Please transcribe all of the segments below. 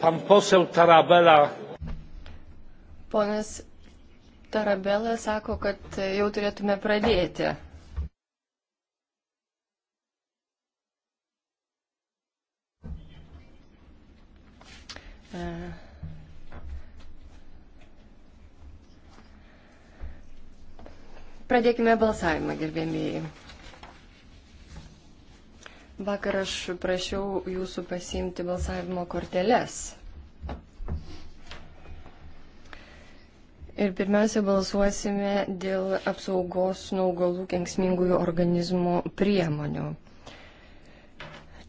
Pan poseł Tarabela. Ponas Tarabela sako, kad jau turėtume pradėti. Pradėkime balsavimą, gerbėmėjai. Vakar aš prašiau jūsų pasiimti balsavimo korteles. Ir pirmiausia, balsuosime dėl apsaugos nuo augalų kenksmingųjų organizmų priemonių.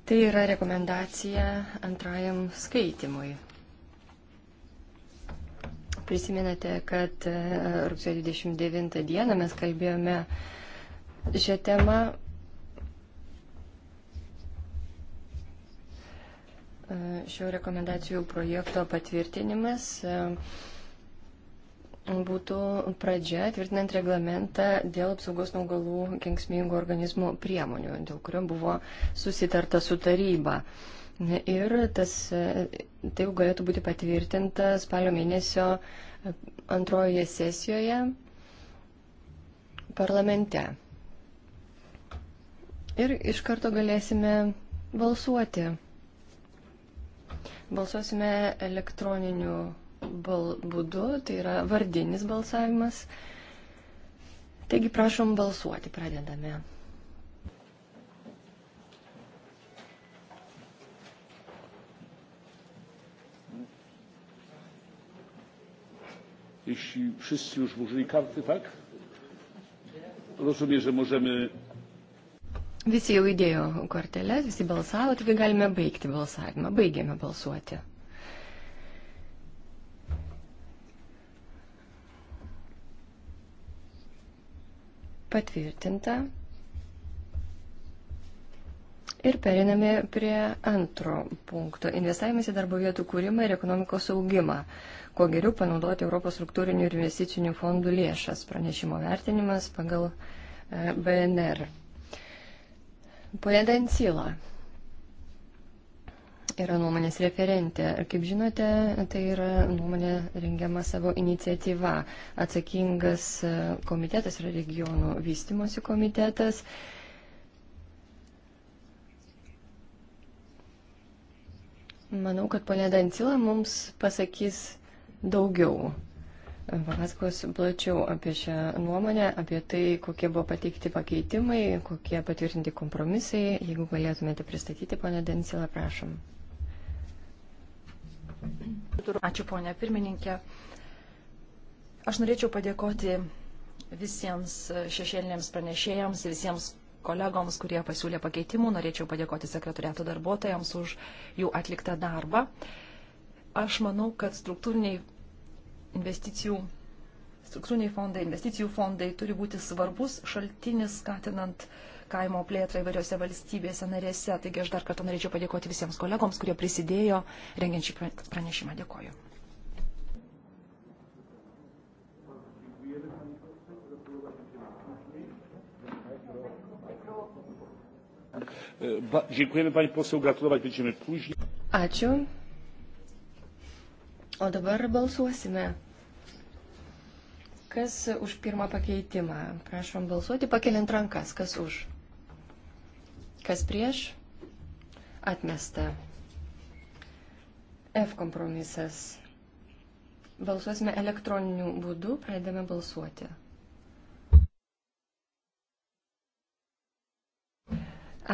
Tai yra rekomendacija antrajam skaitimui. Prisiminate, kad e, rugsėjo 29 dieną mes kalbėjome šią temą E, šio rekomendacijų projekto patvirtinimas e, būtų pradžia tvirtinant reglamentą dėl apsaugos nuo augalų kenksmingų organizmų priemonių, dėl kurio buvo susitarta su taryba. Ir tas, e, tai jau galėtų būti patvirtinta spalio mėnesio antrojoje sesijoje parlamente. Ir iš karto galėsime balsuoti. Balsuosime elektroniniu bal būdu, tai yra vardinis balsavimas. Taigi prašom balsuoti, pradedame. jeśli wszyscy już włożyli karty tak rozumiem że możemy Visi jau įdėjo korteles, visi balsavo, taigi galime baigti balsavimą. Baigėme balsuoti. Patvirtinta. Ir periname prie antro punkto. Investavimas į darbo vietų kūrimą ir ekonomikos augimą. Kuo geriau panaudoti Europos struktūrinių ir investicinių fondų lėšas. Pranešimo vertinimas pagal e, BNR. Pone Dancila yra nuomonės referentė. Ir kaip žinote, tai yra nuomonė rengiama savo iniciatyva. Atsakingas e, komitetas yra regionų vystimosi komitetas. Manau, kad ponė Dancila mums pasakys daugiau papasakos plačiau apie šią nuomonę, apie tai, kokie buvo pateikti pakeitimai, kokie patvirtinti kompromisai. Jeigu galėtumėte pristatyti, ponė Densilą, prašom. Ačiū, ponė pirmininkė. Aš norėčiau padėkoti visiems šešėlinėms pranešėjams, visiems kolegoms, kurie pasiūlė pakeitimų. Norėčiau padėkoti sekretoriato darbuotojams už jų atliktą darbą. Aš manau, kad struktūriniai investicijų, struktūriniai fondai, investicijų fondai turi būti svarbus šaltinis skatinant kaimo plėtrą įvairiose valstybėse narėse. Taigi aš dar kartą norėčiau padėkoti visiems kolegoms, kurie prisidėjo rengiant šį pranešimą. Dėkoju. Dziękujemy Pani Poseł, gratulować będziemy później. Ačiū. O dabar balsuosime. Kas už pirmą pakeitimą? Prašom balsuoti, pakeliant rankas. Kas už? Kas prieš? Atmesta. F kompromisas. Balsuosime elektroniniu būdu, pradedame balsuoti.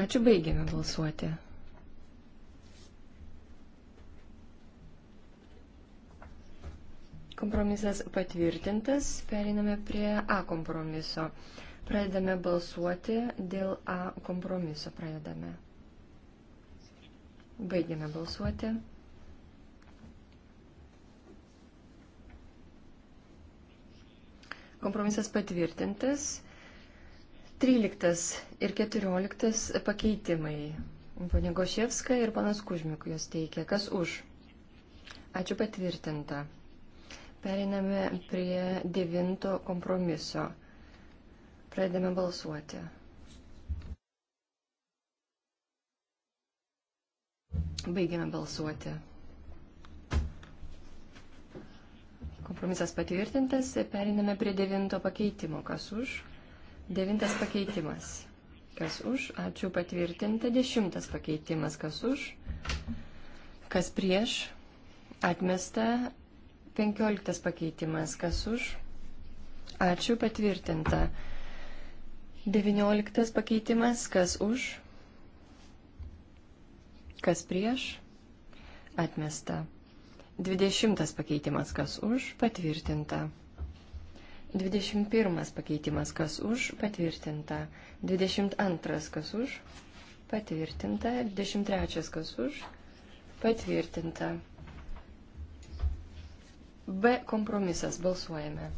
Ačiū, baigėme balsuoti. Kompromisas patvirtintas. Periname prie A kompromiso. Pradedame balsuoti dėl A kompromiso. Pradedame. Baigiame balsuoti. Kompromisas patvirtintas. 13 ir 14 pakeitimai. Pane Goševska ir panas Kužmiuk juos teikia. Kas už? Ačiū patvirtinta. Periname prie devinto kompromiso. Pradedame balsuoti. Baigiame balsuoti. Kompromisas patvirtintas. Periname prie devinto pakeitimo. Kas už? Devintas pakeitimas. Kas už? Ačiū patvirtinta. Dešimtas pakeitimas. Kas už? Kas prieš? Atmesta. 15 pakeitimas. Kas už? Ačiū patvirtinta. 19 pakeitimas. Kas už? Kas prieš? Atmesta. 20 pakeitimas. Kas už? Patvirtinta. 21 pakeitimas. Kas už? Patvirtinta. 22 kas už? Patvirtinta. 23 kas už? Patvirtinta. B kompromisas. Balsuojame.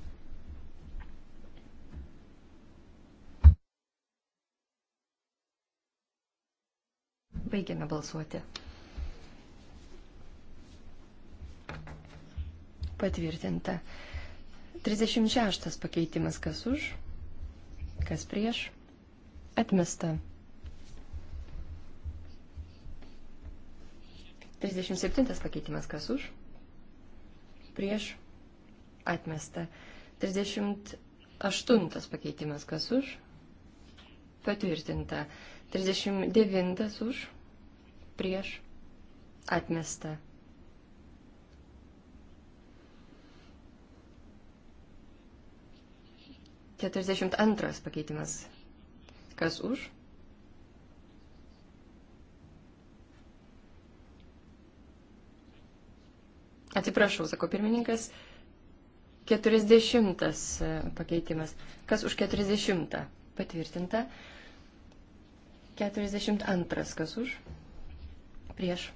Baigiame balsuoti. Patvirtinta. 36 pakeitimas kas už, kas prieš, atmesta. 37 pakeitimas kas už, prieš atmesta. 38 pakeitimas kas už patvirtinta. 39 už prieš atmesta. Keturiasdešimt antras pakeitimas. Kas už? Atsiprašau, sako pirmininkas, 40 e, pakeitimas. Kas už 40? Patvirtinta. 42. Kas už? Prieš.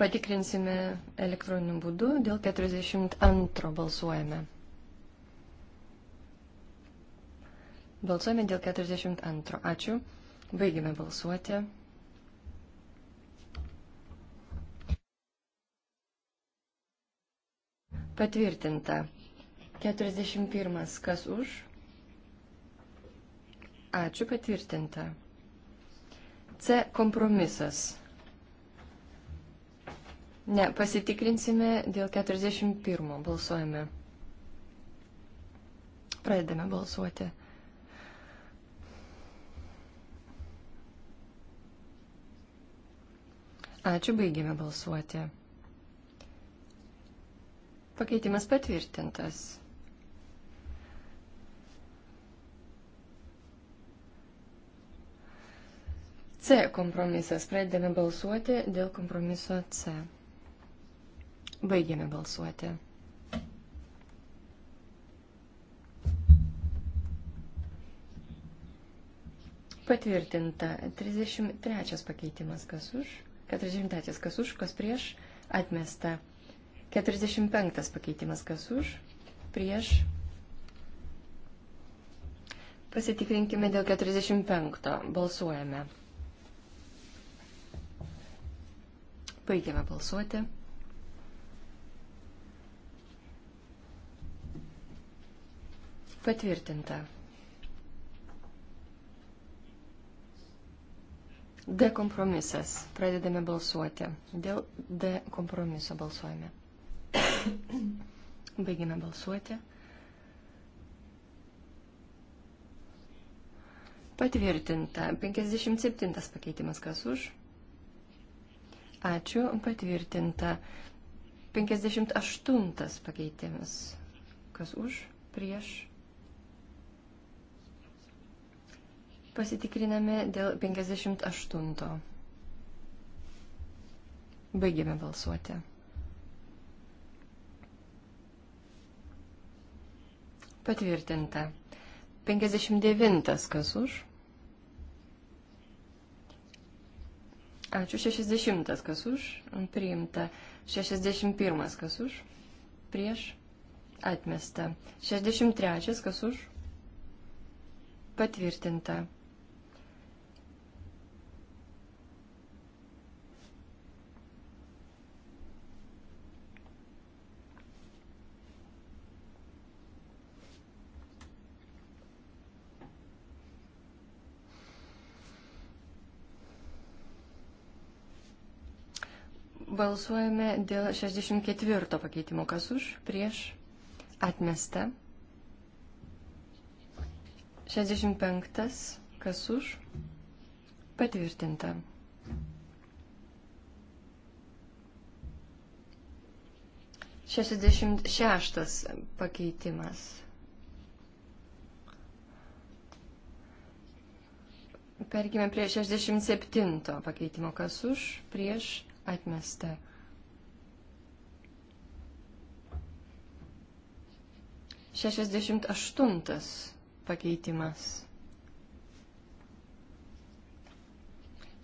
Patikrinsime elektroniniu būdu. Dėl 42 balsuojame. Balsuojame dėl 42. Ačiū. Baigime balsuoti. Patvirtinta. 41. Kas už? Ačiū patvirtinta. C. Kompromisas. Ne, pasitikrinsime dėl 41. Balsuojame. Pradedame balsuoti. Ačiū, baigėme balsuoti. Pakeitimas patvirtintas. C kompromisas. Pradedame balsuoti dėl kompromiso C. Baigiame balsuoti. Patvirtinta 33 pakeitimas, kas už, 43 kas už, kas prieš, atmesta 45 pakeitimas kas už, prieš. Pasitikrinkime dėl 45. Balsuojame. Baigiame balsuoti. Patvirtinta. D kompromisas. Pradedame balsuoti. Dėl D kompromiso balsuojame. Baigime balsuoti. Patvirtinta. 57 pakeitimas kas už. Ačiū. Patvirtinta. 58 pakeitimas kas už. Prieš. Pasitikriname dėl 58. Baigėme balsuoti. Patvirtinta. 59 kas už. Ačiū. 60 kas už. Priimta. 61 kas už. Prieš. Atmesta. 63 kas už. Patvirtinta. balsuojame dėl 64 pakeitimo. Kas už? Prieš? Atmesta. 65. Kas už? Patvirtinta. Šešiasdešimt šeštas pakeitimas. Perkime prie 67 pakeitimo. Kas už, prieš, atmesta. Šešiasdešimt aštuntas pakeitimas.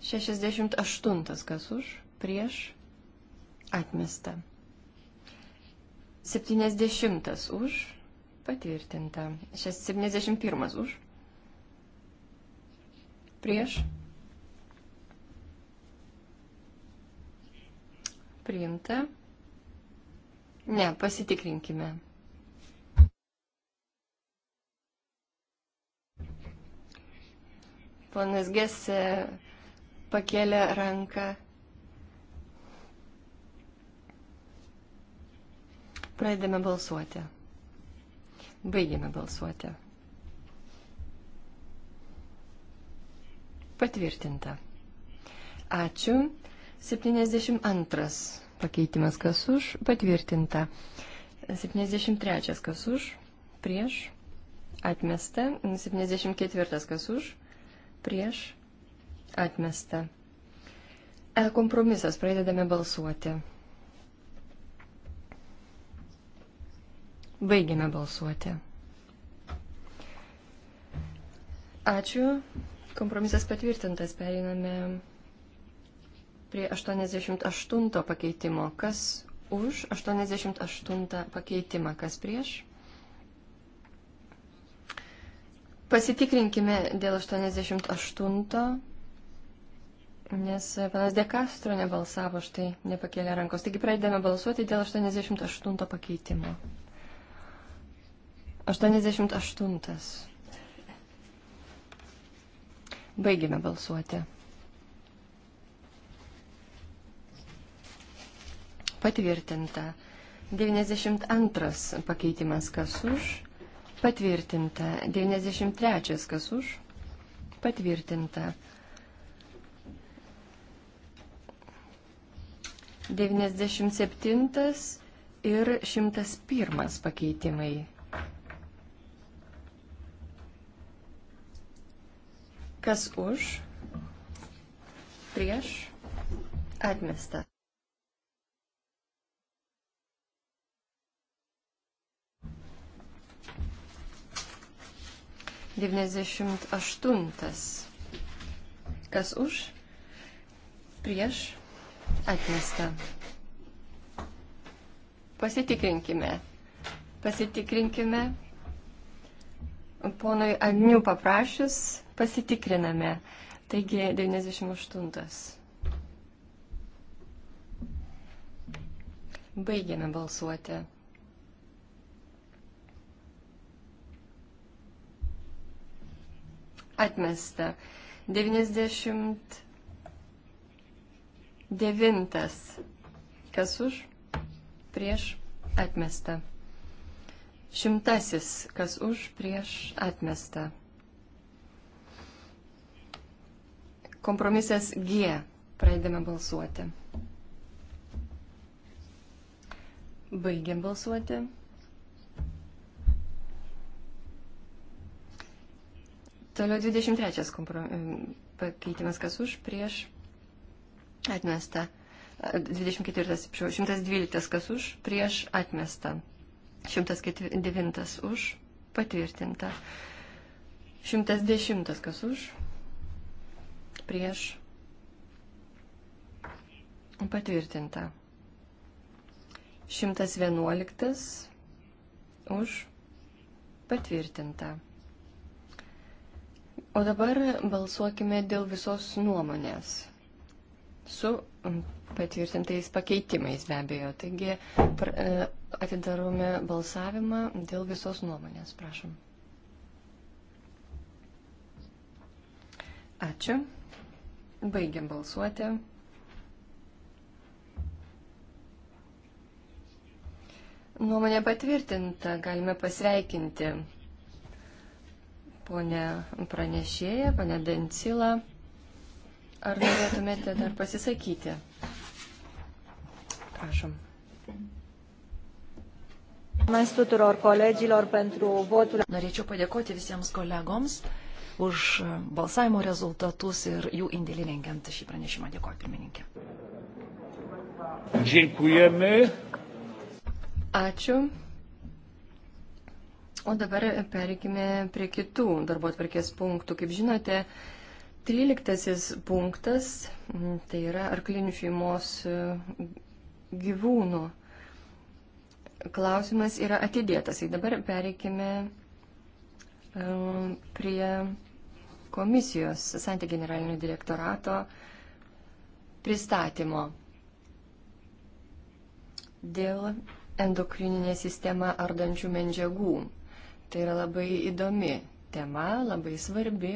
Šešiasdešimt aštuntas kas už, prieš, atmesta. Septyniasdešimtas už, patvirtinta. Šešiasdešimt pirmas už, prieš, atmesta priimta. Ne, pasitikrinkime. Ponas Gesė e, pakėlė ranką. Pradedame balsuoti. Baigėme balsuoti. Patvirtinta. Ačiū. 72 pakeitimas kas už, patvirtinta. 73 kas už, prieš, atmesta. 74 kas už, prieš, atmesta. E kompromisas, pradedame balsuoti. Baigiame balsuoti. Ačiū. Kompromisas patvirtintas. Pereiname prie 88 pakeitimo. Kas už 88 pakeitimą, kas prieš? Pasitikrinkime dėl 88, nes panas Dekastro nebalsavo, štai nepakėlė rankos. Taigi pradedame balsuoti dėl 88 pakeitimo. 88. Baigime balsuoti. patvirtinta. 92 pakeitimas kas už, patvirtinta. 93 kas už, patvirtinta. 97 ir 101 pakeitimai. Kas už, prieš, atmesta. 98. Kas už? Prieš? Atmesta. Pasitikrinkime. Pasitikrinkime. Ponui Agnių paprašius, pasitikriname. Taigi 98. Baigėme balsuoti. atmesta. 99. Kas už? Prieš atmesta. Šimtasis. Kas už? Prieš atmesta. Kompromisas G. Pradedame balsuoti. Baigiam balsuoti. Toliau 23 komprom... pakeitimas, kas už, prieš, atmesta. 24, 112, kas už, prieš, atmesta. 109 už, patvirtinta. 110, kas už, prieš, patvirtinta. 111 už, patvirtinta. O dabar balsuokime dėl visos nuomonės. Su mm, patvirtintais pakeitimais be abejo. Taigi e, atidarome balsavimą dėl visos nuomonės. Prašom. Ačiū. Baigiam balsuoti. Nuomonė patvirtinta, galime pasveikinti ponė pranešėja, ponė Dencila. Ar norėtumėte dar pasisakyti? Prašom. Norėčiau padėkoti visiems kolegoms už uh, balsavimo rezultatus ir jų indėlį rengiant šį pranešimą. Dėkoju, pirmininkė. Dėkujame. Ačiū. O dabar perikime prie kitų darbo atvarkės punktų. Kaip žinote, 13 punktas mm, tai yra arklinių šeimos e, gyvūnų. Klausimas yra atidėtas. Tai dabar pereikime e, prie komisijos santykių generalinio direktorato pristatymo dėl endokrininę sistemą ardančių medžiagų. Tai yra labai įdomi tema, labai svarbi,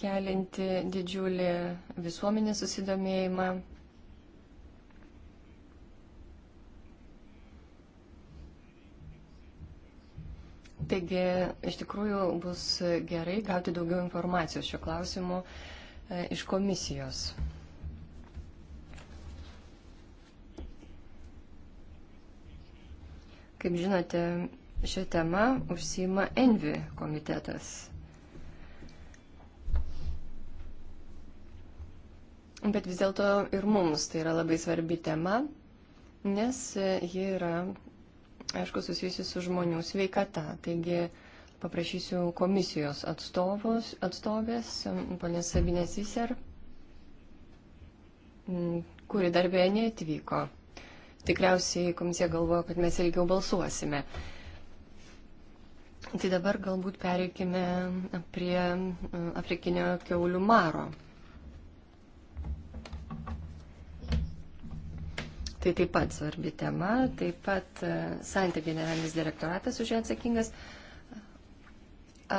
kelinti didžiulį visuomenės susidomėjimą. Taigi, iš tikrųjų bus gerai gauti daugiau informacijos šiuo klausimu e, iš komisijos. Kaip žinote, šią temą užsima Envi komitetas. Bet vis dėlto ir mums tai yra labai svarbi tema, nes ji yra, aišku, susijusi su žmonių sveikata. Taigi paprašysiu komisijos atstovos, atstovės, ponės Sabinės Viser, kuri darbėje neatvyko. Tikriausiai komisija galvoja, kad mes ilgiau balsuosime. Tai dabar galbūt pereikime prie e, afrikinio keulių maro. Tai taip pat svarbi tema, taip pat e, Santė generalinis direktoratas už ją atsakingas.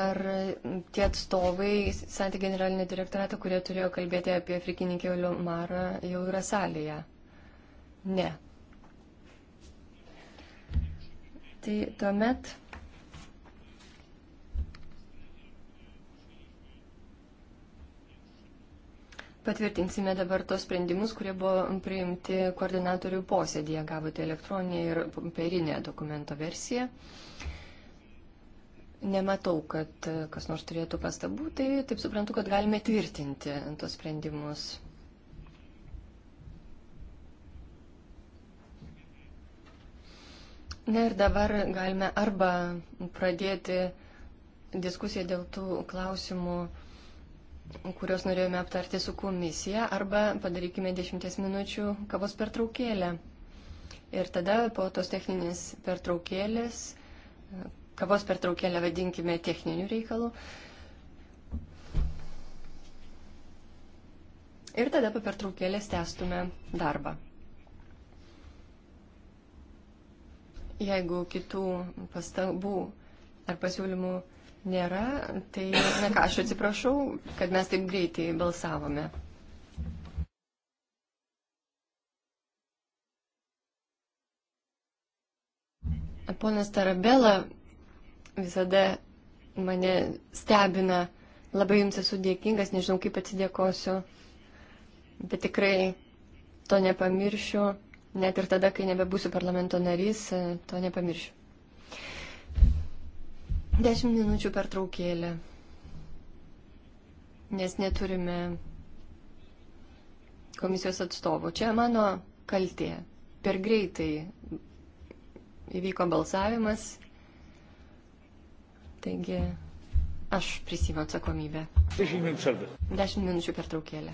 Ar tie atstovai Santė generalinio direktorato, kurie turėjo kalbėti apie afrikinį keulių marą, jau yra salėje? Ne. Tai tuomet Patvirtinsime dabar tos sprendimus, kurie buvo priimti koordinatorių posėdėje. Gavote elektroninę ir popierinę dokumento versiją. Nematau, kad e, kas nors turėtų pastabų, tai taip suprantu, kad galime tvirtinti tos sprendimus. Na ir dabar galime arba pradėti diskusiją dėl tų klausimų kuriuos norėjome aptarti su komisija, arba padarykime 10 minučių kavos pertraukėlę. Ir tada po tos techninės pertraukėlės, kavos pertraukėlę vadinkime techninių reikalų, Ir tada po pertraukėlės tęstume darbą. Jeigu kitų pastabų ar pasiūlymų nėra, tai na ką, aš atsiprašau, kad mes taip greitai balsavome. Ponas Tarabela visada mane stebina, labai jums esu dėkingas, nežinau kaip atsidėkosiu, bet tikrai to nepamiršiu, net ir tada, kai nebebūsiu parlamento narys, to nepamiršiu. Dešimt minučių per traukėlę, nes neturime komisijos atstovų. Čia mano kaltė. Per greitai įvyko balsavimas, taigi aš prisimu atsakomybę. Dešimt minučių per traukėlę.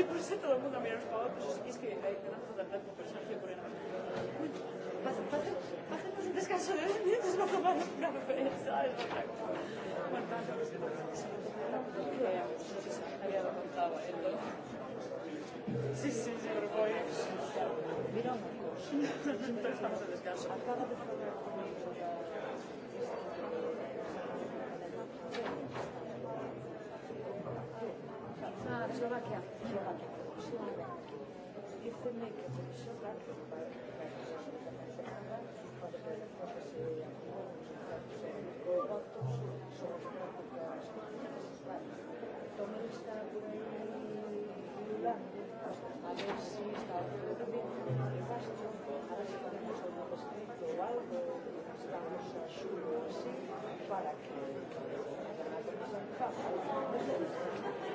sí, por eso todo el mundo mira los pavos, pues es que hay tenazas de blanco, pero Sergio Moreno. Pásenos un descanso de los minutos para tomar una prensa, es otra cosa. Bueno, tanto que se nos había contado él todo. Sí, sí, sí, pero fue. Mira, amigos. Entonces estamos en descanso. Acaba de hablar conmigo. Slovakia. Slovakia. Slovakia. If they make it Slovakia, το μίλησα που δουλειά. Αν εσύ στα οποία διαβάζει το άρα σε πανέμεσα να το στείλει ο άλλο στα όσα σου δώσει παρακαλώ. Να το πει σαν κάπου.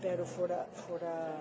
pero fora, fora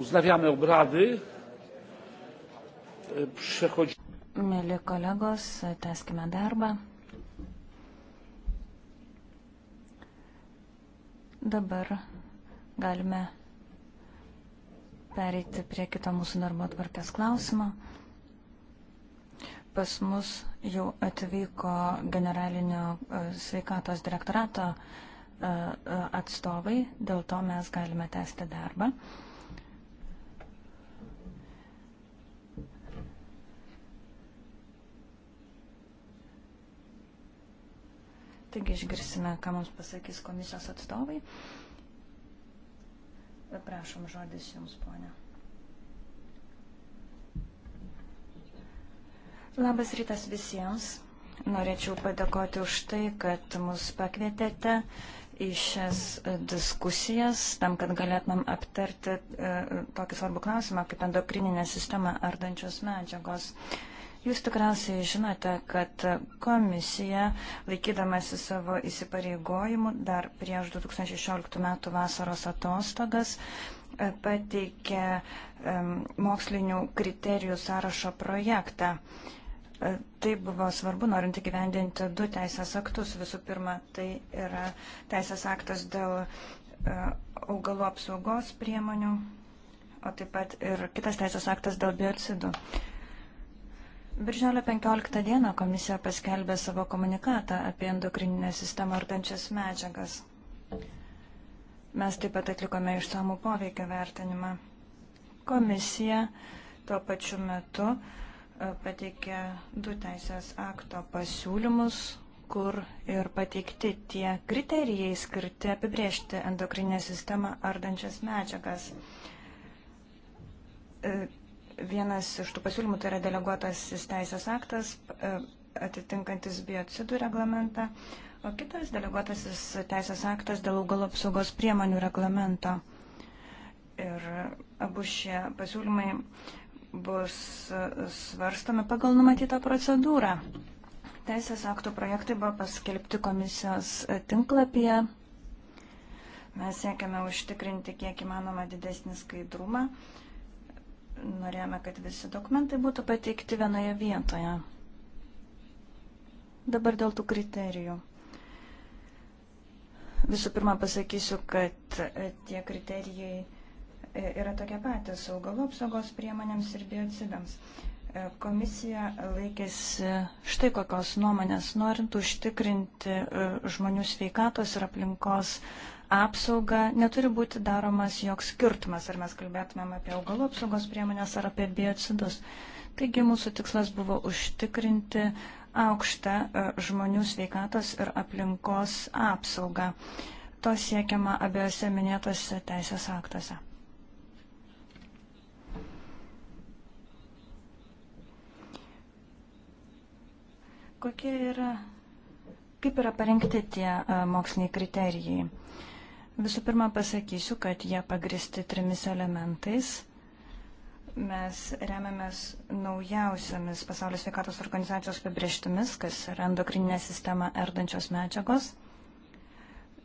Uznawiamy obrady. E, Przechodzimy. Mėly kolegos, tęskime darbą. Dabar galime pereiti prie kito mūsų darbo tvarkės klausimo. Pas mus jau atvyko generalinio e, sveikatos direktorato e, E, atstovai, dėl to mes galime tęsti darbą. Taigi išgirsime, ką mums pasakys komisijos atstovai. Prašom žodis Jums, ponė. Labas rytas visiems. Norėčiau padėkoti už tai, kad mus pakvietėte į šias e, diskusijas, tam, kad galėtumėm aptarti e, tokį svarbų klausimą, kaip endokrininė sistema ardančios medžiagos. Jūs tikriausiai žinote, kad komisija, laikydamasi savo įsipareigojimų dar prieš 2016 metų vasaros atostogas, e, pateikė mokslinių kriterijų sąrašo projektą. Um, Tai buvo svarbu, norint įgyvendinti du teisės aktus. Visų pirma, tai yra teisės aktas dėl e, augalų apsaugos priemonių, o taip pat ir kitas teisės aktas dėl biocidų. Birželio 15 dieną komisija paskelbė savo komunikatą apie endokrininę sistemą ardančias medžiagas. Mes taip pat atlikome išsamų poveikio vertinimą. Komisija tuo pačiu metu uh, pateikė du teisės akto pasiūlymus, kur ir pateikti tie kriterijai skirti apibriežti endokrinę sistemą ardančias medžiagas. E, vienas iš tų pasiūlymų tai yra deleguotasis teisės aktas e, atitinkantis biocidų reglamentą, o kitas deleguotasis teisės aktas dėl augalų apsaugos priemonių reglamento. Ir abu šie pasiūlymai uh, bus e, svarstami pagal numatytą procedūrą. Teisės aktų projektai buvo paskelbti komisijos e, tinklapyje. Mes siekiame užtikrinti kiek įmanoma didesnį skaidrumą. Norėjome, kad visi dokumentai būtų pateikti vienoje vietoje. Dabar dėl tų kriterijų. Visų pirma pasakysiu, kad e, tie kriterijai E, yra tokie patys augalų apsaugos priemonėms ir biocidams. E, komisija laikėsi štai kokios nuomonės, norint užtikrinti e, žmonių sveikatos ir aplinkos apsaugą, neturi būti daromas joks skirtumas, ar mes kalbėtumėm apie augalų apsaugos priemonės ar apie biocidus. Taigi mūsų tikslas buvo užtikrinti aukštą žmonių sveikatos ir aplinkos apsaugą. To siekiama abiejose minėtose teisės aktuose. Kokie yra, kaip yra parengti tie e, moksliniai kriterijai? Visų pirma, pasakysiu, kad jie pagristi trimis elementais. Mes remiamės naujausiamis pasaulio sveikatos organizacijos apibrieštimis, kas yra endokrininė sistema erdančios medžiagos.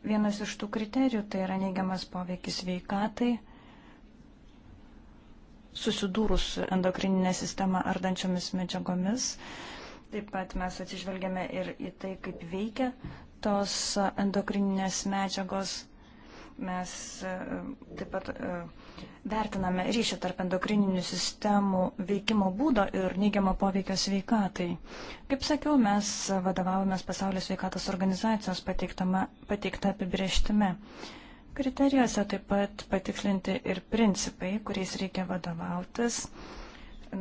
Vienas iš tų kriterijų tai yra neigiamas poveikis veikatai susidūrus su endokrininė sistema ardančiomis medžiagomis. Taip pat mes atsižvelgiame ir į tai, kaip veikia tos endokrininės medžiagos. Mes e, taip pat e, vertiname ryšį tarp endokrininių sistemų veikimo būdo ir neigiamo poveikio sveikatai. Kaip sakiau, mes vadovavomės Pasaulio sveikatos organizacijos pateiktą apibrieštime. Kriterijose taip pat patikslinti ir principai, kuriais reikia vadovautis,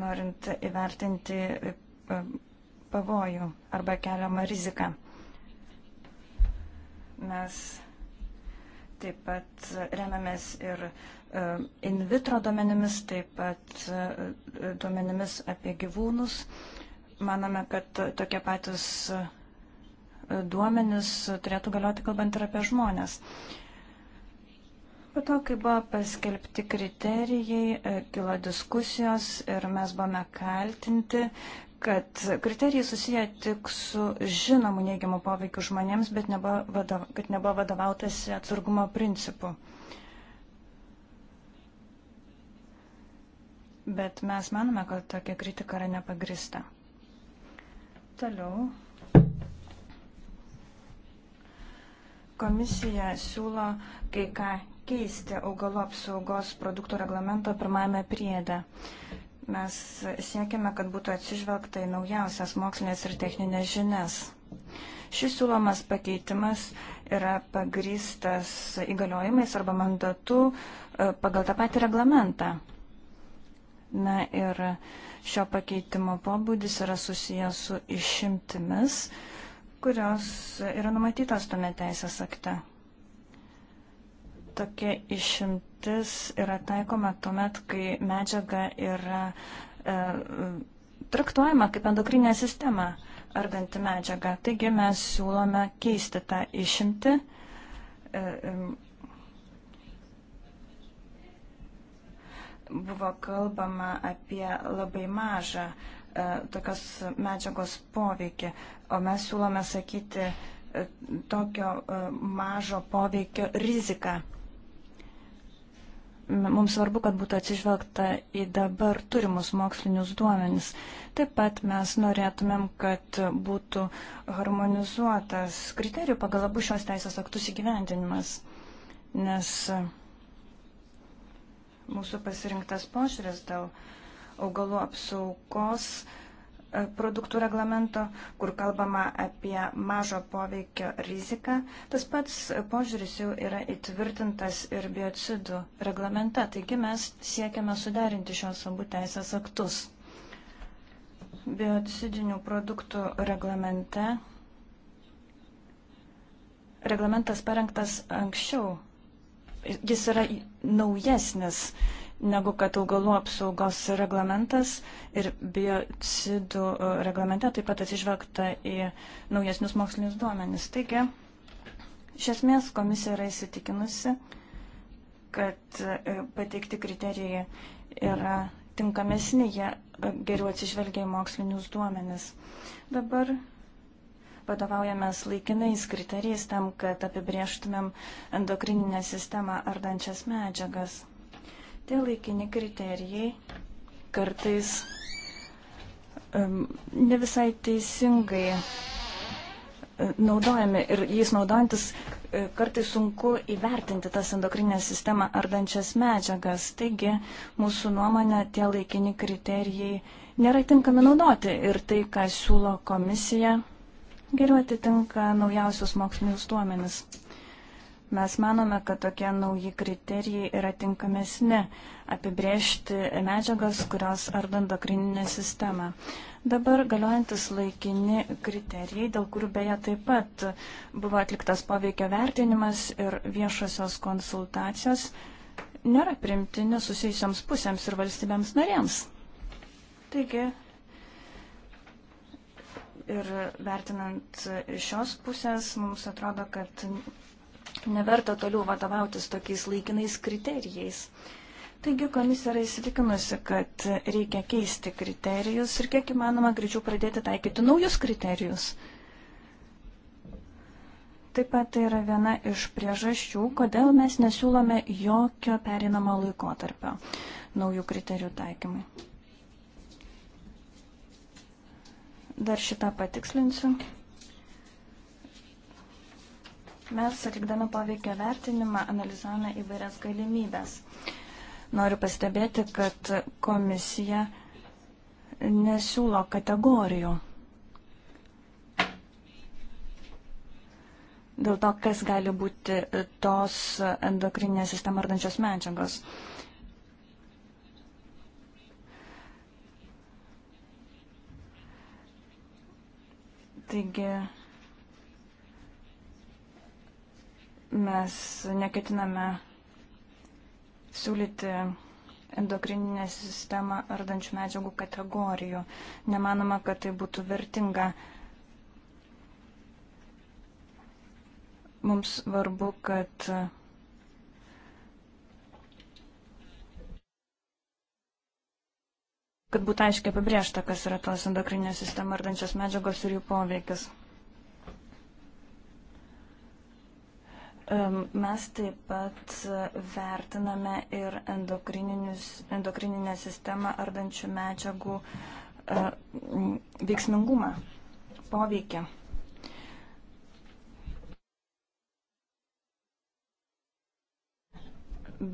norint įvertinti e, pavojų arba keliamą riziką. Mes taip pat remiamės ir e, in vitro duomenimis, taip pat e, duomenimis apie gyvūnus. Manome, kad tokie patys e, duomenis turėtų galioti kalbant ir apie žmonės. Po to, kai buvo paskelbti kriterijai, kilo diskusijos ir mes buvome kaltinti, kad kriterijai susiję tik su žinomu neigiamu poveikiu žmonėms, bet nebuvo vadov, kad nebuvo vadovautasi atsargumo principu. Bet mes manome, kad tokia kritika yra nepagrista. Toliau. Komisija siūlo kai ką keisti augalų apsaugos produktų reglamento pirmame priede. Mes siekiame, kad būtų atsižvelgta į naujausias mokslinės ir techninės žinias. Šis siūlomas pakeitimas yra pagrystas įgaliojimais arba mandatu e, pagal tą patį reglamentą. Na ir šio pakeitimo pobūdis yra susijęs su išimtimis, kurios yra numatytos tame teisės akte. Tokia išimtis išimtis yra taikoma tuomet, kai medžiaga yra e, traktuojama kaip endokrinė sistema ardanti medžiaga. Taigi mes siūlome keisti tą išimtį. E, e, buvo kalbama apie labai mažą e, tokios medžiagos poveikį, o mes siūlome sakyti e, tokio e, mažo poveikio riziką. Mums svarbu, kad būtų atsižvelgta į dabar turimus mokslinius duomenis. Taip pat mes norėtumėm, kad būtų harmonizuotas kriterijų pagal abu šios teisės aktus įgyvendinimas, nes mūsų pasirinktas požiūris dėl augalų apsaugos E, produktų reglamento, kur kalbama apie mažo poveikio riziką. Tas pats požiūris jau yra įtvirtintas ir biocidų reglamente, taigi mes siekiame suderinti šios abu teisės aktus. Biocidinių produktų reglamente. Reglamentas parengtas anksčiau. Jis yra naujesnis negu kad augalų apsaugos reglamentas ir biocidų e, reglamente taip pat atsižvelgta į naujesnius mokslinius duomenis. Taigi, iš esmės komisija yra įsitikinusi, kad e, pateikti kriterijai yra tinkamesni, jie e, geriau atsižvelgia į mokslinius duomenis. Dabar vadovaujamės laikinais kriterijais tam, kad apibrieštumėm endokrininę sistemą ardančias medžiagas. Tie laikini kriterijai kartais um, ne visai teisingai e, naudojami ir jais naudojantis e, kartais sunku įvertinti tas endokrinę sistemą ardančias medžiagas. Taigi, mūsų nuomonė, tie laikini kriterijai nėra tinkami naudoti ir tai, ką siūlo komisija, geriau atitinka naujausius mokslinius duomenis. Mes manome, kad tokie nauji kriterijai yra tinkamesni apibriežti medžiagas, kurios ardo endokrininę sistemą. Dabar galiojantis laikini kriterijai, dėl kurių beje taip pat buvo atliktas poveikio vertinimas ir viešosios konsultacijos, nėra primtini susijusioms pusėms ir valstybėms narėms. Taigi, ir vertinant šios pusės, mums atrodo, kad Neverta toliau vadovautis tokiais laikinais kriterijais. Taigi komisija yra įsitikinusi, kad reikia keisti kriterijus ir kiek įmanoma greičiau pradėti taikyti naujus kriterijus. Taip pat tai yra viena iš priežasčių, kodėl mes nesiūlome jokio perinamo laikotarpio naujų kriterijų taikymui. Dar šitą patikslinsiu. Mes atlikdami poveikio vertinimą analizavome įvairias galimybės. Noriu pastebėti, kad komisija nesiūlo kategorijų. Dėl to, kas gali būti tos endokrininės sistemą ardančios medžiagos. Taigi, Mes neketiname siūlyti endokrininę sistemą ardančių medžiagų kategorijų. Nemanoma, kad tai būtų vertinga. Mums svarbu, kad kad būtų aiškiai apibriešta, kas yra tos endokrinės sistemą ardančios medžiagos ir jų poveikis. Mes taip pat vertiname ir endokrininę sistemą ardančių medžiagų e, veiksmingumą, poveikį.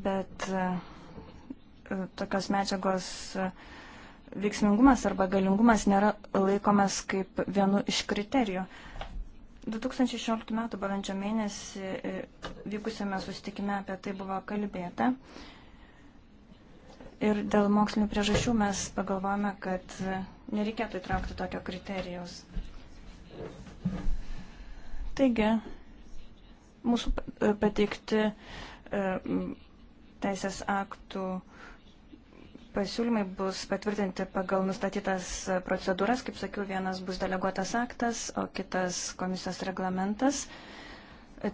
Bet e, e, tokios medžiagos veiksmingumas arba galingumas nėra laikomas kaip vienu iš kriterijų. 2016 m. balandžio mėnesį e, vykusiame susitikime apie tai buvo kalbėta. Ir dėl mokslinių priežasčių mes pagalvojame, kad nereikėtų įtraukti tokio kriterijaus. Taigi, mūsų pateikti e, teisės aktų Pasiūlymai bus patvirtinti pagal nustatytas procedūras, kaip sakiau, vienas bus deleguotas aktas, o kitas komisijos reglamentas.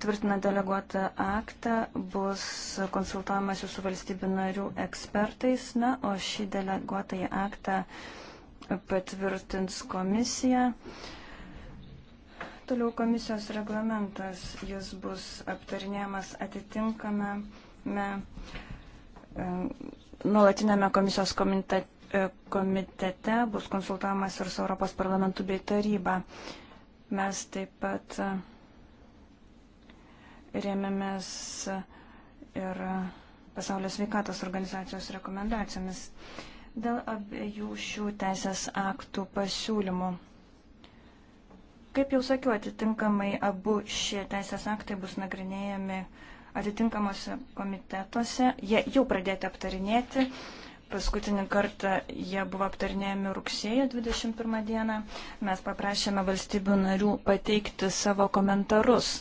Tvirtinant deleguotą aktą bus konsultuojamas jūsų valstybių narių ekspertais, na, o šį deleguotąjį aktą patvirtins komisija. Toliau komisijos reglamentas, jis bus aptarinėjamas atitinkame me, nuolatinėme komisijos e, komitete bus konsultuojamas ir su Europos parlamentu bei taryba. Mes taip pat e, rėmėmės e, ir pasaulio sveikatos organizacijos rekomendacijomis dėl abiejų šių teisės aktų pasiūlymų. Kaip jau sakiau, atitinkamai abu šie teisės aktai bus nagrinėjami uh, atitinkamuose komitetuose. Jie jau pradėti aptarinėti. Paskutinį kartą jie buvo aptarinėjami rugsėjo 21 dieną. Mes paprašėme valstybių narių pateikti savo komentarus.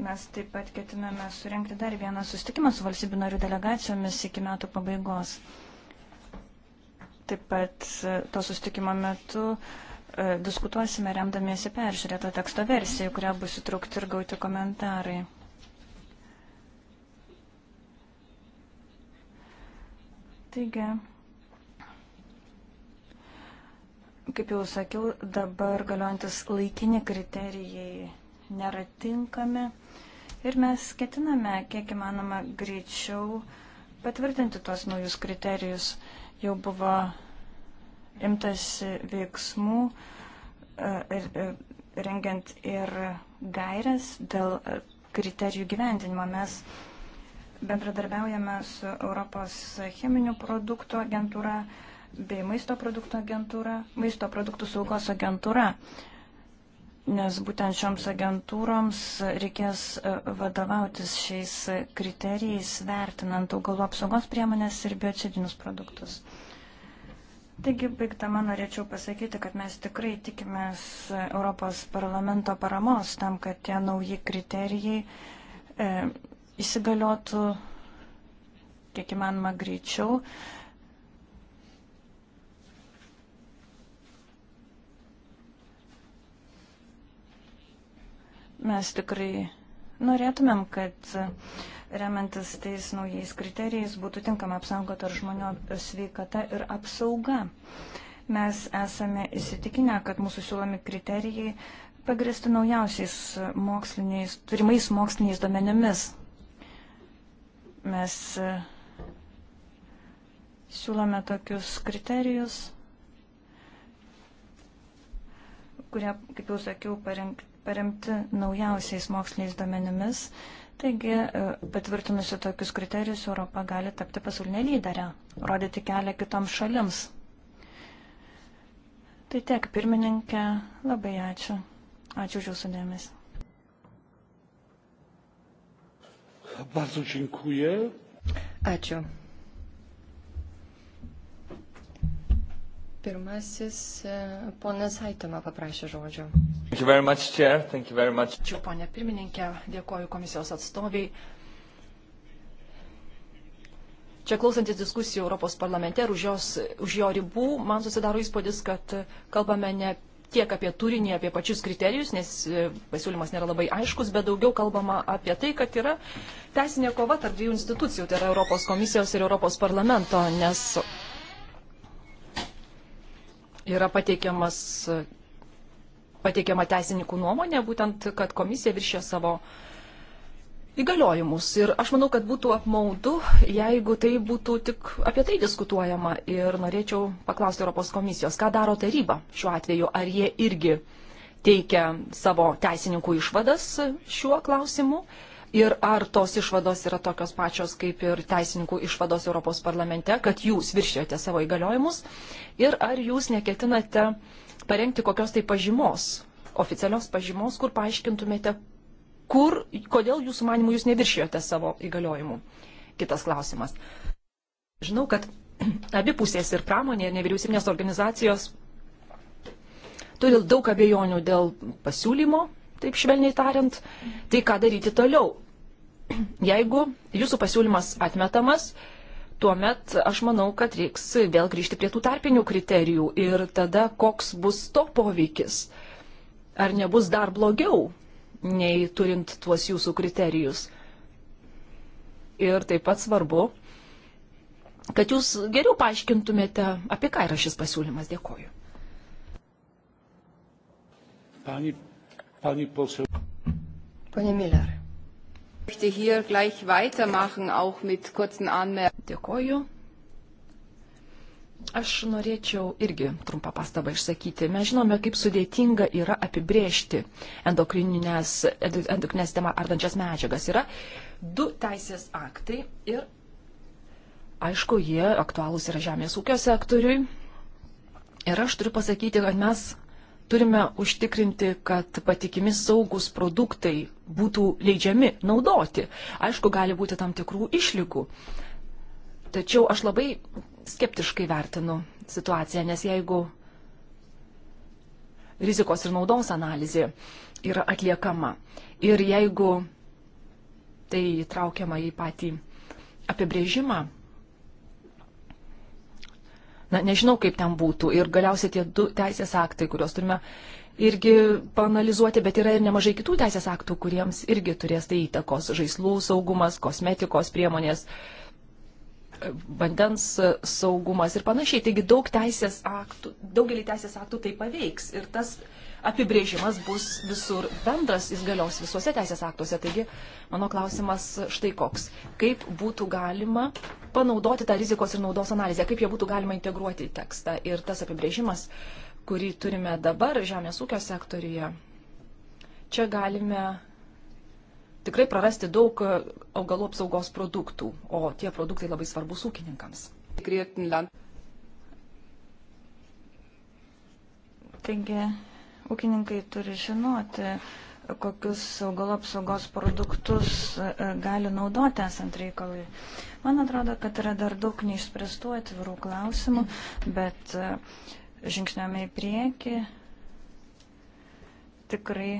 Mes taip pat ketiname surenkti dar vieną sustikimą su valstybių narių delegacijomis iki metų pabaigos. Taip pat e, to sustikimo metu e, diskutuosime remdamiesi peržiūrėtą teksto versiją, kurią bus įtraukti ir gauti komentarai. Taigi, kaip jau sakiau, dabar galiojantis laikini kriterijai nėra tinkami ir mes ketiname, kiek įmanoma, greičiau patvirtinti tuos naujus kriterijus. Jau buvo imtasi veiksmų e, e, rengiant ir gairias dėl e, kriterijų gyvendinimo. Mes Bendradarbiaujame su Europos cheminių produktų agentūra bei maisto produktų agentūra, maisto produktų saugos agentūra, nes būtent šioms agentūroms reikės e, vadovautis šiais kriterijais, vertinant augalų apsaugos priemonės ir biocidinius produktus. Taigi, baigtama, norėčiau pasakyti, kad mes tikrai tikimės Europos parlamento paramos tam, kad tie nauji kriterijai e, įsigaliotų kiek įmanoma greičiau. Mes tikrai norėtumėm, kad remiantis tais naujais kriterijais būtų tinkama apsaugota ir žmonių sveikata ir apsauga. Mes esame įsitikinę, kad mūsų siūlomi kriterijai pagristi naujausiais moksliniais, turimais moksliniais domenimis. Mes e, siūlome tokius kriterijus, kurie, kaip jau sakiau, paremti naujausiais moksliniais duomenimis. Taigi, e, patvirtinusi tokius kriterijus, Europa gali tapti pasaulinė lyderė, rodyti kelią kitoms šalims. Tai tiek, pirmininkė, labai ačiū. Ačiū už jūsų dėmesį. Bardzo dziękuję. Ačiū. Pirmasis e, ponas Haitama paprašė žodžio. Much, Ačiū, ponė pirmininkė, dėkoju komisijos atstoviai. Čia klausantis diskusijų Europos parlamente ir už, jos, už jo ribų, man susidaro įspūdis, kad kalbame ne tiek apie turinį, apie pačius kriterijus, nes e, pasiūlymas nėra labai aiškus, bet daugiau kalbama apie tai, kad yra teisinė kova tarp dviejų institucijų, tai yra Europos komisijos ir Europos parlamento, nes yra pateikiamas pateikiama teisininkų nuomonė, būtent, kad komisija viršė savo uh, įgaliojimus. Ir aš manau, kad būtų apmaudu, jeigu tai būtų tik apie tai diskutuojama. Ir norėčiau paklausti Europos komisijos, ką daro taryba šiuo atveju, ar jie irgi teikia savo teisininkų išvadas šiuo klausimu. Ir ar tos išvados yra tokios pačios kaip ir teisininkų išvados Europos parlamente, kad jūs viršijote savo įgaliojimus ir ar jūs neketinate parengti kokios tai pažymos, oficialios pažymos, kur paaiškintumėte, kur, kodėl jūsų manimų jūs neviršijote savo įgaliojimų? Kitas klausimas. Žinau, kad abi pusės ir pramonė, ir nevyriausybinės organizacijos turi daug abejonių dėl pasiūlymo, taip švelniai tariant, tai ką daryti toliau. Jeigu jūsų pasiūlymas atmetamas, tuomet aš manau, kad reiks vėl grįžti prie tų tarpinių kriterijų ir tada koks bus to poveikis. Ar nebus dar blogiau? nei turint tuos jūsų kriterijus. Ir taip pat svarbu, kad jūs geriau paaiškintumėte, apie ką yra šis pasiūlymas. Dėkoju. Pani, pani posel... Pane Miller. Dėkoju. Aš norėčiau irgi trumpą pastabą išsakyti. Mes žinome, kaip sudėtinga yra apibrėžti endokrinines, endokrinės temą ardančias medžiagas. Yra du teisės aktai ir, aišku, jie aktualūs yra žemės ūkio sektoriui. Ir aš turiu pasakyti, kad mes turime užtikrinti, kad patikimi saugus produktai būtų leidžiami naudoti. Aišku, gali būti tam tikrų išlygų. Tačiau aš labai skeptiškai vertinu situaciją, nes jeigu rizikos ir naudos analizė yra atliekama ir jeigu tai įtraukiama į patį apibrėžimą, na, nežinau, kaip ten būtų. Ir galiausiai tie du teisės aktai, kuriuos turime irgi panalizuoti, bet yra ir nemažai kitų teisės aktų, kuriems irgi turės tai įtakos - žaislų saugumas, kosmetikos priemonės, vandens saugumas ir panašiai. Taigi daug teisės aktų, daugelį teisės aktų tai paveiks ir tas apibrėžimas bus visur bendras, jis galios visuose teisės aktuose. Taigi mano klausimas štai koks. Kaip būtų galima panaudoti tą rizikos ir naudos analizę, kaip jie būtų galima integruoti į tekstą ir tas apibrėžimas, kurį turime dabar žemės ūkio sektoriuje. Čia galime tikrai prarasti daug e, augalų apsaugos produktų, o tie produktai labai svarbus ūkininkams. Taigi, ūkininkai turi žinoti, kokius augalų apsaugos produktus e, gali naudoti esant reikalui. Man atrodo, kad yra dar daug neišspręstų atvirų klausimų, bet e, žingsniame į priekį tikrai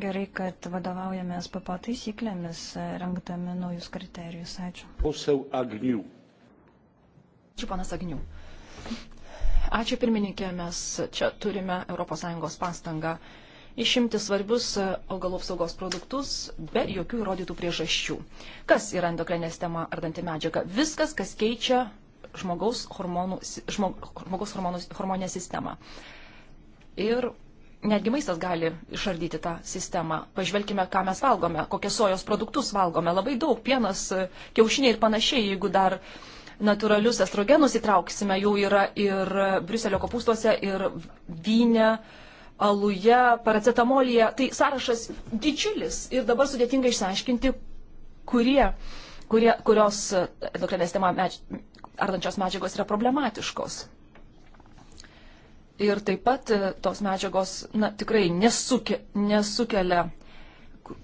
Gerai, kad vadovaujamės papo taisyklėmis, rengdami naujus kriterijus. Ačiū. Pusiau agnių. Ačiū, panas agnių. Ačiū pirmininkė, mes čia turime ES pastangą išimti svarbius augalų apsaugos produktus be jokių įrodytų priežasčių. Kas yra endokrinė sistema ardanti medžiaga? Viskas, kas keičia žmogaus, hormonų, žmog, žmogaus hormonų, hormonę sistemą. Ir netgi maistas gali išardyti tą sistemą. Pažvelkime, ką mes valgome, kokias sojos produktus valgome. Labai daug pienas, kiaušiniai ir panašiai, jeigu dar natūralius estrogenus įtrauksime, jų yra ir Briuselio kopūstuose, ir vyne, aluje, paracetamolyje. Tai sąrašas didžiulis ir dabar sudėtinga išsiaiškinti, kurie, kurie, kurios endokrinės tema medž... ardančios medžiagos yra problematiškos ir taip pat e, tos medžiagos na, tikrai nesuke, nesukelia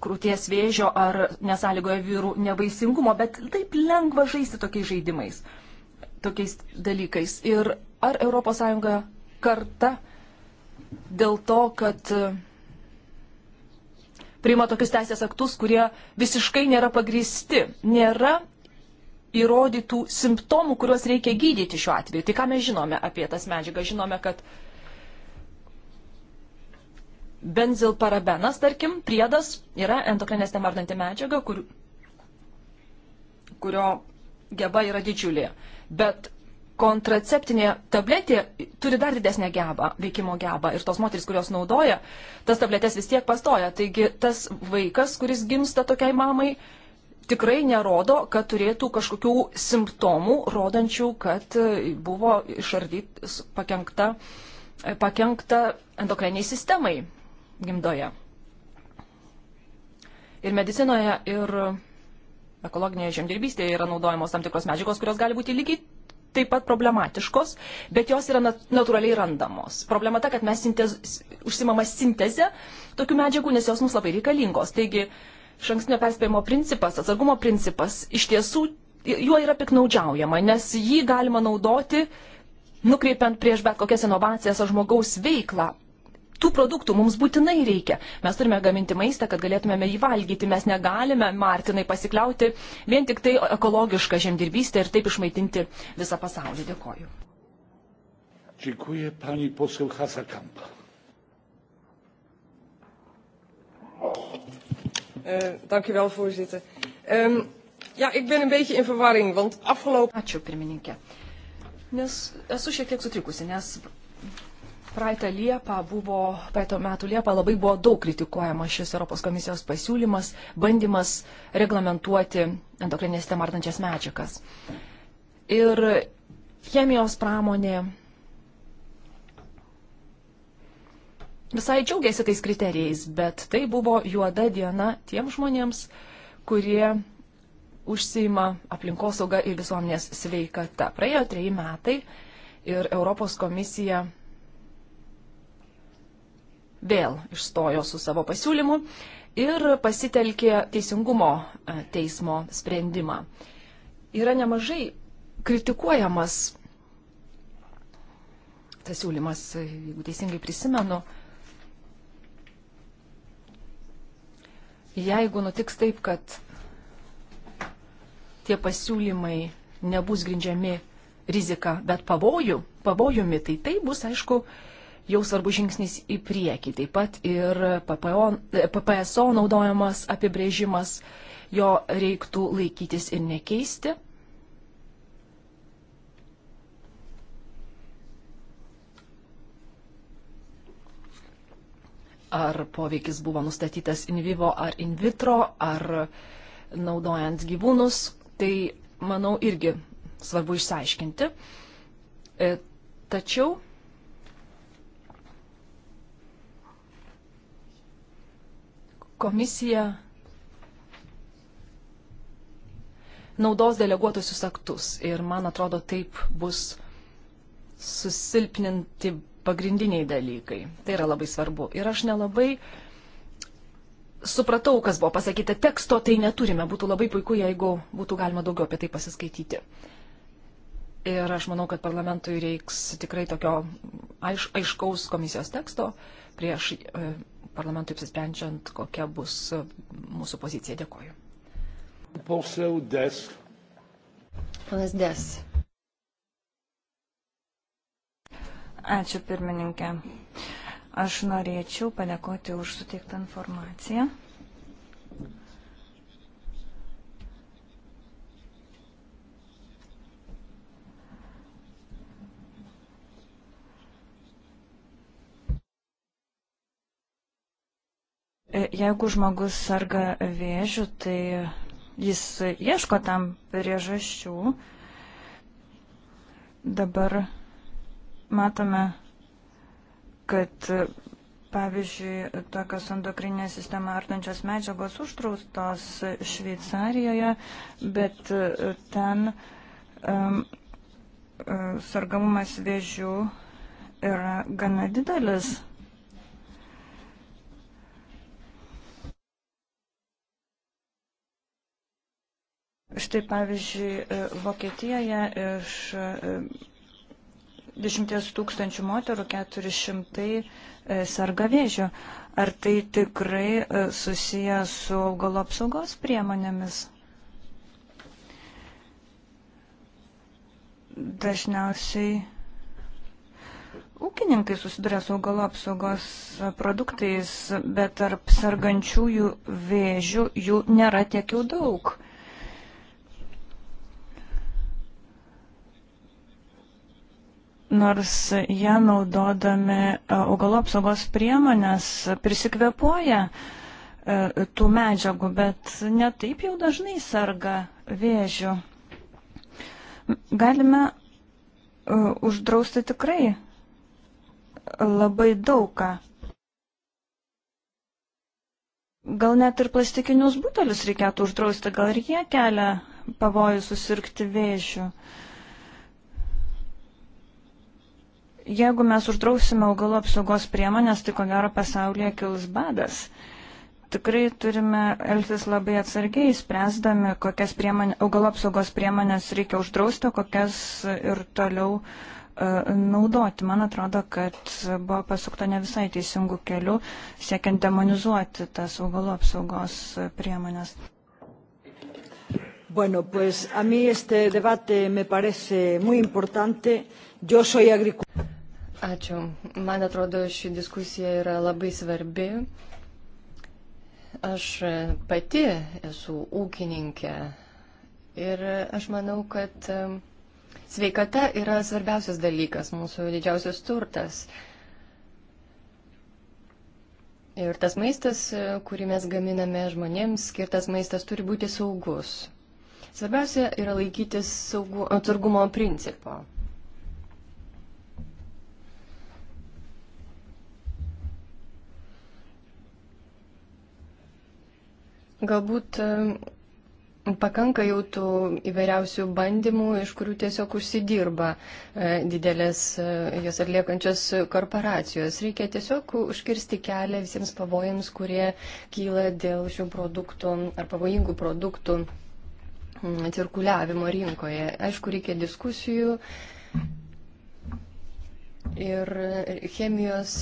krūties vėžio ar nesąlygoja vyrų nevaisingumo, bet taip lengva žaisti tokiais žaidimais, tokiais dalykais. Ir ar ES karta dėl to, kad e, priima tokius teisės aktus, kurie visiškai nėra pagristi, nėra įrodytų simptomų, kuriuos reikia gydyti šiuo atveju. Tai ką mes žinome apie tas medžiagas? Žinome, kad benzilparabenas, tarkim, priedas yra endokrinės nemardanti medžiaga, kur, kurio geba yra didžiulė. Bet kontraceptinė tabletė turi dar didesnę gebą, veikimo gebą. Ir tos moteris, kurios naudoja, tas tabletės vis tiek pastoja. Taigi tas vaikas, kuris gimsta tokiai mamai, tikrai nerodo, kad turėtų kažkokių simptomų, rodančių, kad e, buvo išardyt pakengta, pakengta e, endokriniai sistemai gimdoje. Ir medicinoje, ir ekologinėje žemdirbystėje yra naudojamos tam tikros medžiagos, kurios gali būti lygiai taip pat problematiškos, bet jos yra nat natūraliai randamos. Problema ta, kad mes sintez, užsimama sintezė tokių medžiagų, nes jos mums labai reikalingos. Taigi, uh, šankstinio perspėjimo principas, atsargumo principas, iš tiesų juo yra piknaudžiaujama, nes jį galima naudoti, nukreipiant prieš bet kokias inovacijas ar žmogaus veiklą. Tų produktų mums būtinai reikia. Mes turime gaminti maistą, kad galėtumėme jį valgyti. Mes negalime, Martinai, pasikliauti vien tik tai ekologišką žemdirbystę ir taip išmaitinti visą pasaulį. Dėkoju. Dziękuję pani poseł Hazakampa. Eh, dank u wel, voorzitter. Um, ja, ik ben een beetje in verwarring, want afgelopen... Ačiū, pirmininkė. Nes esu šiek tiek sutrikusi, nes praeitą Liepą buvo, praeito metų Liepą labai buvo daug kritikuojama šis Europos komisijos pasiūlymas, bandymas reglamentuoti endokrinės temardančias medžiagas. Ir chemijos pramonė visai džiaugiasi tais kriterijais, bet tai buvo juoda diena tiem žmonėms, kurie užsima aplinkosauga ir visuomenės sveikata. Praėjo treji metai ir Europos komisija vėl išstojo su savo pasiūlymu ir pasitelkė teisingumo e, teismo sprendimą. Yra nemažai kritikuojamas tas siūlymas, jeigu teisingai prisimenu, Jeigu nutiks taip, kad tie pasiūlymai nebus grindžiami rizika, bet pavojų, pavojumi, tai tai bus, aišku, jau svarbu žingsnis į priekį. Taip pat ir PPO, PPSO naudojamas apibrėžimas, jo reiktų laikytis ir nekeisti. ar poveikis buvo nustatytas in vivo ar in vitro, ar naudojant gyvūnus, tai manau irgi svarbu išsiaiškinti. E, tačiau komisija naudos deleguotusius aktus ir man atrodo taip bus susilpninti pagrindiniai dalykai. Tai yra labai svarbu. Ir aš nelabai supratau, kas buvo pasakyta. Teksto tai neturime. Būtų labai puiku, jeigu būtų galima daugiau apie tai pasiskaityti. Ir aš manau, kad parlamentui reiks tikrai tokio aiš, aiškaus komisijos teksto prieš e, parlamentui apsisprendžiant, kokia bus e, mūsų pozicija. Dėkoju. Ponas Des. Ačiū pirmininkė. Aš norėčiau padėkoti už suteiktą informaciją. E, jeigu žmogus sarga vėžių, tai jis ieško tam priežasčių. Dabar matome, kad pavyzdžiui, tokios endokrinė sistema ardančios medžiagos uždraustos Šveicarijoje, bet e, ten um, e, sargamumas vėžių yra gana didelis. Štai pavyzdžiui, e, Vokietijoje iš 10 tūkstančių moterų 400 e, serga vėžiu. Ar tai tikrai e, susiję su augalo apsaugos priemonėmis? Dažniausiai ūkininkai susiduria su augalo apsaugos produktais, bet tarp sergančiųjų vėžių jų nėra tiek jau daug. nors jie naudodami e, augalo apsaugos priemonės prisikvepuoja e, tų medžiagų, bet netaip jau dažnai sarga vėžių. Galime e, uždrausti tikrai labai daugą. Gal net ir plastikinius butelius reikėtų uždrausti, gal ir jie kelia pavojų susirgti vėžių. Uh, Jeigu mes uždrausime augalų apsaugos priemonės, tai ko gero pasaulyje kils badas. Tikrai turime elgtis labai atsargiai, spręsdami, kokias priemonė, augalų apsaugos priemonės reikia uždrausti, kokias ir toliau e, naudoti. Man atrodo, kad buvo pasukta ne visai teisingų kelių, siekiant demonizuoti tas augalų apsaugos priemonės. Bueno, pues a mí este debate me parece muy importante. Yo soy agricultora. Ačiū. Man atrodo, ši diskusija yra labai svarbi. Aš pati esu ūkininkė ir aš manau, kad um, sveikata yra svarbiausias dalykas, mūsų didžiausias turtas. Ir tas maistas, kurį mes gaminame žmonėms, skirtas maistas turi būti saugus. Svarbiausia yra laikytis saugu, atsargumo principo. Galbūt e, pakanka jau tų įvairiausių bandymų, iš kurių tiesiog užsidirba e, didelės e, jas atliekančios korporacijos. Reikia tiesiog užkirsti kelią visiems pavojams, kurie kyla dėl šių produktų ar pavojingų produktų mm, cirkuliavimo rinkoje. Aišku, reikia diskusijų ir chemijos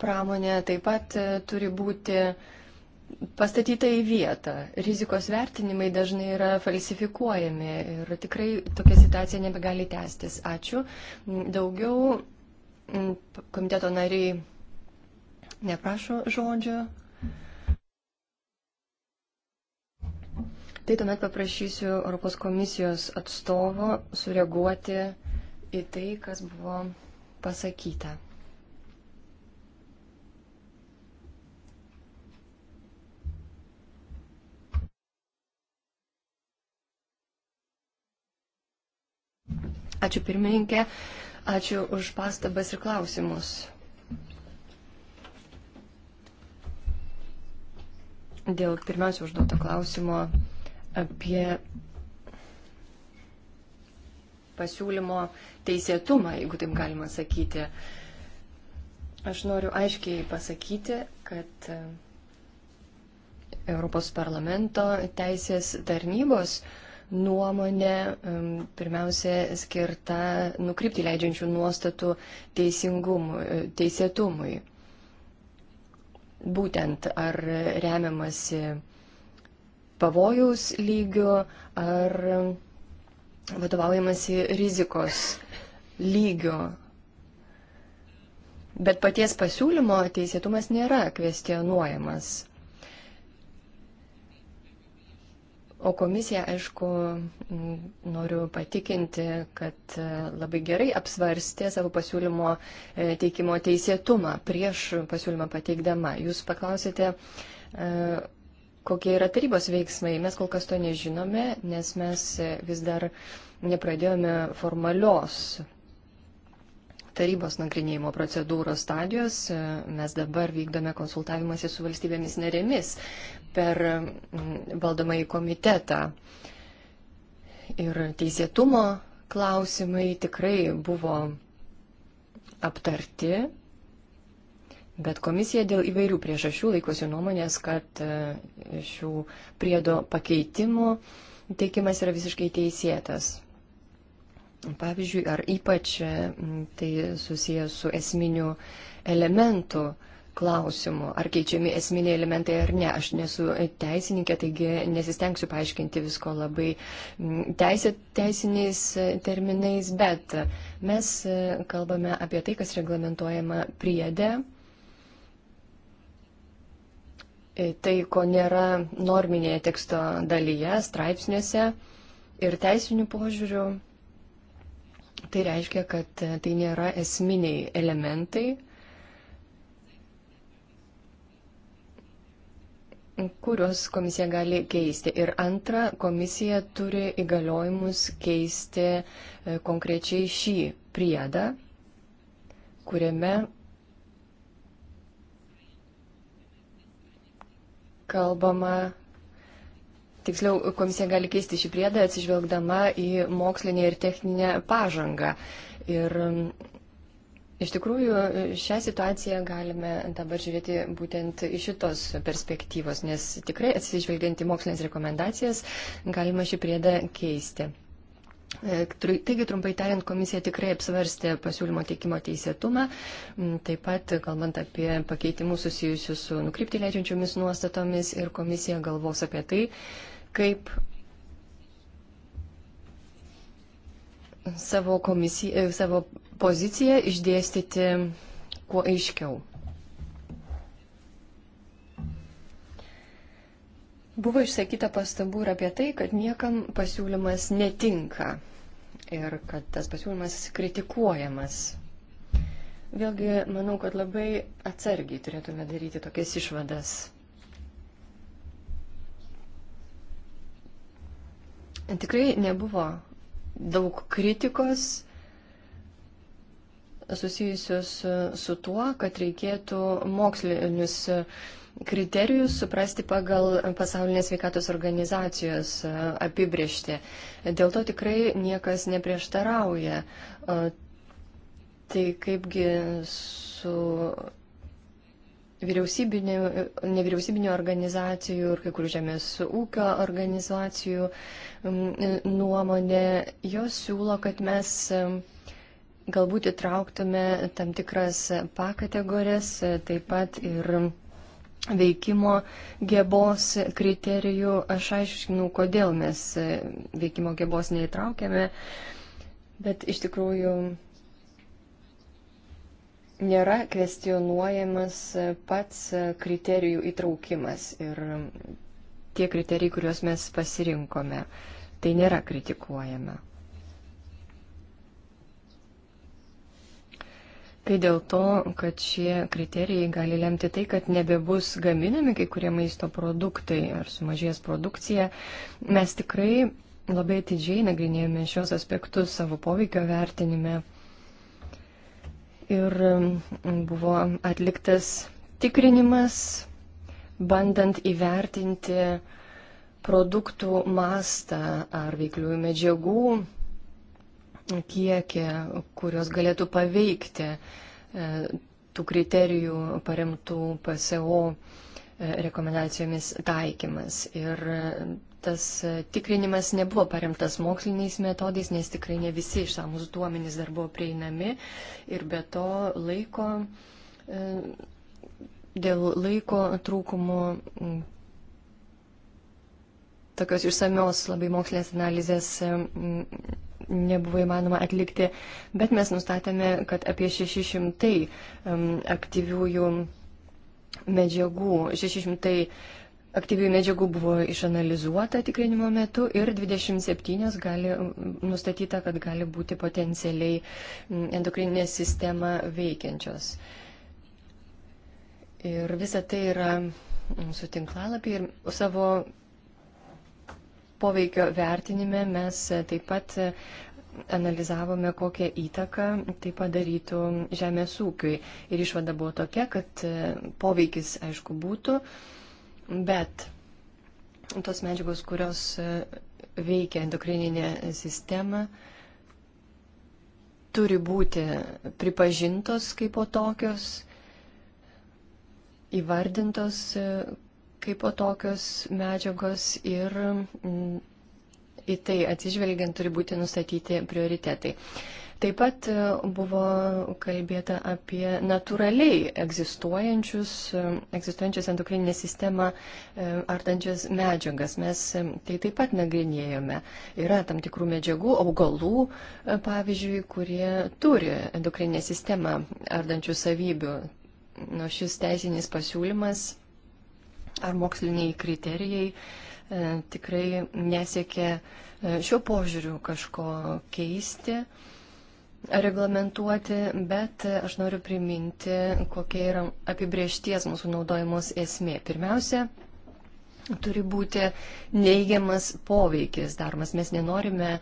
pramonė taip pat turi būti pastatyta į vietą. Rizikos vertinimai dažnai yra falsifikuojami ir tikrai tokia situacija nebegali tęstis. Ačiū. Daugiau mm, komiteto nariai neprašo žodžio. Tai tuomet paprašysiu Europos komisijos atstovo sureaguoti į tai, kas buvo pasakyta. Ačiū pirmininkė, ačiū už pastabas ir klausimus. Dėl pirmiausia užduoto klausimo apie pasiūlymo teisėtumą, jeigu taip galima sakyti. Aš noriu aiškiai pasakyti, kad Europos parlamento teisės tarnybos uh, nuomonė pirmiausia skirta nukrypti leidžiančių nuostatų e, teisėtumui. Būtent ar remiamasi pavojaus lygiu, ar vadovaujamasi rizikos lygiu. Bet paties pasiūlymo teisėtumas nėra kvestionuojamas. O komisija, aišku, mm, noriu patikinti, kad e, labai gerai apsvarstė savo pasiūlymo e, teikimo teisėtumą prieš pasiūlymą pateikdama. Jūs paklausėte, e, kokie yra tarybos veiksmai. Mes kol kas to nežinome, nes mes vis dar nepradėjome formalios tarybos nagrinėjimo procedūros stadijos. Mes dabar vykdome konsultavimąsi su valstybėmis narėmis per mm, valdomąjį komitetą. Ir teisėtumo klausimai tikrai buvo aptarti, bet komisija dėl įvairių priežasčių laikosi nuomonės, kad e, šių priedo pakeitimų teikimas yra visiškai teisėtas. Pavyzdžiui, ar ypač e, tai susijęs su esminiu elementu klausimu, ar keičiami esminiai elementai ar ne. Aš nesu teisininkė, taigi nesistengsiu paaiškinti visko labai teisė, teisiniais e, terminais, bet mes e, kalbame apie tai, kas reglamentuojama priede. Tai, ko nėra norminėje teksto dalyje, straipsniuose ir teisinių požiūrių Tai reiškia, kad e, tai nėra esminiai elementai, kuriuos komisija gali keisti. Ir antra, komisija turi įgaliojimus keisti e, konkrečiai šį priedą, kuriame kalbama Tiksliau, komisija gali keisti šį priedą atsižvelgdama į mokslinę ir techninę pažangą. Ir mm, iš tikrųjų šią situaciją galime dabar žiūrėti būtent iš šitos perspektyvos, nes tikrai atsižvelgiant į mokslinės rekomendacijas galima šį priedą keisti. E, taigi, trumpai tariant, komisija tikrai apsvarstė pasiūlymo teikimo teisėtumą, mm, taip pat, kalbant apie pakeitimus susijusius su nukrypti leidžiančiomis nuostatomis ir komisija galvos apie tai, kaip savo, komisiją, e, savo poziciją išdėstyti kuo aiškiau. Buvo išsakyta pastabų ir apie tai, kad niekam pasiūlymas netinka ir kad tas pasiūlymas kritikuojamas. Vėlgi, manau, kad labai atsargiai turėtume daryti tokias išvadas. Tikrai nebuvo daug kritikos susijusios su tuo, kad reikėtų mokslinius kriterijus suprasti pagal pasaulinės veikatos organizacijos apibriešti. Dėl to tikrai niekas neprieštarauja. Tai kaipgi su nevyriausybinio organizacijų ir kai kurių žemės ūkio organizacijų mm, nuomonė, jos siūlo, kad mes mm, galbūt įtrauktume tam tikras P kategorijas, taip pat ir veikimo gebos kriterijų. Aš aiškinau, kodėl mes veikimo gebos neįtraukėme, bet iš tikrųjų nėra kvestionuojamas pats kriterijų įtraukimas ir tie kriterijai, kuriuos mes pasirinkome, tai nėra kritikuojama. Tai dėl to, kad šie kriterijai gali lemti tai, kad nebebus gaminami kai kurie maisto produktai ar sumažės produkcija, mes tikrai labai atidžiai nagrinėjome šios aspektus savo poveikio vertinime ir um, buvo atliktas tikrinimas, bandant įvertinti produktų mastą ar veikliųjų medžiagų kiekį, kurios galėtų paveikti e, tų kriterijų paremtų PSO e, rekomendacijomis taikymas. Ir tas e, tikrinimas nebuvo paremtas moksliniais metodais, nes tikrai ne visi išsamus duomenys dar buvo prieinami ir be to laiko, e, dėl laiko trūkumo tokios išsamios labai mokslinės analizės e, nebuvo įmanoma atlikti, bet mes nustatėme, kad apie 600 aktyviųjų medžiagų, 600 aktyvių medžiagų buvo išanalizuota tikrinimo metu ir 27 gali, nustatyta, kad gali būti potencialiai endokrininę sistemą veikiančios. Ir visa tai yra mūsų tinklalapį ir savo poveikio vertinime mes taip pat analizavome, kokią įtaką tai padarytų žemės ūkiui. Ir išvada buvo tokia, kad poveikis, aišku, būtų, Bet tos medžiagos, kurios e, veikia endokrininę sistemą, turi būti pripažintos kaip po tokios, įvardintos e, kaip po tokios medžiagos ir mm, į tai atsižvelgiant turi būti nustatyti prioritetai. Taip pat e, buvo kalbėta apie natūraliai e, egzistuojančias endokrininę sistemą e, ardančias medžiagas. Mes tai taip pat nagrinėjome. Yra tam tikrų medžiagų, augalų, pavyzdžiui, kurie turi endokrininę sistemą ardančių savybių. Nu, šis teisinis pasiūlymas ar moksliniai kriterijai tikrai nesiekia šiuo požiūriu kažko keisti reglamentuoti, bet aš noriu priminti, kokia yra apibriešties mūsų naudojimos esmė. Pirmiausia, turi būti neigiamas poveikis daromas. Mes nenorime e,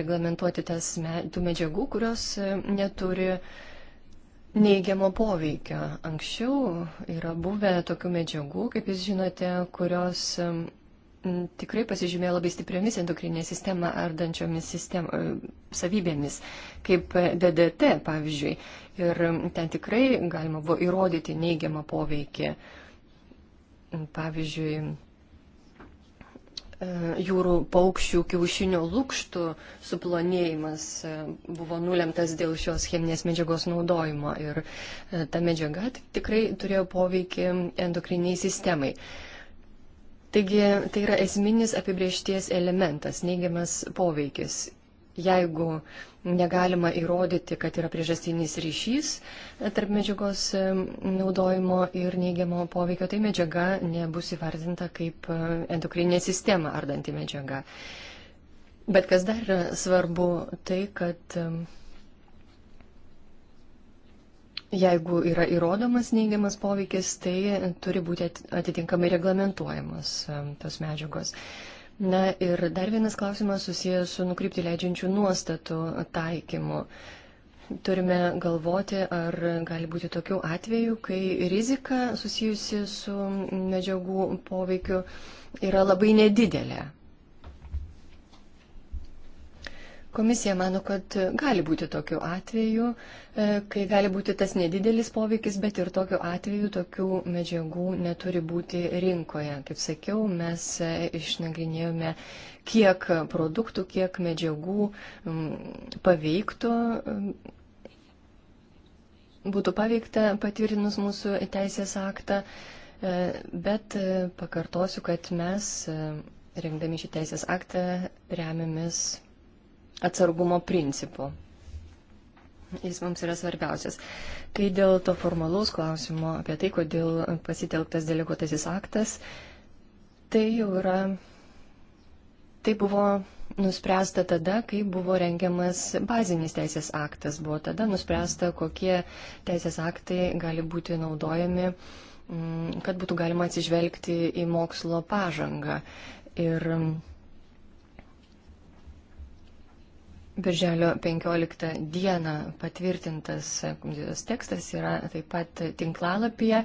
reglamentuoti tas, tų medžiagų, kurios e, neturi neigiamo poveikio. Anksčiau yra buvę tokių medžiagų, kaip jūs žinote, kurios tikrai pasižymėjo labai stipriomis endokrininę sistemą ardančiomis sistem, e, savybėmis, kaip DDT, pavyzdžiui. Ir ten tikrai galima buvo įrodyti neigiamą poveikį. Pavyzdžiui, e, jūrų paukščių kiaušinio lūkštų suplonėjimas e, buvo nulemtas dėl šios cheminės medžiagos naudojimo ir ta medžiaga tikrai turėjo poveikį endokriniai sistemai. Taigi tai yra esminis apibriešties elementas, neigiamas poveikis. Jeigu negalima įrodyti, kad yra priežastinis ryšys tarp medžiagos naudojimo ir neigiamo poveikio, tai medžiaga nebus įvardinta kaip e, endokrininė sistema ardanti medžiaga. Bet kas dar yra svarbu, tai kad Jeigu yra įrodomas neigiamas poveikis, tai turi būti atitinkamai reglamentuojamos tos medžiagos. Na ir dar vienas klausimas susijęs su nukrypti leidžiančių nuostatų taikymu. Turime galvoti, ar gali būti tokių atvejų, kai rizika susijusi su medžiagų poveikiu yra labai nedidelė. Komisija mano, kad gali būti tokių atvejų, e, kai gali būti tas nedidelis poveikis, bet ir tokių atvejų tokių medžiagų neturi būti rinkoje. Kaip sakiau, mes e, išnagrinėjome, kiek produktų, kiek medžiagų paveiktų būtų paveikta patvirtinus mūsų teisės aktą, e, bet pakartosiu, kad mes, rengdami šį teisės aktą, remiamis atsargumo principu. Jis mums yra svarbiausias. Kai dėl to formalaus klausimo apie tai, kodėl pasitelktas deleguotasis aktas, tai jau yra. Tai buvo nuspręsta tada, kai buvo rengiamas bazinis teisės aktas. Buvo tada nuspręsta, kokie teisės aktai gali būti naudojami, mm, kad būtų galima atsižvelgti į mokslo pažangą. Ir Birželio 15 dieną patvirtintas komisijos tekstas yra taip pat tinklalapyje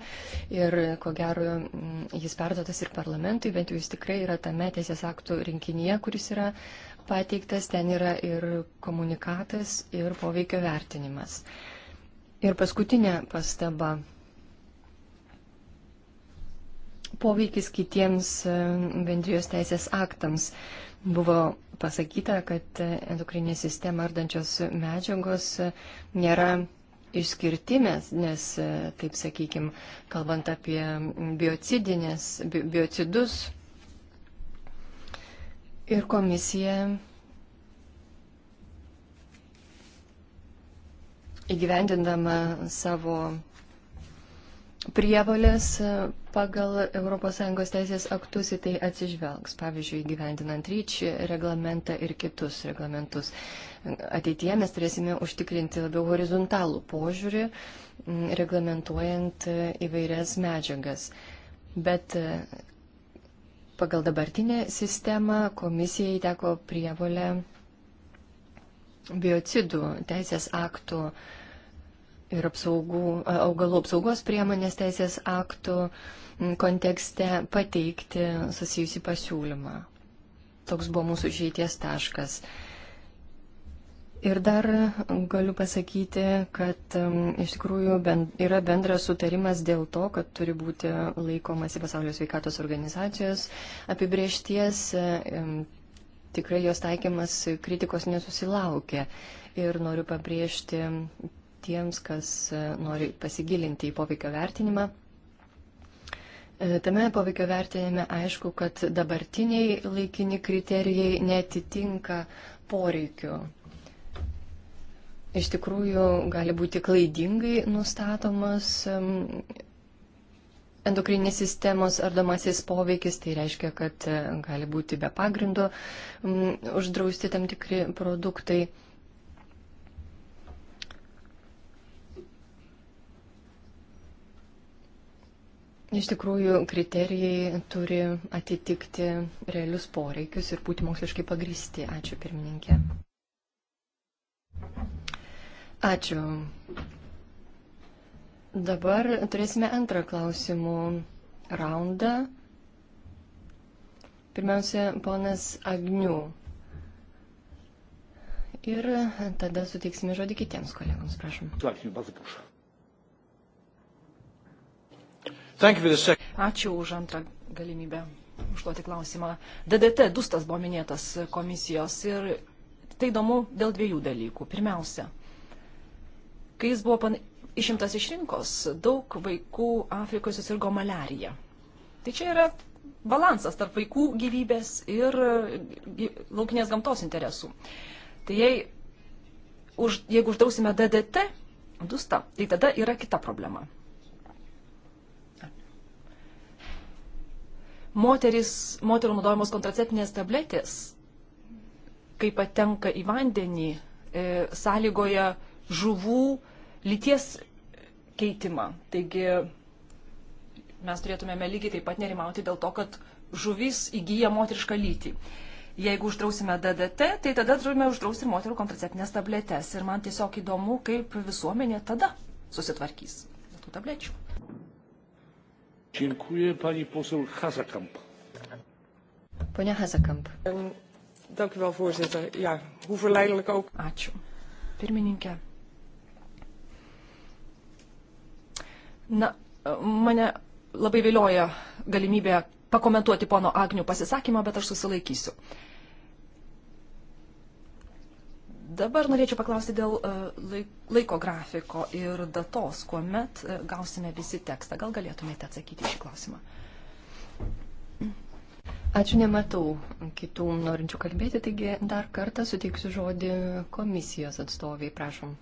ir ko gero mm, jis perduotas ir parlamentui, bent jau jis tikrai yra tame teisės aktų rinkinyje, kuris yra pateiktas, ten yra ir komunikatas, ir poveikio vertinimas. Ir paskutinė pastaba. Poveikis kitiems mm, bendrijos teisės aktams. Buvo pasakyta, kad endokrinė sistema ardančios medžiagos nėra išskirtinės, nes, taip sakykime, kalbant apie biocidinės, bi biocidus. Ir komisija įgyvendindama savo prievalės e, pagal ES teisės aktus į tai atsižvelgs, pavyzdžiui, gyvendinant ryčį reglamentą ir kitus reglamentus. Ateityje mes turėsime užtikrinti labiau horizontalų požiūrį, reglamentuojant e, įvairias medžiagas. Bet e, pagal dabartinę sistemą komisijai teko prievalę biocidų teisės aktų uh, ir apsaugų, augalų apsaugos priemonės teisės aktų kontekste pateikti susijusi pasiūlymą. Toks buvo mūsų žaities taškas. Ir dar galiu pasakyti, kad iš tikrųjų bend, yra bendras sutarimas dėl to, kad turi būti laikomasi pasaulio sveikatos organizacijos apibriešties. E, tikrai jos taikymas kritikos nesusilaukė. Ir noriu pabrėžti tiems, kas e, nori pasigilinti į poveikio vertinimą. E, tame poveikio vertinime aišku, kad dabartiniai laikini kriterijai netitinka poreikių. Iš tikrųjų, gali būti klaidingai nustatomas endokrininės sistemos ardomasis poveikis, tai reiškia, kad e, gali būti be pagrindo uždrausti tam tikri produktai. Iš tikrųjų, kriterijai turi atitikti realius poreikius ir būti moksliškai pagristi. Ačiū, pirmininkė. Ačiū. Dabar turėsime antrą klausimų raundą. Pirmiausia, ponas Agnių. Ir tada suteiksime žodį kitiems kolegams, prašom. Ačiū, Ačiū už antrą galimybę užduoti klausimą. DDT dustas buvo minėtas komisijos ir tai įdomu dėl dviejų dalykų. Pirmiausia, kai jis buvo pan... išimtas iš rinkos, daug vaikų Afrikoje susirgo malerija. Tai čia yra balansas tarp vaikų gyvybės ir laukinės gamtos interesų. Tai jei, už, jeigu uždrausime DDT, dustą, tai tada yra kita problema. moterys, moterų naudojamos kontraceptinės tabletės, kai patenka į vandenį, e, sąlygoja žuvų lyties keitimą. Taigi mes turėtumėme lygiai taip pat nerimauti dėl to, kad žuvis įgyja moterišką lytį. Jeigu uždrausime DDT, tai tada turime uždrausti moterų kontraceptinės tabletes. Ir man tiesiog įdomu, kaip visuomenė tada susitvarkys dėl tų tablečių. Dziękuję pani poseł Hazakamp. Ponia Hazakamp. Dank u wel, voorzitter. Ja, hoe verleidelijk ook. Ačiū. Pirmininkė. Na, mane labai vilioja galimybė pakomentuoti pono Agnių pasisakymą, bet aš susilaikysiu. Uh, Dabar norėčiau paklausti dėl e, laiko grafiko ir datos, kuomet e, gausime visi tekstą. Gal galėtumėte atsakyti šį klausimą? Ačiū, nematau kitų norinčių kalbėti, taigi dar kartą suteiksiu žodį komisijos atstoviai, prašom.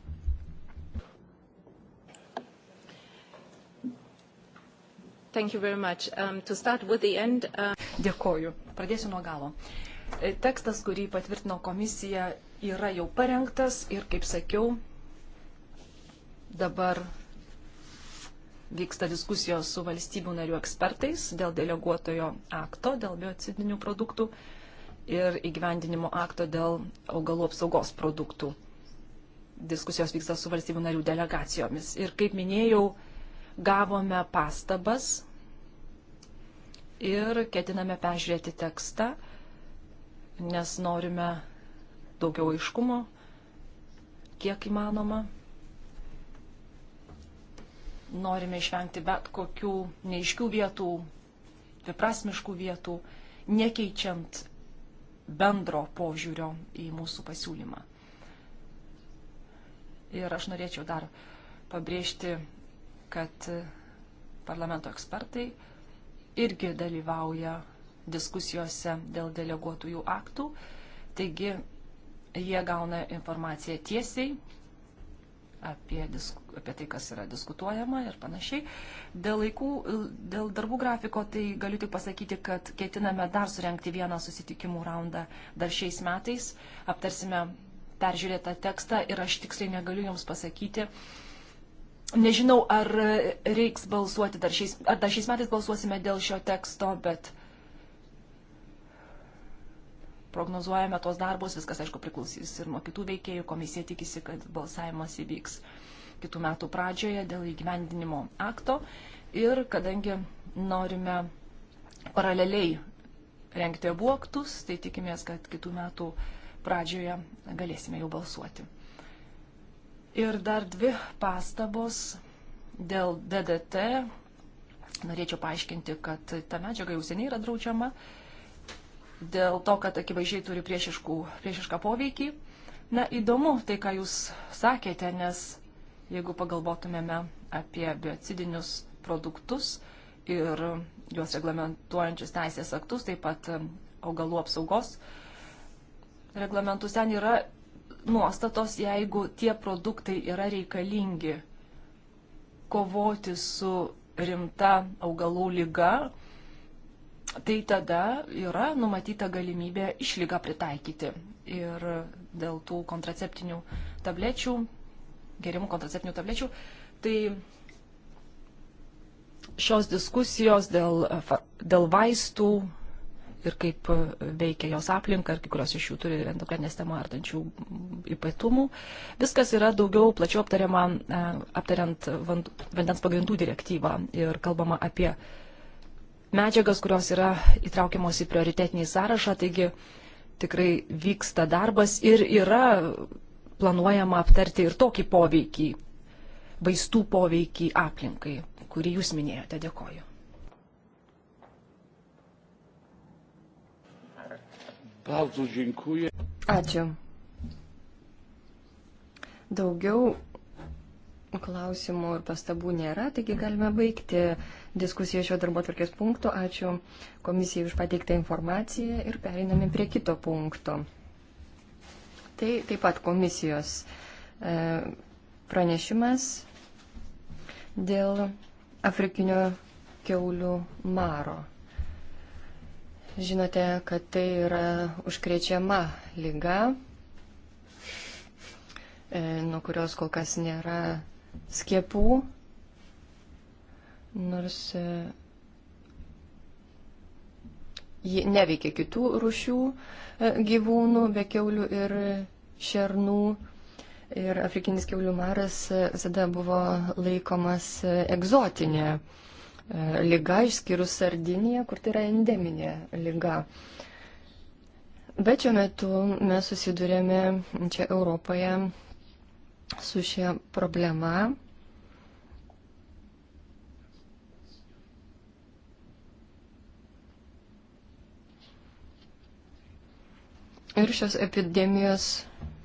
Um, end, uh... Dėkoju. Pradėsiu nuo galo. E, tekstas, kurį patvirtino komisija, yra jau parengtas ir, kaip sakiau, dabar vyksta diskusijos su valstybių narių ekspertais dėl deleguotojo akto, dėl biocidinių produktų ir įgyvendinimo akto dėl augalų apsaugos produktų. Diskusijos vyksta su valstybių narių delegacijomis. Ir kaip minėjau, gavome pastabas ir ketiname peržiūrėti tekstą, nes norime daugiau aiškumo, kiek įmanoma. Norime išvengti bet kokių neiškių vietų, dviprasmiškų vietų, nekeičiant bendro požiūrio į mūsų pasiūlymą. Ir aš norėčiau dar pabrėžti, kad parlamento ekspertai irgi dalyvauja diskusijose dėl deleguotųjų aktų. Taigi Jie gauna informaciją tiesiai apie, disku, apie tai, kas yra diskutuojama ir panašiai. Dėl, laikų, dėl darbų grafiko, tai galiu tik pasakyti, kad ketiname dar surenkti vieną susitikimų raundą dar šiais metais. Aptarsime peržiūrėtą tekstą ir aš tiksliai negaliu Jums pasakyti. Nežinau, ar reiks balsuoti dar šiais, ar dar šiais metais balsuosime dėl šio teksto, bet uh, prognozuojame tos darbus, viskas aišku priklausys ir nuo kitų veikėjų. Komisija tikisi, kad balsavimas įvyks kitų metų pradžioje dėl įgyvendinimo akto ir kadangi norime paraleliai rengti abu aktus, tai tikimės, kad kitų metų pradžioje galėsime jau balsuoti. Ir dar dvi pastabos dėl DDT norėčiau paaiškinti, kad ta medžiaga jau seniai yra draudžiama, dėl to, kad akivaizdžiai turi priešišką poveikį. Na, įdomu tai, ką Jūs sakėte, nes jeigu pagalvotumėme apie biocidinius produktus ir juos reglamentuojančius teisės aktus, taip pat augalų apsaugos reglamentus, ten yra nuostatos, jeigu tie produktai yra reikalingi kovoti su rimta augalų lyga, tai tada yra numatyta galimybė išlygą pritaikyti. Ir dėl tų kontraceptinių tablečių, gerimų kontraceptinių tablečių, tai šios diskusijos dėl, dėl vaistų ir kaip veikia jos aplinka ir kai kurios iš jų turi endokrinės temą artančių ypatumų. Viskas yra daugiau plačiau aptariama, e, aptariant vandens pagrindų direktyvą ir kalbama apie medžiagas, kurios yra įtraukiamos į prioritetinį sąrašą, taigi tikrai vyksta darbas ir yra planuojama aptarti ir tokį poveikį, vaistų poveikį aplinkai, kurį jūs minėjote. Dėkoju. Ačiū. Daugiau Klausimų ir pastabų nėra, taigi galime baigti diskusiją šio darbo atvarkės punkto. Ačiū komisijai už pateiktą informaciją ir pereiname prie kito punkto. Tai taip pat komisijos e, pranešimas dėl afrikinio keulių maro. Žinote, kad tai yra užkrečiama lyga, e, nuo kurios kol kas nėra skiepų, nors e, ji neveikia kitų rušių e, gyvūnų, be keulių ir šernų. Ir afrikinis keulių maras e, visada buvo laikomas egzotinė lyga, išskyrus Sardiniją, kur tai yra endeminė lyga. Bet šiuo metu mes susidurėme čia Europoje su šia problema. Ir šios epidemijos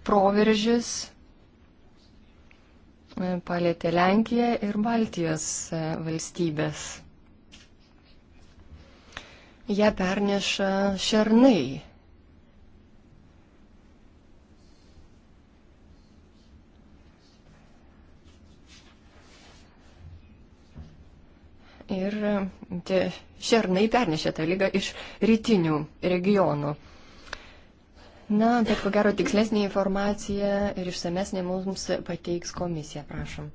proveržis e, palėtė Lenkiją ir Baltijos e, valstybės. Ja perneša šernai ir e, tie šernai pernešė tą lygą iš rytinių regionų. Na, bet ko gero tikslesnė informacija ir išsamesnė mums pateiks komisija, prašom.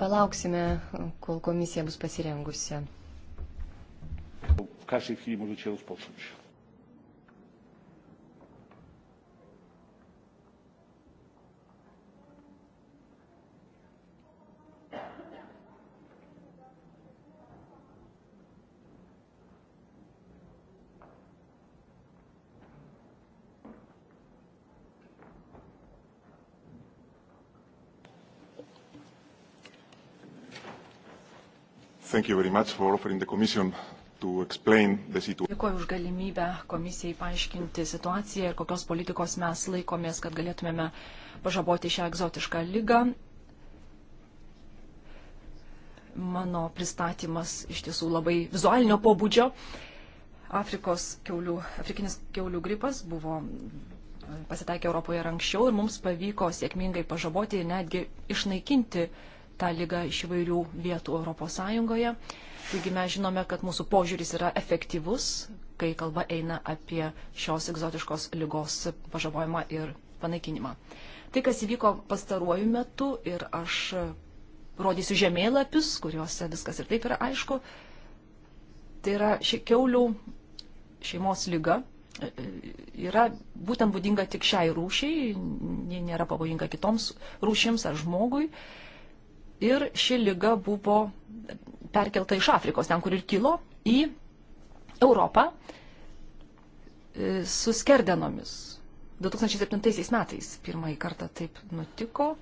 Palauksime, kol komisija bus pasirengusi. W każdej chwili możecie rozpocząć. Thank you very much for offering the Commission to explain the situation. Dėkuoju už galimybę komisijai paaiškinti situaciją ir kokios politikos mes laikomės, kad galėtumėme pažaboti šią egzotišką lygą. Mano pristatymas iš tiesų labai vizualinio pobūdžio. Afrikos keulių, afrikinis keulių gripas buvo pasitaikė Europoje ir anksčiau ir mums pavyko sėkmingai pažaboti ir netgi išnaikinti uh, tą lygą iš įvairių vietų ES. Taigi mes žinome, kad mūsų požiūris yra efektyvus, kai kalba eina apie šios egzotiškos lygos pažabojimą ir panaikinimą. Tai, kas įvyko pastaruoju metu ir aš rodysiu žemėlapius, kuriuose viskas ir taip yra aišku, tai yra ši keulių šeimos lyga yra būtent būdinga tik šiai rūšiai, ji nėra pavojinga kitoms rūšims ar žmogui. Uh, ir ši lyga buvo perkelta iš Afrikos, ten kur ir kilo, į Europą e, su skerdenomis. 2007 metais pirmąjį kartą taip nutiko.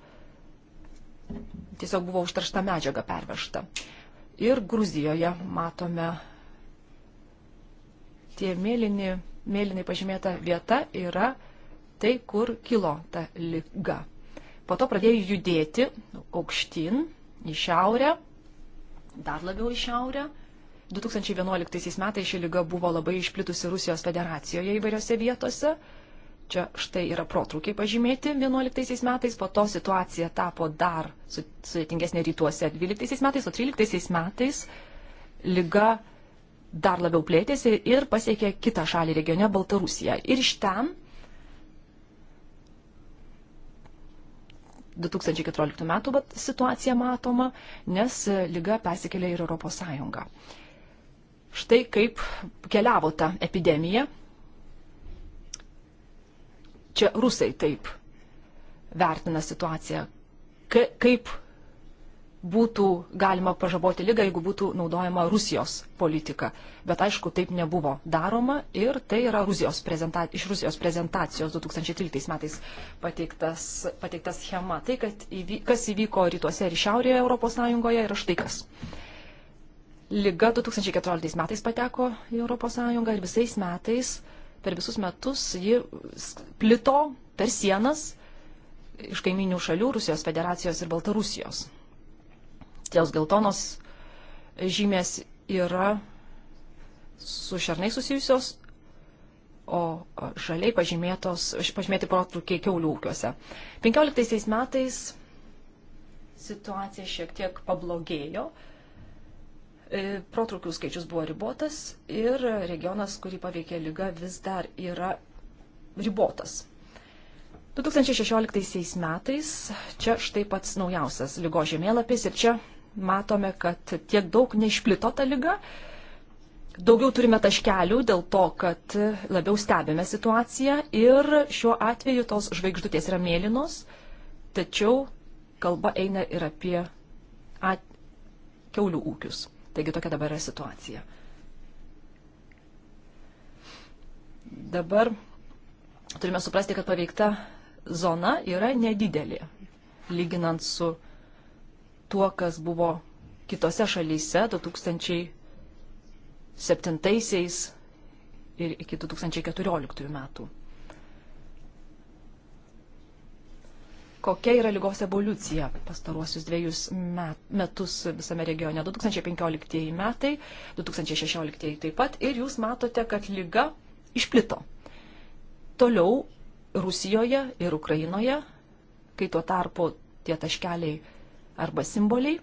Tiesiog buvo užtaršta medžiaga pervežta. Ir Gruzijoje matome tie mėlyni, mėlynai pažymėta vieta yra tai, kur kilo ta lyga. Po to pradėjo judėti aukštyn, į šiaurę, dar labiau į šiaurę. 2011 metais ši lyga buvo labai išplitusi Rusijos federacijoje įvairiose vietose. Čia štai yra protrukiai pažymėti 2011 metais, po to situacija tapo dar sudėtingesnė rytuose 2012 metais, o 2013 metais lyga dar labiau plėtėsi ir pasiekė kitą šalį regione - Baltarusiją. Ir iš ten 2014 metų bet situacija matoma, nes lyga persikėlė ir Europos Sąjungą. Štai kaip keliavo ta epidemija. Čia rusai taip vertina situaciją, kaip būtų galima pažaboti lygą, jeigu būtų naudojama Rusijos politika. Bet aišku, taip nebuvo daroma ir tai yra Rusijos prezenta, iš Rusijos prezentacijos 2013 metais pateiktas, pateiktas schema. Tai, įvy, kas įvyko rytuose ir šiaurėje ES yra štai kas. Liga 2014 metais pateko į ES ir visais metais, per visus metus ji plito per sienas iš kaiminių šalių Rusijos federacijos ir Baltarusijos tos geltonos žymės yra su šernai susijusios, o žaliai pažymėti protrukiai kiauliūkiuose. 15 metais situacija šiek tiek pablogėjo, e, protrukių skaičius buvo ribotas ir regionas, kurį paveikė lyga, vis dar yra ribotas. 2016 metais čia štai pats naujausias lygo žemėlapis ir čia matome, kad tiek daug neišplito ta lyga. Daugiau turime taškelių dėl to, kad labiau stebime situaciją ir šiuo atveju tos žvaigždutės yra mėlynos, tačiau kalba eina ir apie at... keulių ūkius. Taigi tokia dabar yra situacija. Dabar turime suprasti, kad paveikta zona yra nedidelė, lyginant su tuo, kas buvo kitose šalyse 2007 ir iki 2014 metų. Kokia yra lygos evoliucija pastaruosius dviejus metus visame regione? 2015 metai, 2016 taip pat ir jūs matote, kad lyga išplito. Toliau Rusijoje ir Ukrainoje, kai tuo tarpu tie taškeliai arba simboliai,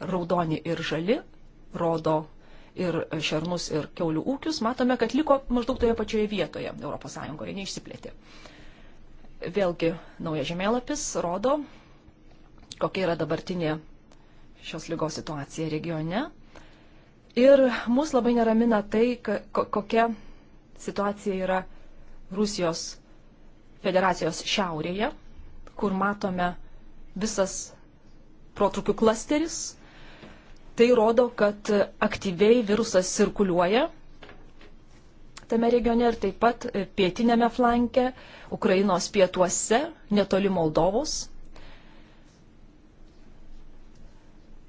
raudoni ir žali, rodo ir šernus, ir keulių ūkius, matome, kad liko maždaug toje pačioje vietoje ES, neišsiplėtė. Vėlgi, nauja žemėlapis rodo, kokia yra dabartinė šios lygos situacija regione. Ir mus labai neramina tai, kokia situacija yra Rusijos federacijos šiaurėje, kur matome visas protrukių klasteris. Tai rodo, kad aktyviai virusas cirkuliuoja tame regione ir taip pat pietinėme flanke, Ukrainos pietuose, netoli Moldovos.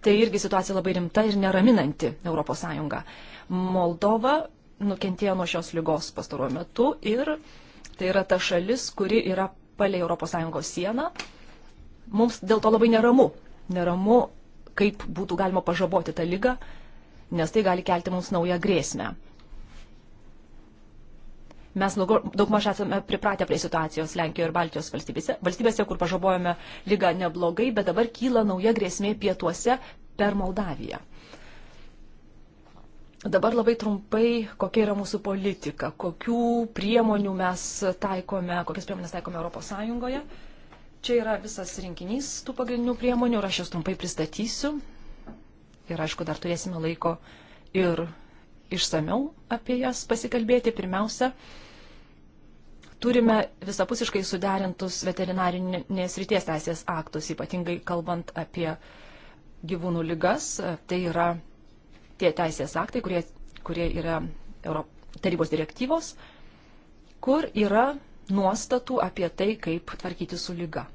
Tai irgi situacija labai rimta ir neraminanti ES. Moldova nukentėjo nuo šios lygos pastaruoju metu ir tai yra ta šalis, kuri yra palei ES sieną. Mums dėl to labai neramu neramu, kaip būtų galima pažaboti tą lygą, nes tai gali kelti mums naują grėsmę. Mes daug maž esame pripratę prie situacijos Lenkijoje ir Baltijos valstybėse, valstybėse, kur pažabojame lygą neblogai, bet dabar kyla nauja grėsmė pietuose per Moldaviją. Dabar labai trumpai, kokia yra mūsų politika, kokių priemonių mes taikome, kokias priemonės taikome Europos Sąjungoje. Uh, Čia yra visas rinkinys tų pagrindinių priemonių ir aš jas trumpai pristatysiu. Ir aišku, dar turėsime laiko ir išsameu apie jas pasikalbėti. Pirmiausia, turime visapusiškai suderintus veterinarinės ryties teisės aktus, ypatingai kalbant apie gyvūnų lygas. Tai yra tie teisės aktai, kurie, kurie yra Tarybos direktyvos, kur yra nuostatų apie tai, kaip tvarkyti su lyga.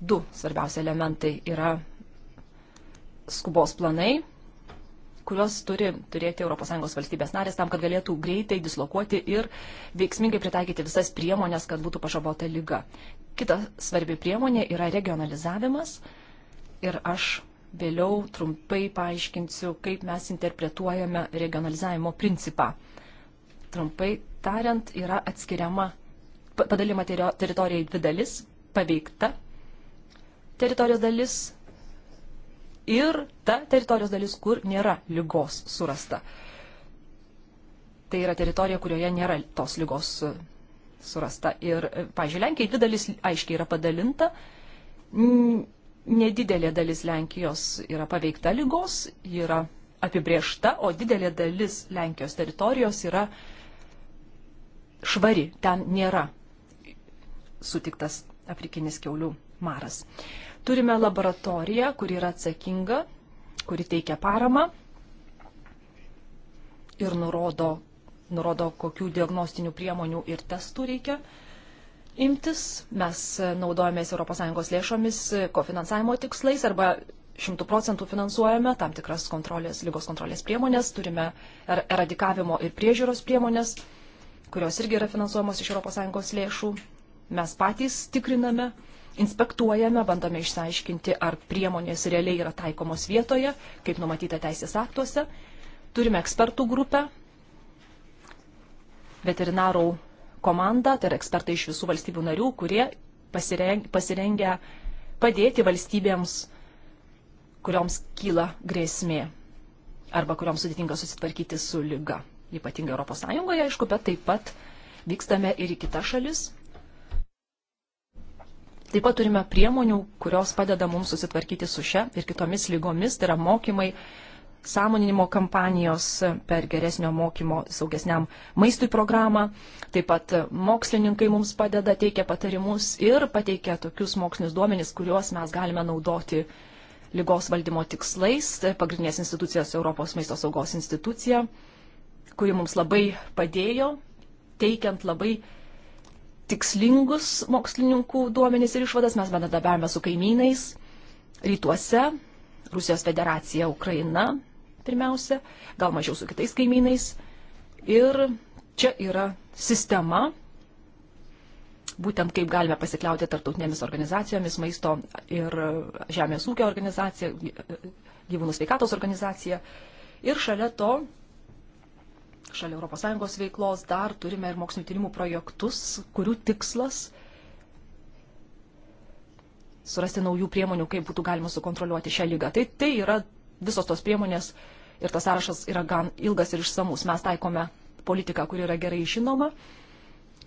Du svarbiausi elementai yra skubos planai, kuriuos turi turėti ES valstybės narės tam, kad galėtų greitai dislokuoti ir veiksmingai pritaikyti visas priemonės, kad būtų pažabota lyga. Kita svarbi priemonė yra regionalizavimas ir aš vėliau trumpai paaiškinsiu, kaip mes interpretuojame regionalizavimo principą. Trumpai tariant, yra atskiriama padalima teritorija į dvi dalis, paveikta teritorijos dalis ir ta teritorijos dalis, kur nėra lygos surasta. Tai yra teritorija, kurioje nėra tos lygos e, surasta. Ir, e, pažiūrėjau, Lenkija į dvi dalis aiškiai yra padalinta. Nedidelė dalis Lenkijos yra paveikta lygos, yra apibriešta, o didelė dalis Lenkijos teritorijos yra švari, ten nėra sutiktas afrikinis keulių maras. Turime laboratoriją, kuri yra atsakinga, kuri teikia paramą ir nurodo, nurodo kokių diagnostinių priemonių ir testų reikia imtis. Mes naudojamės ES lėšomis kofinansavimo tikslais arba šimtų procentų finansuojame tam tikras kontrolės, lygos kontrolės priemonės, turime er, eradikavimo ir priežiūros priemonės, kurios irgi yra finansuojamos iš ES lėšų mes patys tikriname, inspektuojame, bandome išsiaiškinti, ar priemonės realiai yra taikomos vietoje, kaip numatyta teisės aktuose. Turime ekspertų grupę, veterinarų komandą, tai yra ekspertai iš visų valstybių narių, kurie pasirengia padėti valstybėms, kurioms kyla grėsmė arba kurioms sudėtinga susitvarkyti su lyga. Ypatingai ES, aišku, bet taip pat vykstame ir į kitas šalis, Taip pat turime priemonių, kurios padeda mums susitvarkyti su šia ir kitomis lygomis, tai yra mokymai, sąmoninimo kampanijos per geresnio mokymo saugesniam maistui programą. Taip pat mokslininkai mums padeda, teikia patarimus ir pateikia tokius mokslinius duomenis, kuriuos mes galime naudoti lygos valdymo tikslais. Pagrindinės institucijos Europos maisto saugos institucija, kuri mums labai padėjo, teikiant labai tikslingus mokslininkų duomenys ir išvadas. Mes bendradarbiavame su kaimynais rytuose, Rusijos federacija, Ukraina pirmiausia, gal mažiau su kitais kaimynais. Ir čia yra sistema, būtent kaip galime pasikliauti tarptautinėmis organizacijomis, maisto ir žemės ūkio organizacija, gyvūnų sveikatos organizacija. Ir šalia to Šalia ES veiklos dar turime ir mokslinio tyrimų projektus, kurių tikslas surasti naujų priemonių, kaip būtų galima sukontroliuoti šią lygą. Tai, tai yra visos tos priemonės ir tas sąrašas yra gan ilgas ir išsamus. Mes taikome politiką, kuri yra gerai žinoma,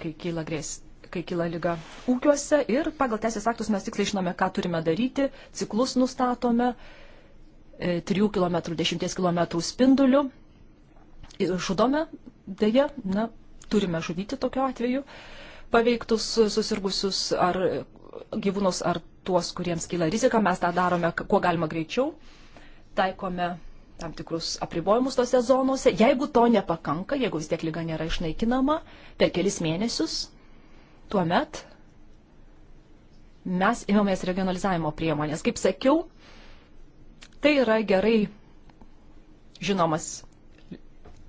kai kyla grėsmė kai kyla lyga ūkiuose ir pagal teisės aktus mes tiksliai žinome, ką turime daryti, ciklus nustatome, 3 km, 10 km spinduliu žudome, dėja, na, turime žudyti tokiu atveju paveiktus susirgusius ar gyvūnus ar tuos, kuriems kyla rizika, mes tą darome kuo galima greičiau, taikome tam tikrus apribojimus tose zonose. Jeigu to nepakanka, jeigu vis tiek lyga nėra išnaikinama per kelis mėnesius, tuomet mes imamės regionalizavimo priemonės. Kaip sakiau, tai yra gerai žinomas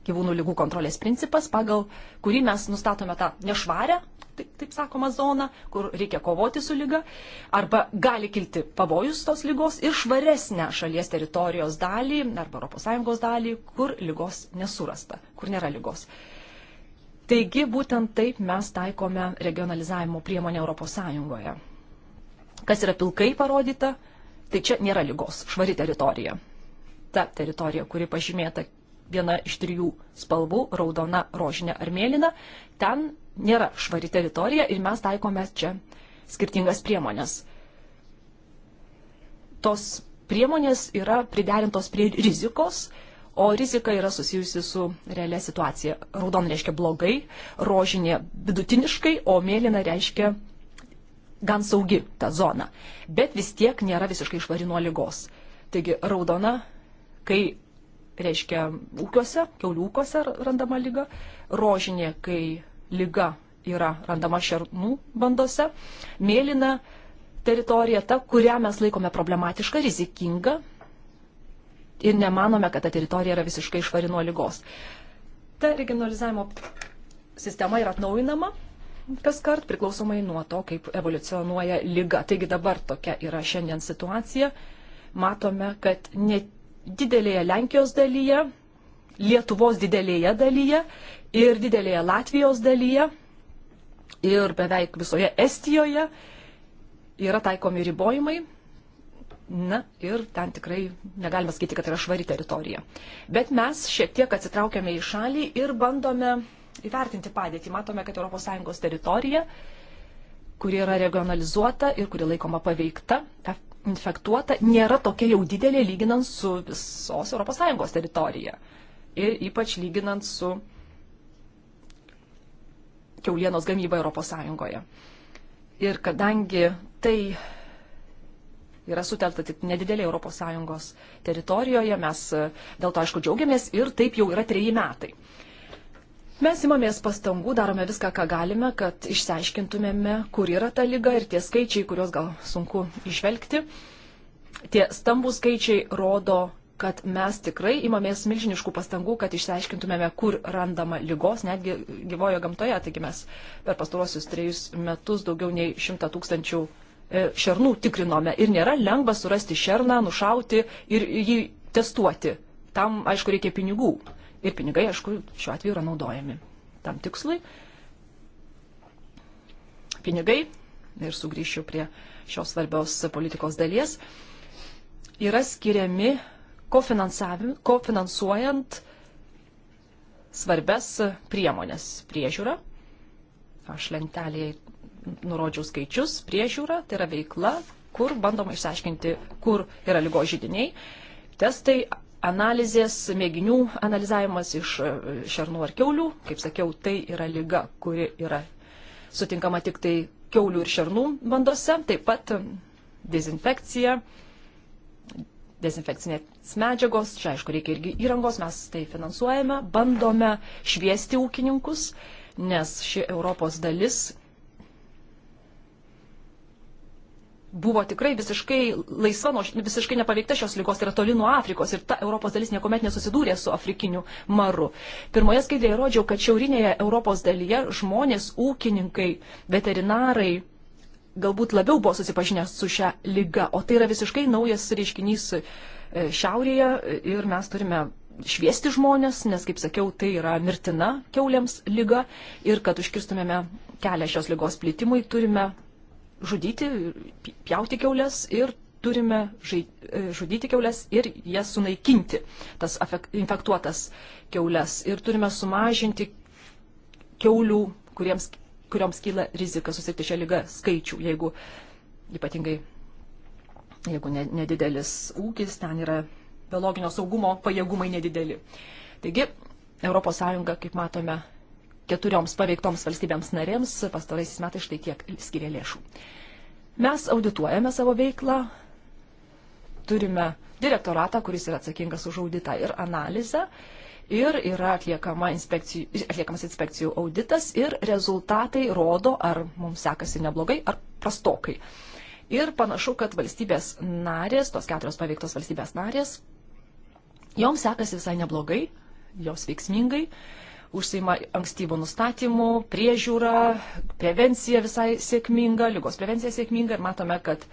gyvūnų lygų kontrolės principas, pagal kurį mes nustatome tą nešvarę, taip, taip sakoma, zoną, kur reikia kovoti su lyga, arba gali kilti pavojus tos lygos ir švaresnę šalies teritorijos dalį arba ES dalį, kur lygos nesurasta, kur nėra lygos. Taigi būtent taip mes taikome regionalizavimo priemonę ES. Kas yra pilkai parodyta, tai čia nėra lygos, švari teritorija. Ta teritorija, kuri pažymėta viena iš trijų spalvų - raudona, rožinė ar mėlyna. Ten nėra švari teritorija ir mes taikome čia skirtingas priemonės. Tos priemonės yra priderintos prie rizikos, o rizika yra susijusi su realia situacija. Raudon reiškia blogai, rožinė vidutiniškai, o mėlyna reiškia gan saugi ta zona. Bet vis tiek nėra visiškai švari nuo lygos. Taigi raudona, kai reiškia ūkiuose, keuliukose randama lyga, rožinė, kai lyga yra randama šernų bandose, mėlyna teritorija ta, kurią mes laikome problematiška, rizikinga ir nemanome, kad ta teritorija yra visiškai išvari nuo lygos. Ta regionalizavimo sistema yra atnaujinama kas kart priklausomai nuo to, kaip evoliucionuoja lyga. Taigi dabar tokia yra šiandien situacija. Matome, kad net didelėje Lenkijos dalyje, Lietuvos didelėje dalyje ir didelėje Latvijos dalyje ir beveik visoje Estijoje yra taikomi ribojimai. Na ir ten tikrai negalima sakyti, kad yra švari teritorija. Bet mes šiek tiek atsitraukiame į šalį ir bandome įvertinti padėtį. Matome, kad ES teritorija, kuri yra regionalizuota ir kuri laikoma paveikta, infektuota nėra tokia jau didelė lyginant su visos ES teritorija. Ir ypač lyginant su keulienos gamyba ES. Ir kadangi tai yra sutelta tik nedidelė ES teritorijoje, mes e, dėl to aišku džiaugiamės ir taip jau yra treji metai. Mes imamės pastangų, darome viską, ką galime, kad išsiaiškintumėme, kur yra ta lyga ir tie skaičiai, kuriuos gal sunku išvelgti. Tie stambų skaičiai rodo, kad mes tikrai imamės milžiniškų pastangų, kad išsiaiškintumėme, kur randama lygos, netgi gyvojo gamtoje. Taigi mes per pastaruosius trejus metus daugiau nei šimtą tūkstančių e, šernų tikrinome ir nėra lengva surasti šerną, nušauti ir jį testuoti. Tam, aišku, reikia pinigų. Ir pinigai, aišku, šiuo atveju yra naudojami tam tikslui. Pinigai, ir sugrįšiu prie šios svarbios politikos dalies, yra skiriami kofinansuojant svarbias priemonės priežiūrą. Aš lentelėje nurodžiau skaičius priežiūrą, tai yra veikla, kur bandoma išsiaiškinti, kur yra lygo žydiniai. Testai, analizės, mėginių analizavimas iš e, šernų ar keulių. Kaip sakiau, tai yra lyga, kuri yra sutinkama tik tai keulių ir šernų bandose. Taip pat e, dezinfekcija, dezinfekcinės medžiagos, čia aišku reikia irgi įrangos, mes tai finansuojame, bandome šviesti ūkininkus, nes ši Europos dalis buvo tikrai visiškai laisva, nuo, visiškai nepaveikta šios lygos, tai yra toli nuo Afrikos ir ta Europos dalis niekuomet nesusidūrė su afrikiniu maru. Pirmoje skaidrėje rodžiau, kad šiaurinėje Europos dalyje žmonės, ūkininkai, veterinarai galbūt labiau buvo susipažinę su šia lyga, o tai yra visiškai naujas reiškinys e, šiaurėje ir mes turime šviesti žmonės, nes, kaip sakiau, tai yra mirtina keuliams lyga ir kad užkirstumėme kelią šios lygos plitimui, turime žudyti, pjauti keulės ir turime e, žudyti keulės ir jas sunaikinti, tas infektuotas keulės. Ir turime sumažinti keulių, kuriems, kurioms kyla rizika susirgti šią lygą skaičių, jeigu ypatingai, jeigu nedidelis ūkis, ten yra biologinio saugumo pajėgumai nedideli. Taigi, ES, kaip matome, keturioms paveiktoms valstybėms narėms pastaraisiais metais štai tiek skiria lėšų. Mes audituojame savo veiklą, turime direktoratą, kuris yra atsakingas už auditą ir analizę, ir yra atliekama inspekcijų, atliekamas inspekcijų auditas, ir rezultatai rodo, ar mums sekasi neblogai, ar prastokai. Ir panašu, kad valstybės narės, tos keturios paveiktos valstybės narės, joms sekasi visai neblogai, jos veiksmingai, užsima ankstyvų nustatymų, priežiūrą, prevencija visai sėkminga, lygos prevencija sėkminga ir matome, kad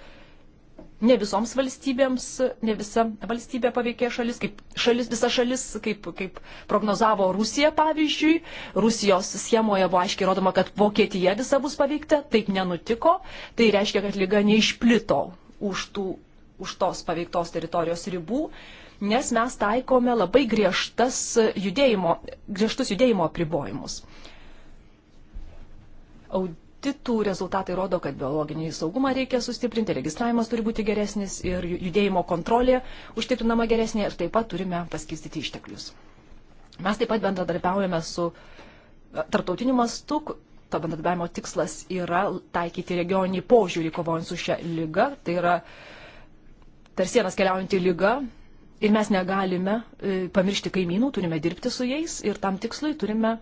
ne visoms valstybėms, ne visa valstybė paveikė šalis, kaip šalis, visa šalis, kaip, kaip prognozavo Rusija, pavyzdžiui. Rusijos schemoje buvo aiškiai rodoma, kad Vokietija visa bus paveikta, taip nenutiko. Tai reiškia, kad lyga neišplito už, tų, už tos paveiktos teritorijos ribų. Uh, nes mes taikome labai griežtas judėjimo, griežtus judėjimo apribojimus. Auditų rezultatai rodo, kad biologinį saugumą reikia sustiprinti, registravimas turi būti geresnis ir judėjimo kontrolė užtikrinama geresnė ir taip pat turime paskirstyti išteklius. Mes taip pat bendradarbiaujame su e, tarptautiniu mastu, to bendradarbiavimo tikslas yra taikyti regioninį požiūrį kovojant su šia lyga. Tai yra per sienas keliaujanti lyga, Ir mes negalime e, pamiršti kaimynų, turime dirbti su jais ir tam tikslui turime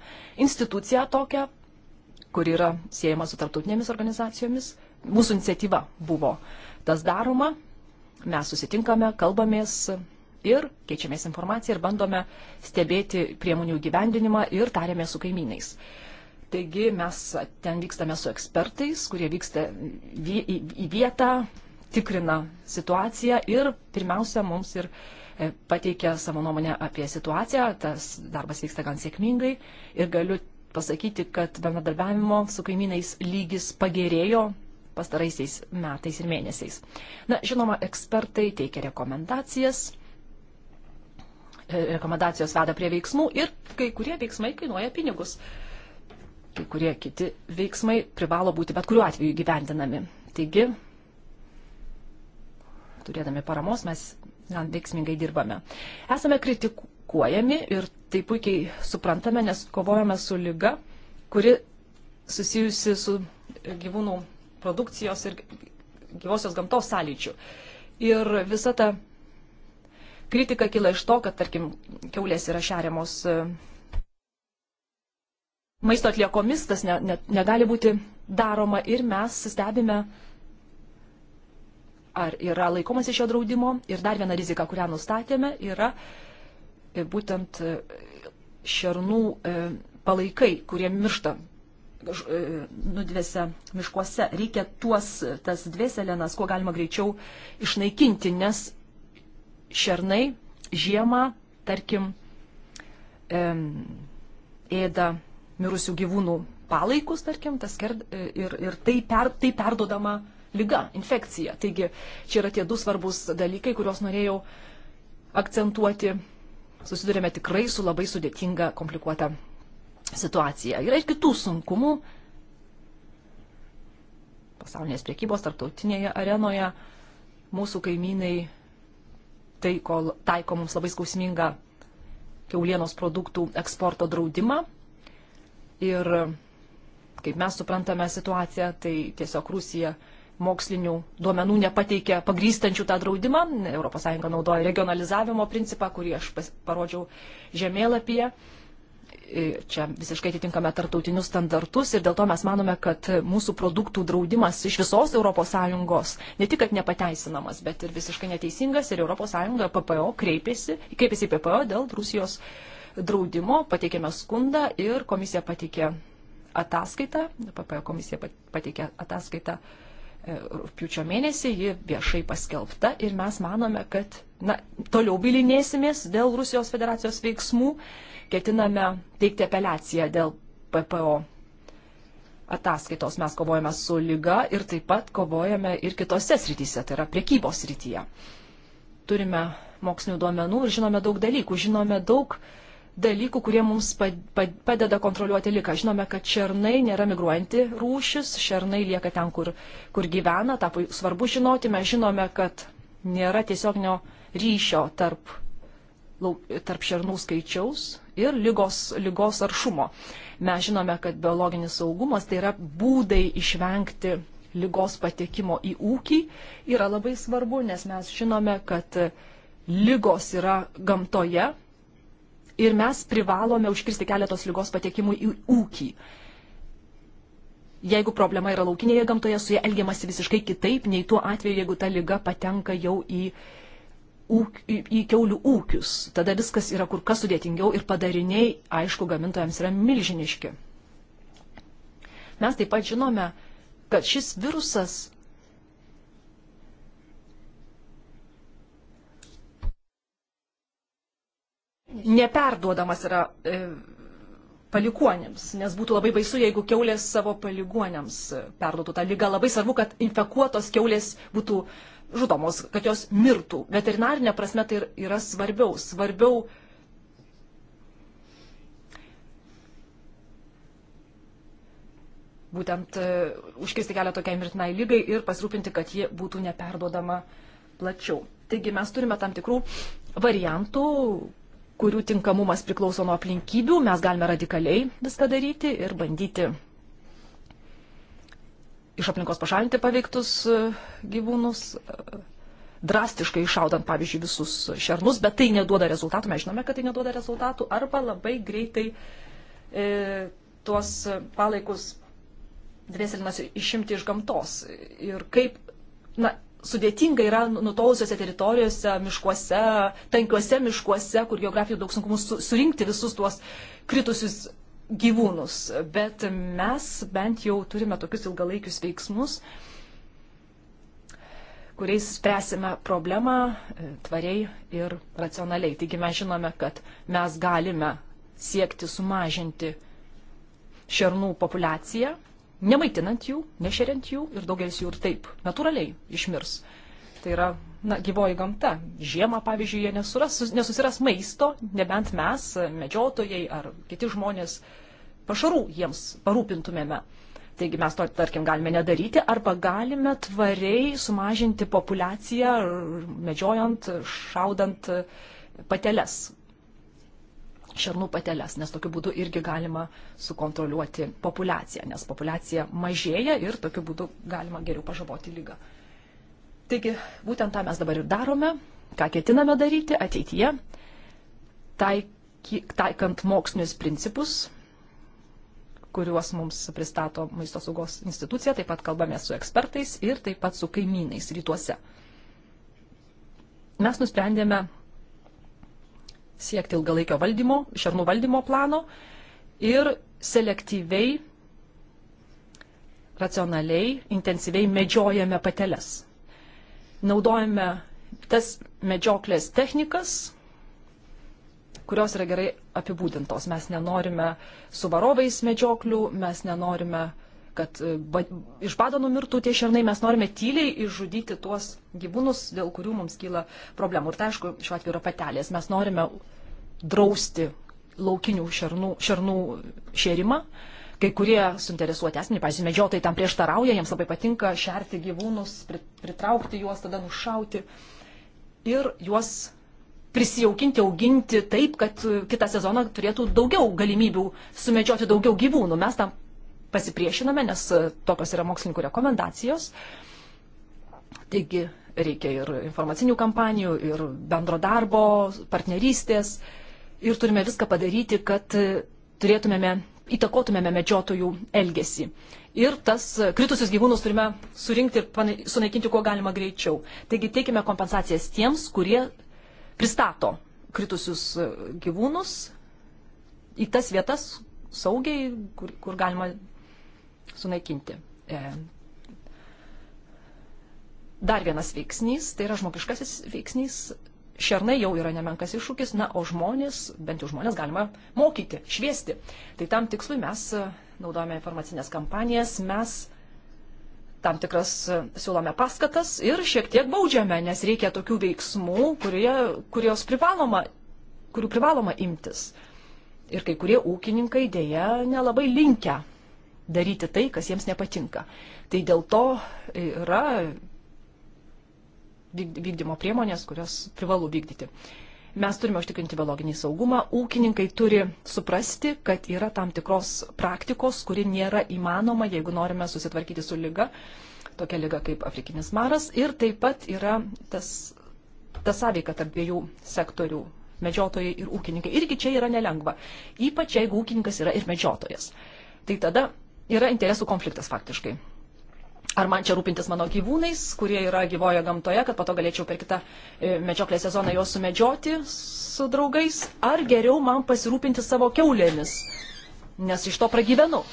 instituciją tokią, kur yra siejama su tarptautinėmis organizacijomis. Mūsų iniciatyva buvo tas daroma, mes susitinkame, kalbamės ir keičiamės informaciją ir bandome stebėti priemonių gyvendinimą ir tarėme su kaimynais. Taigi mes ten vykstame su ekspertais, kurie vyksta į vietą, tikrina situaciją ir pirmiausia mums ir uh, E, pateikia savo nuomonę apie situaciją, tas darbas vyksta gan sėkmingai ir galiu pasakyti, kad bendradarbiavimo su kaimynais lygis pagerėjo pastaraisiais metais ir mėnesiais. Na, žinoma, ekspertai teikia rekomendacijas, e, rekomendacijos veda prie veiksmų ir kai kurie veiksmai kainuoja pinigus. Kai kurie kiti veiksmai privalo būti bet kuriuo atveju gyvendinami. Taigi, turėdami paramos, mes na, veiksmingai dirbame. Esame kritikuojami ir tai puikiai suprantame, nes kovojame su lyga, kuri susijusi su gyvūnų produkcijos ir gyvosios gamtos sąlyčių. Ir visa ta kritika kyla iš to, kad, tarkim, keulės yra šeriamos maisto atliekomis, tas ne, ne, negali būti daroma ir mes stebime ar yra laikomas iš šio draudimo. Ir dar viena rizika, kurią nustatėme, yra e, būtent e, šernų e, palaikai, kurie miršta nudvėse miškuose. Reikia tuos, tas dvieselenas, kuo galima greičiau išnaikinti, nes šernai žiemą, tarkim, ėda mirusių gyvūnų palaikus, tarkim, tas kerd, ir, ir tai, per, tai perdodama uh, lyga, infekcija. Taigi čia yra tie du svarbus dalykai, kuriuos norėjau akcentuoti. Susidurėme tikrai su labai sudėtinga, komplikuota situacija. Yra ir kitų sunkumų pasaulinės priekybos tarptautinėje arenoje. Mūsų kaimynai tai, kol, taiko mums labai skausmingą keulienos produktų eksporto draudimą. Ir kaip mes suprantame situaciją, tai tiesiog Rusija mokslinių duomenų nepateikia pagrystančių tą draudimą. ES naudoja regionalizavimo principą, kurį aš parodžiau žemėlapyje. E, čia visiškai atitinkame tartautinius standartus ir dėl to mes manome, kad mūsų produktų draudimas iš visos ES ne tik, kad nepateisinamas, bet ir visiškai neteisingas ir ES PPO kreipėsi, kreipėsi į PPO dėl Rusijos draudimo, pateikėme skundą ir komisija pateikė ataskaitą, PPO komisija pateikė ataskaitą uh, E, rūpiučio mėnesį, ji viešai paskelbta ir mes manome, kad na, toliau bilinėsimės dėl Rusijos federacijos veiksmų, ketiname teikti apeliaciją dėl PPO ataskaitos. Mes kovojame su lyga ir taip pat kovojame ir kitose srityse, tai yra priekybos srityje. Turime mokslinių duomenų ir žinome daug dalykų, žinome daug dalykų dalykų, kurie mums padeda kontroliuoti liką. Žinome, kad šernai nėra migruojanti rūšis, šernai lieka ten, kur, kur gyvena, tą svarbu žinoti. Mes žinome, kad nėra tiesioginio ryšio tarp, tarp šernų skaičiaus ir lygos, lygos aršumo. Mes žinome, kad biologinis saugumas tai yra būdai išvengti lygos patekimo į ūkį yra labai svarbu, nes mes žinome, kad lygos yra gamtoje ir mes privalome užkirsti keletos lygos patekimui į ūkį. Jeigu problema yra laukinėje gamtoje, su ja elgiamasi visiškai kitaip, nei tuo atveju, jeigu ta lyga patenka jau į, ūk, į, į keulių ūkius. Tada viskas yra kur kas sudėtingiau ir padariniai, aišku, gamintojams yra milžiniški. Mes taip pat žinome, kad šis virusas neperduodamas yra e, palikuonėms, nes būtų labai baisu, jeigu keulės savo palikuonėms e, perduotų tą lygą. Labai svarbu, kad infekuotos keulės būtų žudomos, kad jos mirtų. Veterinarinė prasme tai yra svarbiau. Svarbiau būtent e, užkirsti kelią tokiai mirtinai lygai ir pasirūpinti, kad ji būtų neperduodama plačiau. Taigi mes turime tam tikrų variantų, kurių tinkamumas priklauso nuo aplinkybių, mes galime radikaliai viską daryti ir bandyti iš aplinkos pašalinti paveiktus e, gyvūnus, e, drastiškai išaudant, pavyzdžiui, visus šernus, bet tai neduoda rezultatų, mes žinome, kad tai neduoda rezultatų, arba labai greitai e, tuos palaikus dvėselinas išimti iš gamtos. Ir kaip, na, sudėtinga yra nu, nutolusiuose teritorijuose, miškuose, tankiuose miškuose, kur geografijų daug sunkumų su, surinkti visus tuos kritusius gyvūnus. Bet mes bent jau turime tokius ilgalaikius veiksmus, kuriais spręsime problemą e, tvariai ir racionaliai. Taigi mes žinome, kad mes galime siekti sumažinti šernų populiaciją nemaitinant jų, nešeriant jų ir daugelis jų ir taip natūraliai išmirs. Tai yra na, gyvoji gamta. Žiemą, pavyzdžiui, jie nesuras, nesusiras maisto, nebent mes, medžiotojai ar kiti žmonės, pašarų jiems parūpintumėme. Taigi mes to, tarkim, galime nedaryti arba galime tvariai sumažinti populaciją medžiojant, šaudant pateles šernų pateles, nes tokiu būdu irgi galima sukontroliuoti populaciją, nes populacija mažėja ir tokiu būdu galima geriau pažaboti lygą. Taigi, būtent tą mes dabar ir darome, ką ketiname daryti ateityje, taikant mokslinius principus, kuriuos mums pristato maisto saugos institucija, taip pat kalbame su ekspertais ir taip pat su kaimynais rytuose. Mes nusprendėme siekti ilgalaikio valdymo, šernų valdymo plano ir selektyviai, racionaliai, intensyviai medžiojame pateles. Naudojame tas medžioklės technikas, kurios yra gerai apibūdintos. Mes nenorime su varovais medžioklių, mes nenorime uh, kad e, iš bado numirtų tie šernai, mes norime tyliai išžudyti tuos gyvūnus, dėl kurių mums kyla problemų. Ir tai aišku, šiuo atveju yra patelės. Mes norime drausti laukinių šernų, šernų šėrimą. Kai kurie suinteresuoti asmenį, pažiūrėjau, medžiotojai tam prieštarauja, jiems labai patinka šerti gyvūnus, pritraukti juos, tada nušauti ir juos prisijaukinti, auginti taip, kad kitą sezoną turėtų daugiau galimybių sumedžioti daugiau gyvūnų. Mes tam pasipriešinome, nes e, tokios yra mokslininkų rekomendacijos. Taigi reikia ir informacinių kampanijų, ir bendro darbo, partnerystės. Ir turime viską padaryti, kad e, turėtumėme, įtakotumėme medžiotojų elgesį. Ir tas e, kritusius gyvūnus turime surinkti ir sunaikinti kuo galima greičiau. Taigi teikime kompensacijas tiems, kurie pristato kritusius gyvūnus į tas vietas saugiai, kur, kur galima sunaikinti. E, dar vienas veiksnys, tai yra žmogiškasis veiksnys, šernai jau yra nemenkas iššūkis, na, o žmonės, bent jau žmonės galima mokyti, šviesti. Tai tam tikslui mes e, naudojame informacinės kampanijas, mes tam tikras e, siūlome paskatas ir šiek tiek baudžiame, nes reikia tokių veiksmų, kurie, kurios privaloma, kurių privaloma imtis. Ir kai kurie ūkininkai dėja nelabai linkia daryti tai, kas jiems nepatinka. Tai dėl to yra vykdymo priemonės, kurios privalu vykdyti. Mes turime užtikrinti biologinį saugumą. Ūkininkai turi suprasti, kad yra tam tikros praktikos, kuri nėra įmanoma, jeigu norime susitvarkyti su lyga, tokia lyga kaip afrikinis maras. Ir taip pat yra tas, ta sąveika tarp dviejų sektorių - medžiotojai ir ūkininkai. Irgi čia yra nelengva. Ypač jeigu ūkininkas yra ir medžiotojas. Tai tada yra interesų konfliktas faktiškai. Ar man čia rūpintis mano gyvūnais, kurie yra gyvoje gamtoje, kad pato galėčiau per kitą e, medžioklės sezoną juos sumedžioti su draugais, ar geriau man pasirūpinti savo keulėmis, nes iš to pragyvenu.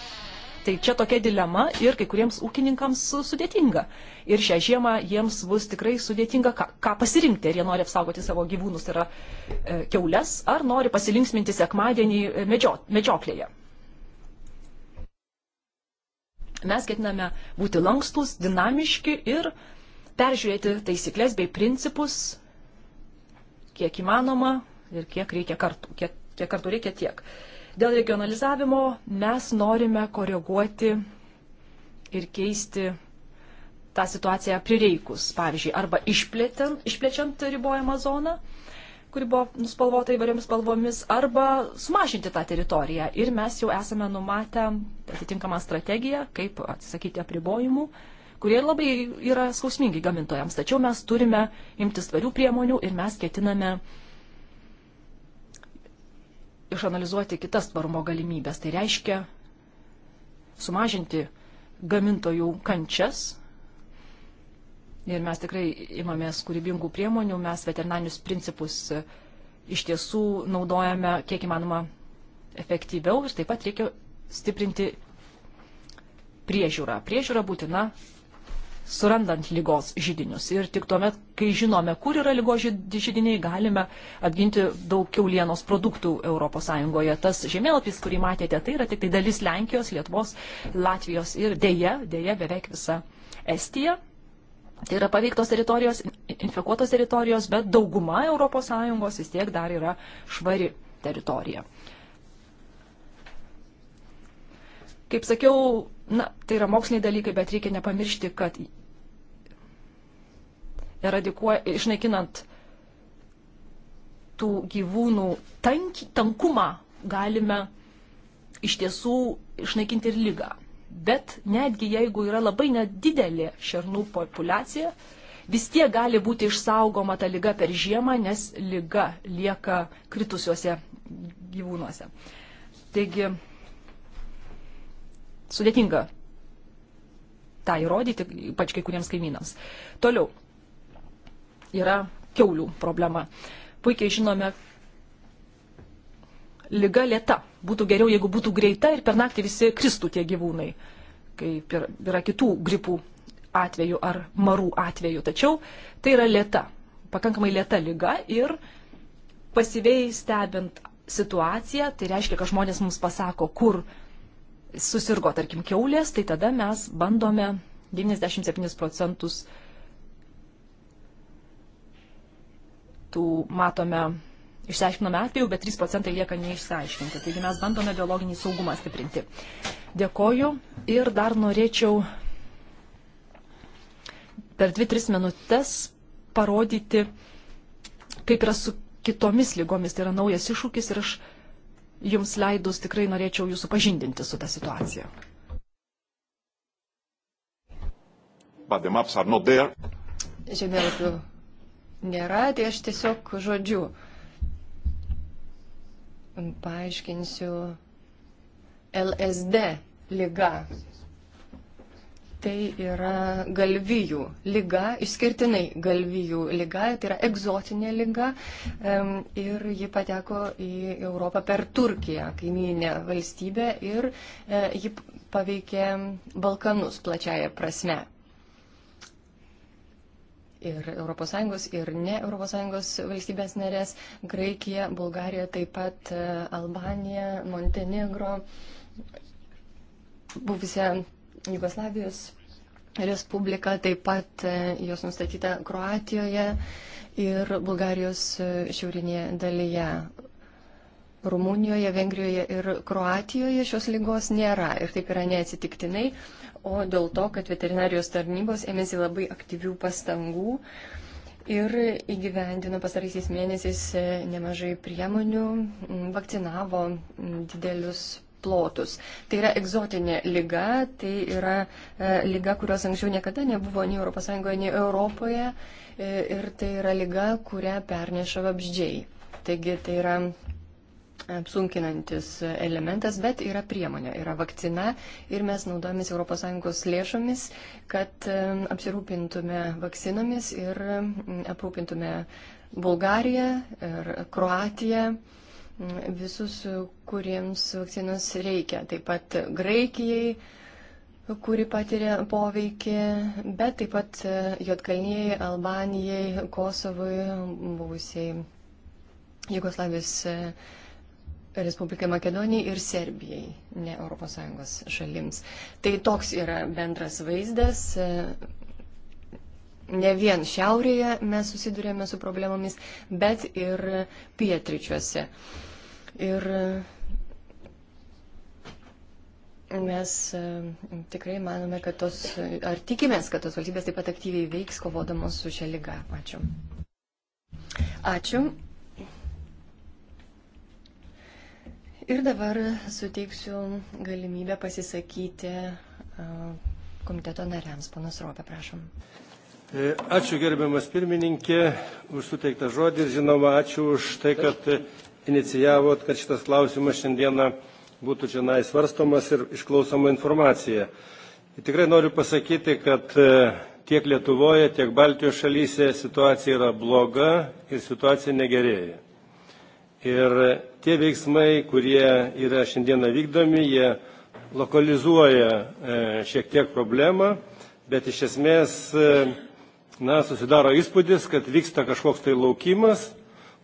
Tai čia tokia dilema ir kai kuriems ūkininkams sudėtinga. Ir šią žiemą jiems bus tikrai sudėtinga, ką, ką pasirinkti. Ar jie nori apsaugoti savo gyvūnus, tai yra e, keules, ar nori pasilinksminti sekmadienį e, medžio, medžioklėje. Mes ketiname būti lankstus, dinamiški ir peržiūrėti taisyklės bei principus, kiek įmanoma ir kiek reikia kartų, kiek, kiek kartų reikia tiek. Dėl regionalizavimo mes norime koreguoti ir keisti tą situaciją prireikus, pavyzdžiui, arba išplėtent, išplečiant ribojamą zoną kuri buvo nuspalvota įvairiomis spalvomis, arba sumažinti tą teritoriją. Ir mes jau esame numatę atitinkamą strategiją, kaip atsisakyti apribojimų, kurie labai yra skausmingi gamintojams. Tačiau mes turime imtis tvarių priemonių ir mes ketiname išanalizuoti kitas tvarumo galimybės. Tai reiškia sumažinti gamintojų kančias Ir mes tikrai imamės kūrybingų priemonių, mes veterinarius principus e, iš tiesų naudojame kiek įmanoma efektyviau ir taip pat reikia stiprinti priežiūrą. Priežiūra būtina surandant lygos žydinius. Ir tik tuomet, kai žinome, kur yra lygos žydiniai, galime apginti daug keulienos produktų ES. Tas žemėlapis, kurį matėte, tai yra tik tai dalis Lenkijos, Lietuvos, Latvijos ir dėja, dėja beveik visa Estija. Tai yra paveiktos teritorijos, infekuotos teritorijos, bet dauguma ES vis tiek dar yra švari teritorija. Kaip sakiau, na, tai yra moksliniai dalykai, bet reikia nepamiršti, kad išnaikinant tų gyvūnų tank, tankumą galime iš tiesų išnaikinti ir lygą bet netgi jeigu yra labai nedidelė šernų populacija, vis tiek gali būti išsaugoma ta lyga per žiemą, nes lyga lieka kritusiuose gyvūnuose. Taigi sudėtinga tą įrodyti, ypač kai kuriems kaimynams. Toliau yra keulių problema. Puikiai žinome, lyga lėta. Būtų geriau, jeigu būtų greita ir per naktį visi kristų tie gyvūnai, kaip yra kitų gripų atveju ar marų atveju. Tačiau tai yra lėta, pakankamai lėta lyga ir pasyviai stebint situaciją, tai reiškia, kad žmonės mums pasako, kur susirgo, tarkim, keulės, tai tada mes bandome 97 procentus tų matome išsiaiškinome atvejų, bet 3 procentai lieka neišsiaiškinti. Taigi mes bandome biologinį saugumą stiprinti. Dėkoju ir dar norėčiau per 2-3 minutės parodyti, kaip yra su kitomis lygomis. Tai yra naujas iššūkis ir aš jums leidus tikrai norėčiau jūsų pažindinti su tą situaciją. Žemėlapių nėra, tai aš tiesiog žodžiu paaiškinsiu LSD lyga. Tai yra galvijų lyga, išskirtinai galvijų lyga, tai yra egzotinė lyga ir ji pateko į Europą per Turkiją, kaiminę valstybę ir e, ji paveikė Balkanus plačiaja prasme ir ES, ir ne ES valstybės narės - Graikija, Bulgarija, taip pat e, Albanija, Montenegro, buvusią Jugoslavijos Respublika, taip pat e, jos nustatyta Kroatijoje ir Bulgarijos e, šiaurinėje dalyje. Rumunijoje, Vengrijoje ir Kroatijoje šios lygos nėra ir taip yra neatsitiktinai o dėl to, kad veterinarijos tarnybos ėmėsi labai aktyvių pastangų ir įgyvendino pastaraisiais mėnesiais e, nemažai priemonių, vakcinavo didelius plotus. Tai yra egzotinė lyga, tai yra e, lyga, kurios anksčiau niekada nebuvo nei ES, nei Europoje e, ir tai yra lyga, kurią perneša vabždžiai. Taigi tai yra apsunkinantis elementas, bet yra priemonė, yra vakcina ir mes naudojamės ES lėšomis, kad apsirūpintume vakcinomis ir aprūpintume Bulgariją ir Kroatiją visus, kuriems vakcinos reikia. Taip pat Graikijai, kuri patiria poveikį, bet taip pat e, Jotkalnijai, Albanijai, Kosovui, buvusiai Jugoslavijos e, Respublikai Makedonijai ir Serbijai, ne ES šalims. Tai toks yra bendras vaizdas. Ne vien šiaurėje mes susidurėme su problemomis, bet ir pietričiuose. Ir mes e, tikrai manome, kad tos, ar tikimės, kad tos valstybės taip pat aktyviai veiks kovodamos su šia lyga. Ačiū. Ačiū. Ir dabar suteiksiu galimybę pasisakyti komiteto nariams. Ponas Ropė, prašom. E, ačiū gerbiamas pirmininkė už suteiktą žodį ir žinoma, ačiū už tai, kad inicijavot, kad šitas klausimas šiandieną būtų čia svarstomas ir išklausoma informacija. Ir tikrai noriu pasakyti, kad e, tiek Lietuvoje, tiek Baltijos šalyse situacija yra bloga ir situacija negerėja. Ir tie veiksmai, kurie yra šiandieną vykdomi, jie lokalizuoja e, šiek tiek problemą, bet iš esmės e, na, susidaro įspūdis, kad vyksta kažkoks tai laukimas,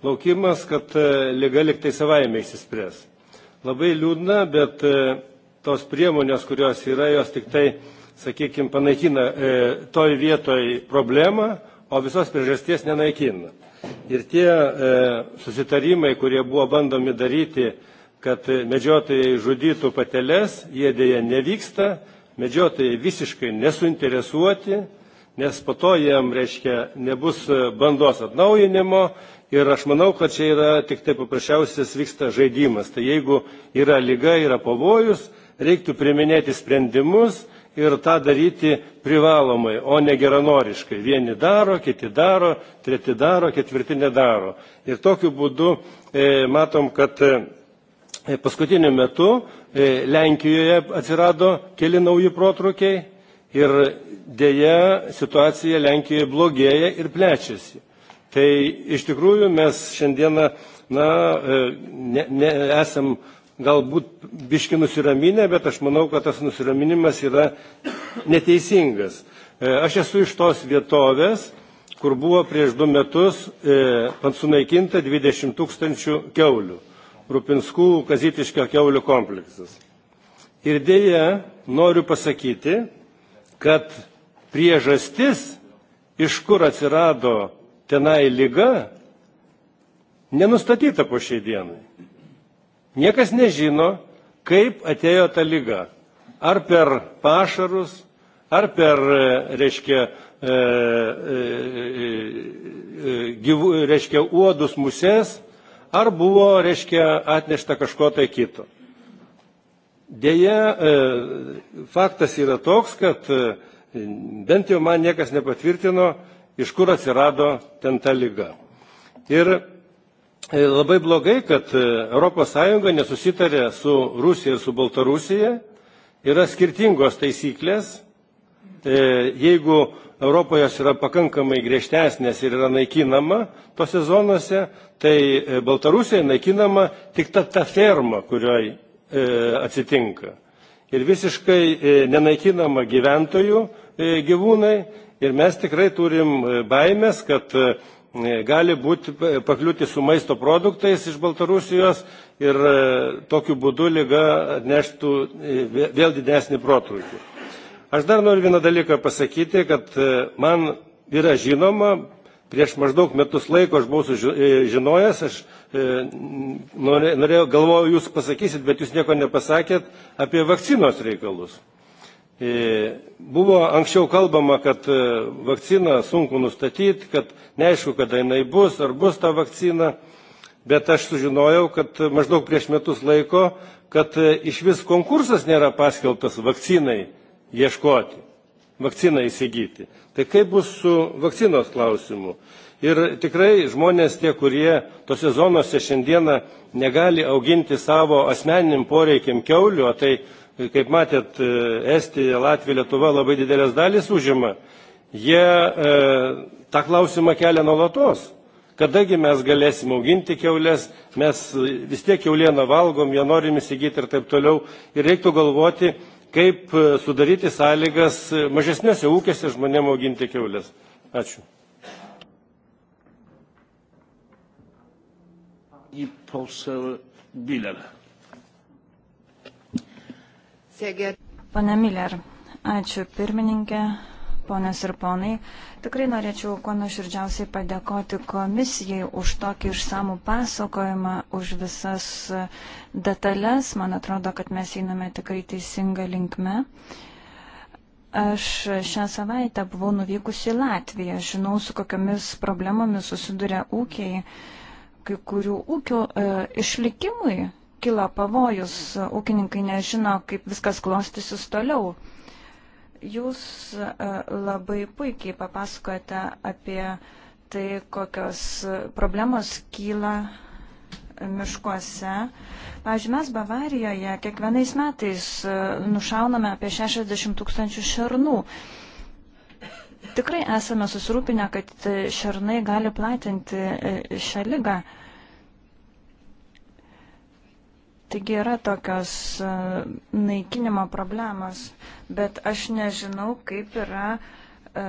laukimas, kad e, lyga liktai savaime išsispręs. Labai liūdna, bet tos priemonės, kurios yra, jos tik tai, sakykime, panaikina toj vietoj problemą, o visos priežasties nenaikina. Ir tie e, susitarimai, kurie buvo bandomi daryti, kad medžiotojai žudytų pateles, jie dėja nevyksta, medžiotojai visiškai nesuinteresuoti, nes po to jiem, reiškia, nebus bandos atnaujinimo ir aš manau, kad čia yra tik tai paprasčiausias vyksta žaidimas. Tai jeigu yra lyga, yra pavojus, reiktų priminėti sprendimus, ir tą daryti privalomai, o ne geranoriškai. Vieni daro, kiti daro, treti daro, ketvirti nedaro. Ir tokiu būdu e, matom, kad e, e paskutiniu metu e, Lenkijoje atsirado keli nauji protrukiai ir dėja situacija Lenkijoje blogėja ir plečiasi. Tai iš tikrųjų mes šiandieną na, e, ne, ne, esam galbūt biški nusiraminę, bet aš manau, kad tas nusiraminimas yra neteisingas. E, aš esu iš tos vietovės, kur buvo prieš du metus e, sunaikinta 20 tūkstančių keulių, Rupinskų kazitiškio keulių kompleksas. Ir dėja, noriu pasakyti, kad priežastis, iš kur atsirado tenai lyga, nenustatyta po šiai dienai. Niekas nežino, kaip atėjo ta lyga. Ar per pašarus, ar per, e, reiškia, e, e, gyvų, reiškia uodus musės, ar buvo, reiškia, atnešta kažko tai kito. Deja, faktas yra toks, kad bent jau man niekas nepatvirtino, iš kur atsirado ten ta lyga. Ir E, labai blogai, kad ES nesusitarė su Rusija ir su Baltarusija, yra skirtingos taisyklės. E, jeigu Europoje yra pakankamai griežtesnės ir yra naikinama tose zonose, tai e, Baltarusijoje naikinama tik ta, ta ferma, kurioje atsitinka. Ir visiškai nenaikinama gyventojų gyvūnai. Ir mes tikrai turim baimės, kad gali būti pakliūti su maisto produktais iš Baltarusijos ir e, tokiu būdu lyga atneštų e, vėl didesnį protrūkį. Aš dar noriu vieną dalyką pasakyti, kad e, man yra žinoma, prieš maždaug metus laiko aš buvau sužinojęs, aš norėjau, galvojau, jūs pasakysit, bet jūs nieko nepasakėt apie vakcinos reikalus. Buvo anksčiau kalbama, kad vakciną sunku nustatyti, kad neaišku, kada jinai bus, ar bus ta vakcina, bet aš sužinojau, kad maždaug prieš metus laiko, kad iš vis konkursas nėra paskelbtas vakcinai ieškoti, vakciną įsigyti. Tai kaip bus su vakcinos klausimu? Ir tikrai žmonės tie, kurie tose zonose šiandieną negali auginti savo asmeniniam poreikiam keulių, o tai kaip matėt, e, Estija, Latvija, Lietuva labai didelės dalys užima, jie e, tą klausimą kelia nuolatos. Kadagi mes galėsim auginti keulės, mes vis tiek keulieną valgom, ją norim įsigyti ir taip toliau. Ir reiktų galvoti, kaip e, sudaryti sąlygas e, mažesnėse ūkėse žmonėm auginti keulės. Ačiū. I poseł Biler. Pane Miller, ačiū pirmininkė, ponės ir ponai. Tikrai norėčiau kuo nuoširdžiausiai padėkoti komisijai už tokį išsamų pasakojimą, už visas detalės. Man atrodo, kad mes einame tikrai teisinga linkme. Aš šią savaitę buvau nuvykusi į Latviją. Žinau, su kokiamis problemomis susiduria ūkiai. Kai kurių ūkių e, išlikimui kila pavojus, ūkininkai nežino, kaip viskas klostysis toliau. Jūs e, labai puikiai papasakojate apie tai, kokios problemos kyla miškuose. Pavyzdžiui, mes Bavarijoje kiekvienais metais e, nušauname apie 60 tūkstančių šernų. Tikrai esame susirūpinę, kad šernai gali platinti e, šią lygą. Taigi yra tokios e, naikinimo problemos, bet aš nežinau, kaip yra e,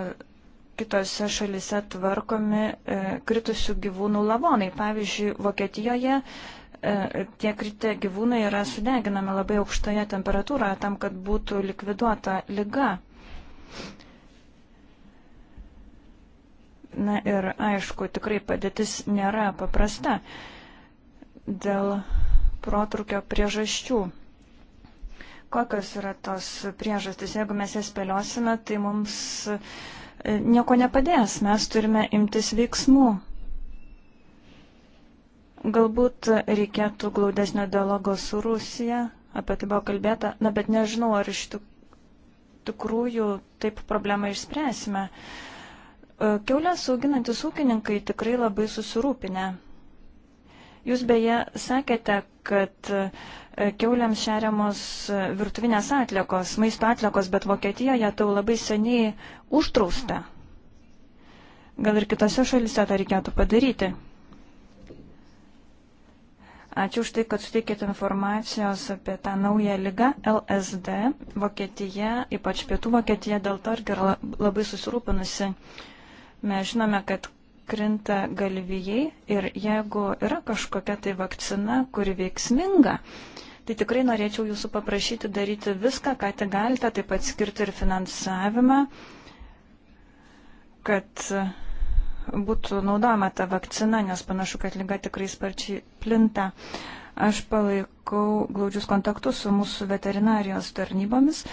kitose šalise tvarkomi e, kritusių gyvūnų lavonai. Pavyzdžiui, Vokietijoje tie kritę gyvūnai yra sudeginami labai aukštoje temperatūroje tam, kad būtų likviduota lyga. Na ir aišku, tikrai padėtis nėra paprasta. Dėl protrukio priežasčių. Kokios yra tos priežastys? Jeigu mes jas spėliosime, tai mums e, nieko nepadės. Mes turime imtis veiksmų. Galbūt reikėtų glaudesnio dialogo su Rusija, apie tai buvo kalbėta, na bet nežinau, ar iš tikrųjų taip problemą išspręsime. E, Keulės auginantis ūkininkai tikrai labai susirūpinę. Jūs beje sakėte, kad e, keuliams šeriamos e, virtuvinės atliekos, maisto atliekos, bet Vokietijoje tau tai labai seniai užtrausta. Gal ir kitose šalise tą reikėtų padaryti. Ačiū už tai, kad suteikėte informacijos apie tą naują lygą LSD. Vokietija, ypač pietų Vokietija, dėl to irgi yra labai susirūpinusi. Mes žinome, kad krinta galvijai ir jeigu yra kažkokia tai vakcina, kuri veiksminga, tai tikrai norėčiau jūsų paprašyti daryti viską, ką tik galite, taip pat skirti ir finansavimą, kad būtų naudojama ta vakcina, nes panašu, kad lyga tikrai sparčiai plinta. Aš palaikau glaudžius kontaktus su mūsų veterinarijos tarnybomis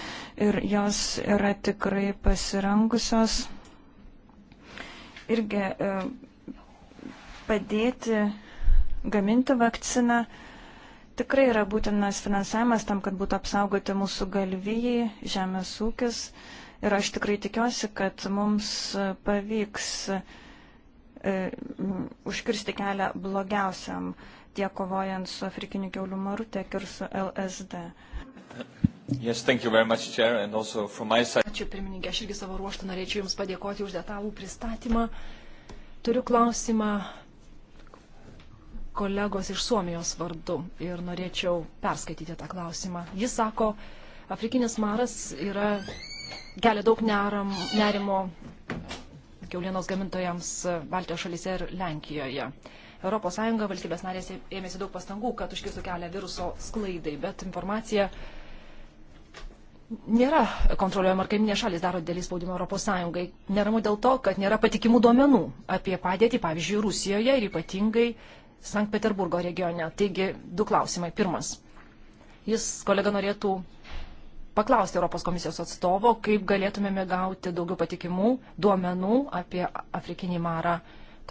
ir jos yra tikrai pasirengusios irgi e, padėti gaminti vakciną. Tikrai yra būtinas finansavimas tam, kad būtų apsaugoti mūsų galvijai, žemės ūkis. Ir aš tikrai tikiuosi, kad mums pavyks e, užkirsti kelią blogiausiam tiek kovojant su afrikiniu keuliu maru, tiek ir su LSD. Yes, thank you very much, Chair, and also from my side. Ačiū pirmininkė, aš irgi savo ruoštų norėčiau Jums padėkoti už detalų pristatymą. Turiu klausimą kolegos iš Suomijos vardu ir norėčiau perskaityti tą klausimą. Jis sako, afrikinis maras yra, kelia daug neram, nerimo kiaulienos gamintojams Baltijos šalyse ir Lenkijoje. ES valstybės narės ėmėsi daug pastangų, kad užkirstų kelią viruso sklaidai, bet informacija nėra kontroliuojama, ar kaiminės šalis daro dėlį spaudimą Europos Sąjungai. Neramu dėl to, kad nėra patikimų duomenų apie padėtį, pavyzdžiui, Rusijoje ir ypatingai Sankt Peterburgo regione. Taigi, du klausimai. Pirmas. Jis, kolega, norėtų paklausti Europos komisijos atstovo, kaip galėtumėme gauti daugiau patikimų duomenų apie afrikinį marą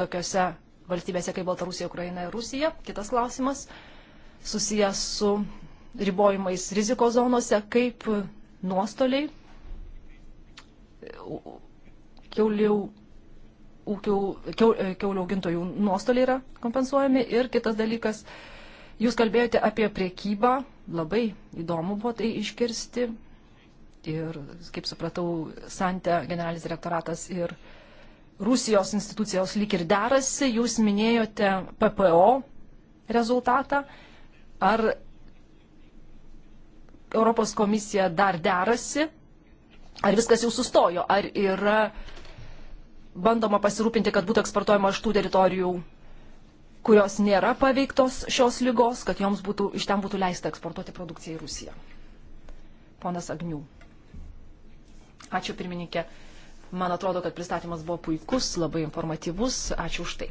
tokiuose valstybėse kaip Baltarusija, Ukraina ir Rusija. Kitas klausimas susijęs su ribojimais riziko zonose, kaip nuostoliai kiaulių ūkių, e, kiaulių augintojų nuostoliai yra kompensuojami. Ir kitas dalykas, jūs kalbėjote apie priekybą, labai įdomu buvo tai iškirsti. Ir, kaip supratau, Sante generalinis direktoratas ir Rusijos institucijos lyg ir derasi, jūs minėjote PPO rezultatą. Ar Europos komisija dar derasi, ar viskas jau sustojo, ar yra bandoma pasirūpinti, kad būtų eksportuojama iš tų teritorijų, kurios nėra paveiktos šios lygos, kad joms būtų, iš ten būtų leista eksportuoti produkciją į Rusiją. Ponas Agnių. Ačiū pirmininkė. Man atrodo, kad pristatymas buvo puikus, labai informatyvus. Ačiū už tai.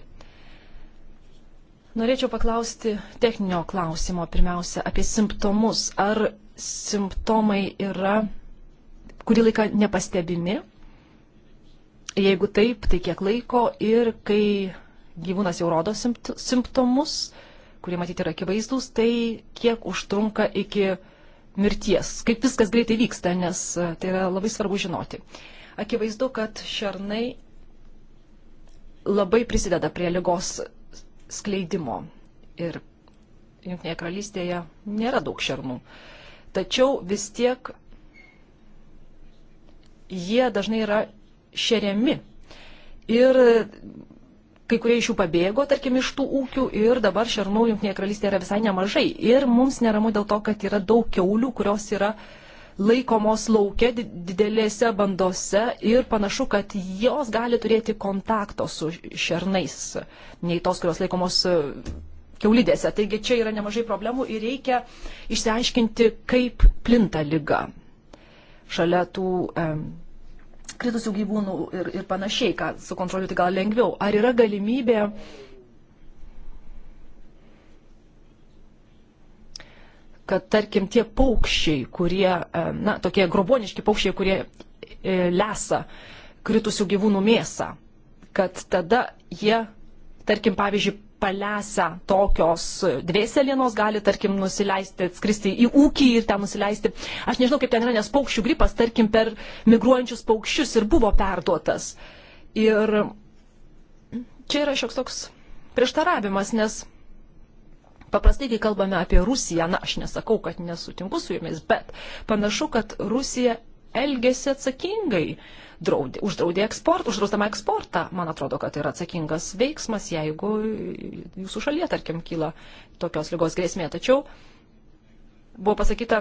Norėčiau paklausti techninio klausimo pirmiausia apie simptomus. Ar simptomai yra kurį laiką nepastebimi. Jeigu taip, tai kiek laiko ir kai gyvūnas jau rodo simptomus, kurie matyti yra akivaizdus, tai kiek užtrunka iki mirties, kaip viskas greitai vyksta, nes e, tai yra labai svarbu žinoti. Akivaizdu, kad šernai labai prisideda prie lygos skleidimo ir Junktinėje karalystėje nėra daug šernų. Uh, tačiau vis tiek jie dažnai yra šeriami. Ir kai kurie iš jų pabėgo, tarkim, iš tų ūkių ir dabar šernų Junktinėje karalystėje yra visai nemažai. Ir mums neramu dėl to, kad yra daug keulių, kurios yra laikomos laukia didelėse bandose ir panašu, kad jos gali turėti kontakto su šernais, nei tos, kurios laikomos keulidėse. Taigi čia yra nemažai problemų ir reikia išsiaiškinti, kaip plinta lyga šalia tų e, kritusių gyvūnų ir, ir panašiai, ką sukontroliuoti gal lengviau. Ar yra galimybė kad tarkim tie paukščiai, kurie, na, tokie groboniški paukščiai, kurie e, lesa kritusių gyvūnų mėsą, kad tada jie, tarkim, pavyzdžiui, palesę tokios dvėselienos gali, tarkim, nusileisti, atskristi į ūkį ir ten nusileisti. Aš nežinau, kaip ten yra, nes paukščių gripas, tarkim, per migruojančius paukščius ir buvo perduotas. Ir čia yra šioks toks prieštaravimas, nes paprastai, kai kalbame apie Rusiją, na, aš nesakau, kad nesutinku su jumis, bet panašu, kad Rusija elgėsi atsakingai. Draudė, uždraudė eksportą, uždrausdama eksportą. Man atrodo, kad tai yra atsakingas veiksmas, jeigu jūsų šalyje, tarkim, kyla tokios lygos grėsmė. Tačiau buvo pasakyta,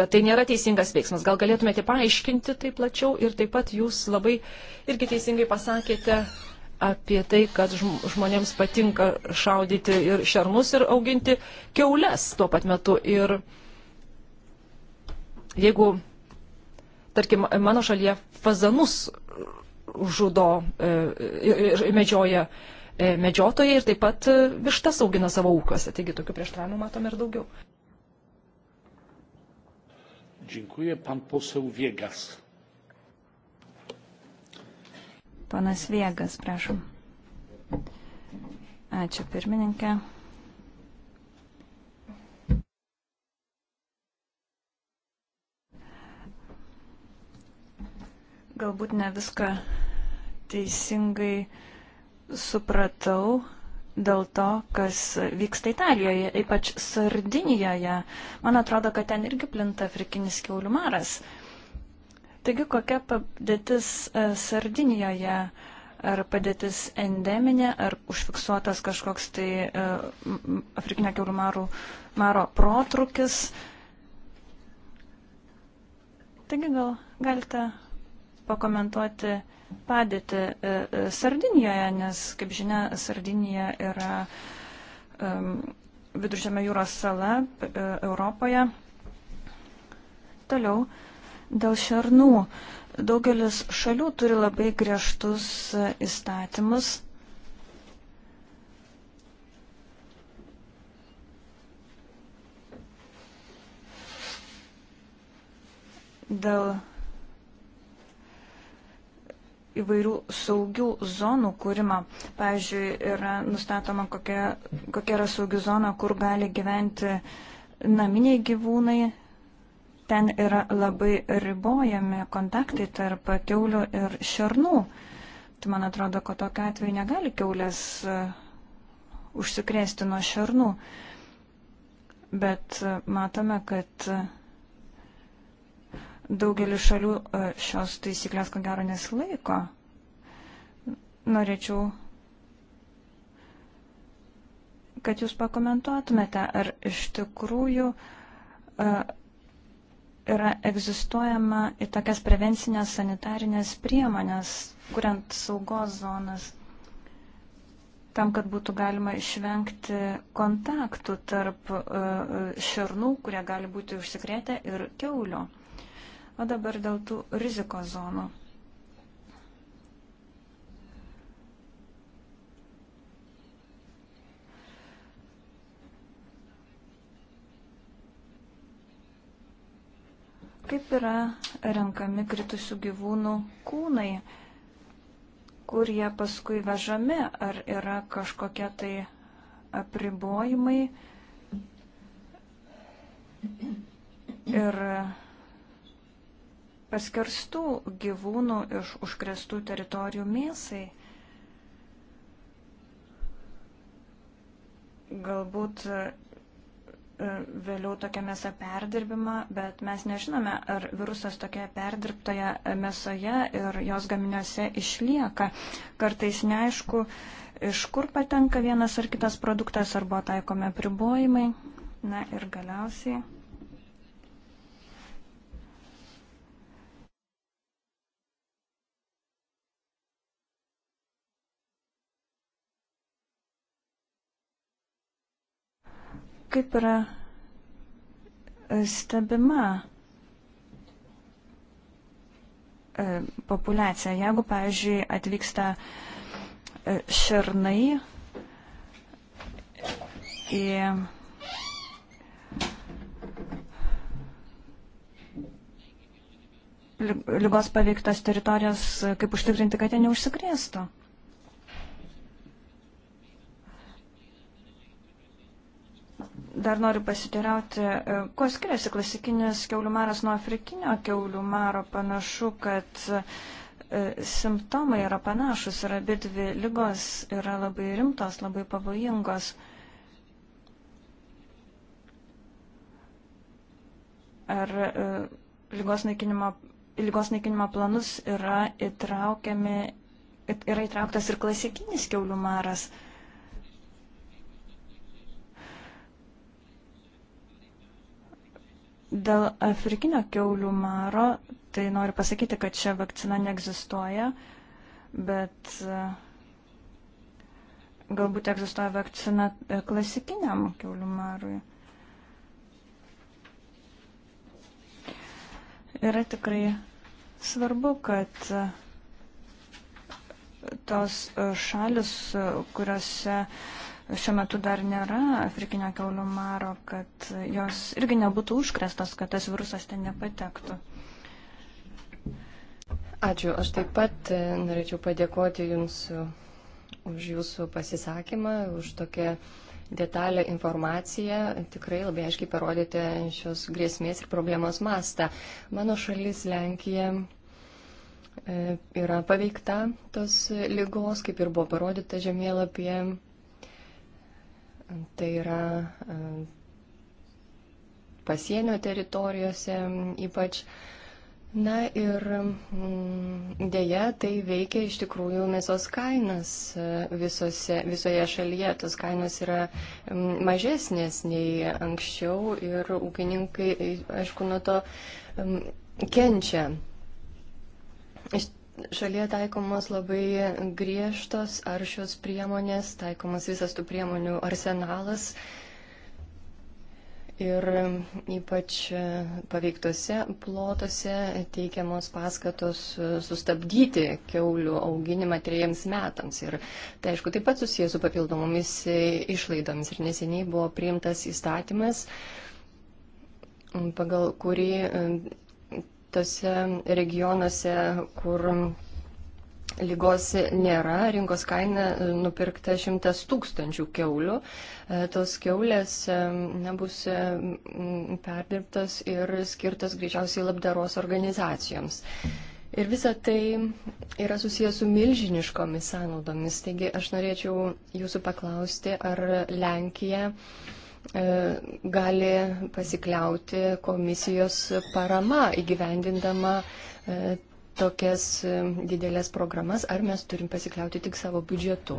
kad tai nėra teisingas veiksmas. Gal galėtumėte paaiškinti tai plačiau ir taip pat jūs labai irgi teisingai pasakėte apie tai, kad žmonėms patinka šaudyti ir šernus ir auginti keules tuo pat metu. Ir jeigu, tarkim, mano šalyje fazanus žudo, e, medžioja e, medžiotojai ir taip pat e, vištas augina savo ūkiuose. Taigi tokių prieštaravimų matome ir daugiau. Dziękuję. Pan poseł Viegas. Panas Viegas, prašom. Ačiū pirmininkė. Galbūt ne viską teisingai supratau dėl to, kas vyksta Italijoje, ypač Sardinijoje. Man atrodo, kad ten irgi plinta afrikinis keulių maras. Taigi, kokia padėtis e, Sardinijoje? Ar padėtis endeminė, ar užfiksuotas kažkoks tai e, afrikinio keulių maro, maro protrukis? Taigi, gal galite pakomentuoti padėtį e, e, Sardinijoje, nes, kaip žinia, Sardinija yra um, viduržėme jūros sala e, Europoje. Toliau, dėl šernų. Daugelis šalių turi labai griežtus e, įstatymus. Dėl įvairių saugių zonų kūrimo. Pavyzdžiui, yra nustatoma, kokia, kokia yra saugi zona, kur gali gyventi naminiai gyvūnai. Ten yra labai ribojami kontaktai tarp keulių ir šernų. Tai man atrodo, kad tokia atveju negali keulės e, užsikrėsti nuo šernų. Bet e, matome, kad e, Daugelis šalių e, šios taisyklės ko gero nesilaiko. Norėčiau, kad jūs pakomentuotumėte, ar iš tikrųjų e, yra egzistuojama į tokias prevencinės sanitarinės priemonės, kuriant saugos zonas, tam, kad būtų galima išvengti kontaktų tarp e, šernų, kurie gali būti užsikrėtę, ir keulio. O dabar dėl tų rizikos zonų. kaip yra renkami kritusių gyvūnų kūnai, kur jie paskui vežami, ar yra kažkokie tai apribojimai. Ir paskirstų gyvūnų iš užkrestų teritorijų mėsai. Galbūt e, vėliau tokia mėsa perdirbima, bet mes nežinome, ar virusas tokioje perdirbtoje mėsoje ir jos gaminiuose išlieka. Kartais neaišku, iš kur patenka vienas ar kitas produktas, ar buvo taikomi apribojimai. Na ir galiausiai. kaip yra e, stebima e, populiacija. Jeigu, pavyzdžiui, atvyksta e, šernai į lygos paveiktas teritorijas, kaip užtikrinti, kad jie neužsikrėstų. Dar noriu pasiteirauti, e, kuo skiriasi klasikinis keulių maras nuo afrikinio keulių maro. Panašu, kad e, simptomai yra panašus ir abi dvi lygos yra labai rimtos, labai pavojingos. Ar e, lygos naikinimo, lygos naikinimo planus yra, yra įtrauktas ir klasikinis keulių maras? Dėl afrikinio keulių maro, tai noriu pasakyti, kad čia vakcina neegzistuoja, bet e, galbūt egzistuoja vakcina e, klasikiniam keulių marui. Yra tikrai svarbu, kad e, tos šalis, kuriuose šiuo metu dar nėra afrikinio keulių maro, kad jos irgi nebūtų užkrestos, kad tas virusas ten nepatektų. Ačiū. Aš taip pat e, norėčiau padėkoti Jums už Jūsų pasisakymą, už tokią detalę informaciją. Tikrai labai aiškiai parodėte šios grėsmės ir problemos mastą. Mano šalis Lenkija e, yra paveikta tos lygos, kaip ir buvo parodyta žemėlapyje. Tai yra e, pasienio teritorijose ypač. Na ir mm, dėja, tai veikia iš tikrųjų mėsos kainas e, visose, visoje šalyje. Tos kainos yra mm, mažesnės nei anksčiau ir ūkininkai, aišku, nuo to mm, kenčia. Iš šalyje taikomos labai griežtos aršios priemonės, taikomas visas tų priemonių arsenalas. Ir ypač paveiktose plotose teikiamos paskatos sustabdyti keulių auginimą trejiems metams. Ir tai, aišku, taip pat susijęs su papildomomis išlaidomis. Ir neseniai buvo priimtas įstatymas, pagal kurį tose regionuose, kur lygos nėra, rinkos kaina e, nupirkta šimtas tūkstančių keulių. E, tos keulės e, nebus perdirbtos ir skirtos greičiausiai labdaros organizacijoms. Ir visa tai yra susijęs su milžiniškomis sąnaudomis. Taigi aš norėčiau jūsų paklausti, ar Lenkija uh, E, gali pasikliauti komisijos parama įgyvendindama e, tokias e, didelės programas, ar mes turim pasikliauti tik savo biudžetu.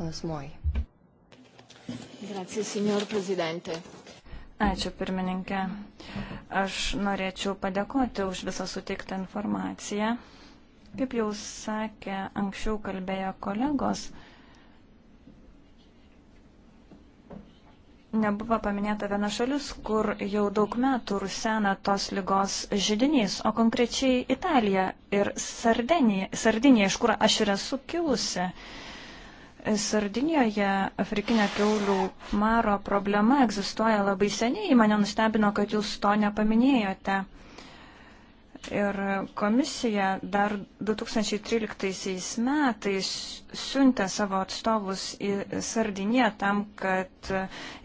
Panas Moj. Grazie, signor Presidente. Ačiū, pirmininkė. Aš norėčiau padėkoti už visą suteiktą informaciją. Kaip jau sakė, anksčiau kalbėjo kolegos, nebuvo paminėta viena šalis, kur jau daug metų rusena tos lygos žydinys, o konkrečiai Italija ir Sardinija, Sardinija iš kur aš ir esu kilusi. Sardinijoje afrikinio keulių maro problema egzistuoja labai seniai, mane nustebino, kad jūs to nepaminėjote. Ir komisija dar 2013 metais siuntė savo atstovus į Sardiniją tam, kad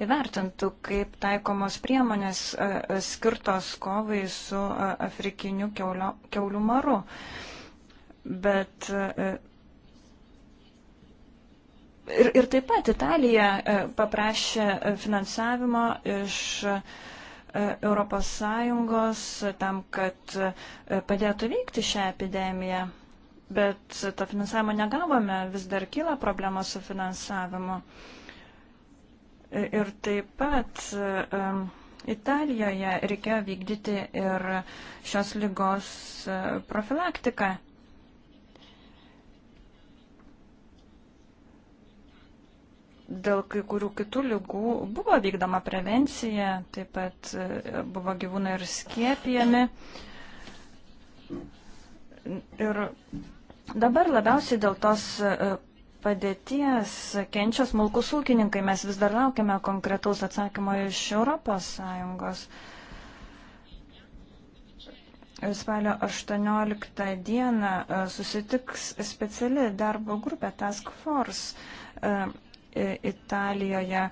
įvertintų, kaip taikomos priemonės e, e, skirtos kovai su e, afrikiniu keulio, keulių maru. Bet ir, ir taip pat Italija paprašė finansavimo iš ES tam, kad e, padėtų veikti šią epidemiją. Bet to finansavimo negavome, vis dar kyla problema su finansavimu. E, ir taip pat um, Italijoje reikėjo vykdyti ir šios lygos profilaktiką. dėl kai kurių kitų lygų buvo vykdoma prevencija, taip pat e, buvo gyvūnai ir skiepijami. Ir dabar labiausiai dėl tos e, padėties kenčia smulkus ūkininkai. Mes vis dar laukiame konkretaus atsakymo iš ES. Spalio 18 dieną e, susitiks speciali darbo grupė Task Force Italijoje.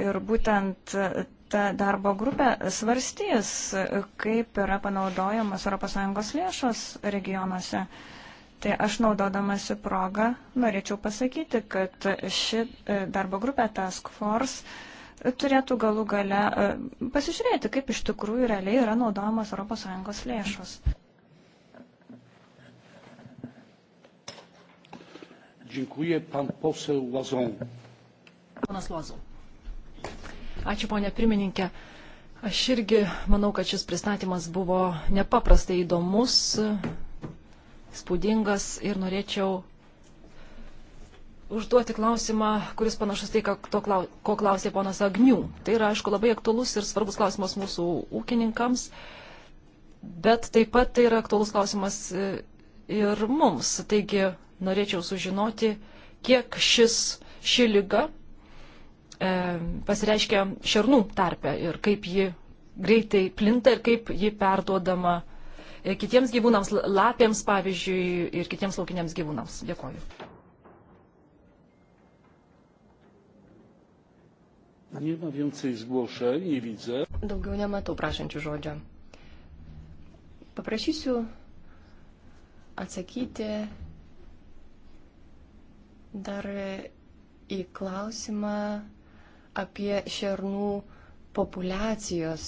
Ir būtent e, ta darbo grupė svarstys, e, kaip yra panaudojamos ES lėšos regionuose. Tai aš naudodamasi progą norėčiau pasakyti, kad ši e, darbo grupė Task Force turėtų galų gale pasižiūrėti, kaip iš tikrųjų realiai yra naudojamos ES lėšos. Dziękuję. Pan poseł Łazon. Ponas Lozo. Ačiū, ponė pirmininkė. Aš irgi manau, kad šis pristatymas buvo nepaprastai įdomus, spūdingas ir norėčiau užduoti klausimą, kuris panašus tai, klau, ko klausė ponas Agnių. Tai yra, aišku, labai aktuolus ir svarbus klausimas mūsų ūkininkams, bet taip pat tai yra aktuolus klausimas e, ir mums. Taigi norėčiau sužinoti, kiek šis, ši lyga e, pasireiškia šernų tarpe ir kaip ji greitai plinta ir kaip ji perduodama e, kitiems gyvūnams, lapėms pavyzdžiui ir kitiems laukiniams gyvūnams. Dėkoju. Daugiau nematau prašančių žodžio. Paprašysiu atsakyti dar į klausimą apie šernų populiacijos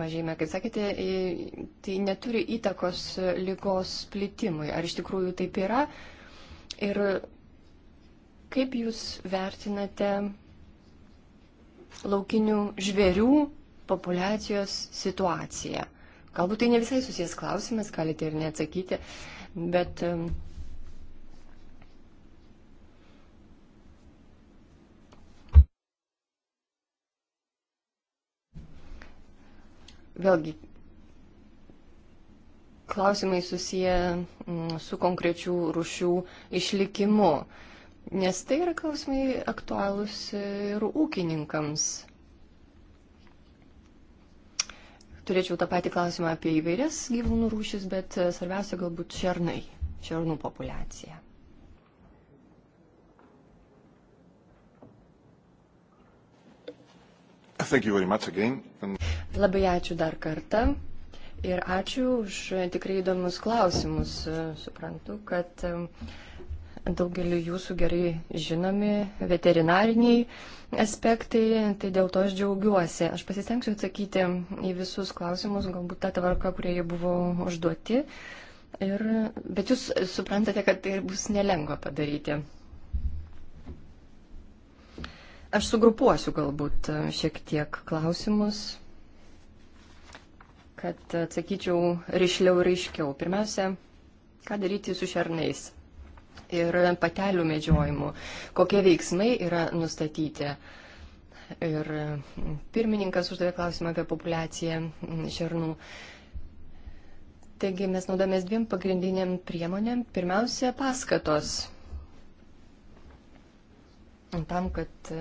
mažėjimą, kaip sakėte, tai neturi įtakos lygos plitimui. Ar iš tikrųjų taip yra? Ir kaip Jūs vertinate laukinių žvėrių populiacijos situaciją? Galbūt tai ne visai susijęs klausimas, galite ir neatsakyti, bet vėlgi klausimai susiję mm, su konkrečių rušių išlikimu, nes tai yra klausimai aktualūs ir ūkininkams. Turėčiau tą patį klausimą apie įvairias gyvūnų rūšis, bet svarbiausia galbūt šernai, šernų populiacija. Thank you very much again. And... Labai ačiū dar kartą. Ir ačiū už tikrai įdomius klausimus. Suprantu, kad daugeliu jūsų gerai žinomi veterinariniai aspektai, tai dėl to aš džiaugiuosi. Aš pasistengsiu atsakyti į visus klausimus, galbūt tą tvarką, kurie jie buvo užduoti. Ir, bet jūs suprantate, kad tai bus nelengva padaryti. Aš sugrupuosiu galbūt šiek tiek klausimus kad atsakyčiau ryšliau ir aiškiau. Pirmiausia, ką daryti su šernais ir patelių medžiojimu, kokie veiksmai yra nustatyti. Ir pirmininkas uždavė klausimą apie populaciją šernų. Taigi mes naudomės dviem pagrindiniam priemonėm. Pirmiausia, paskatos tam, kad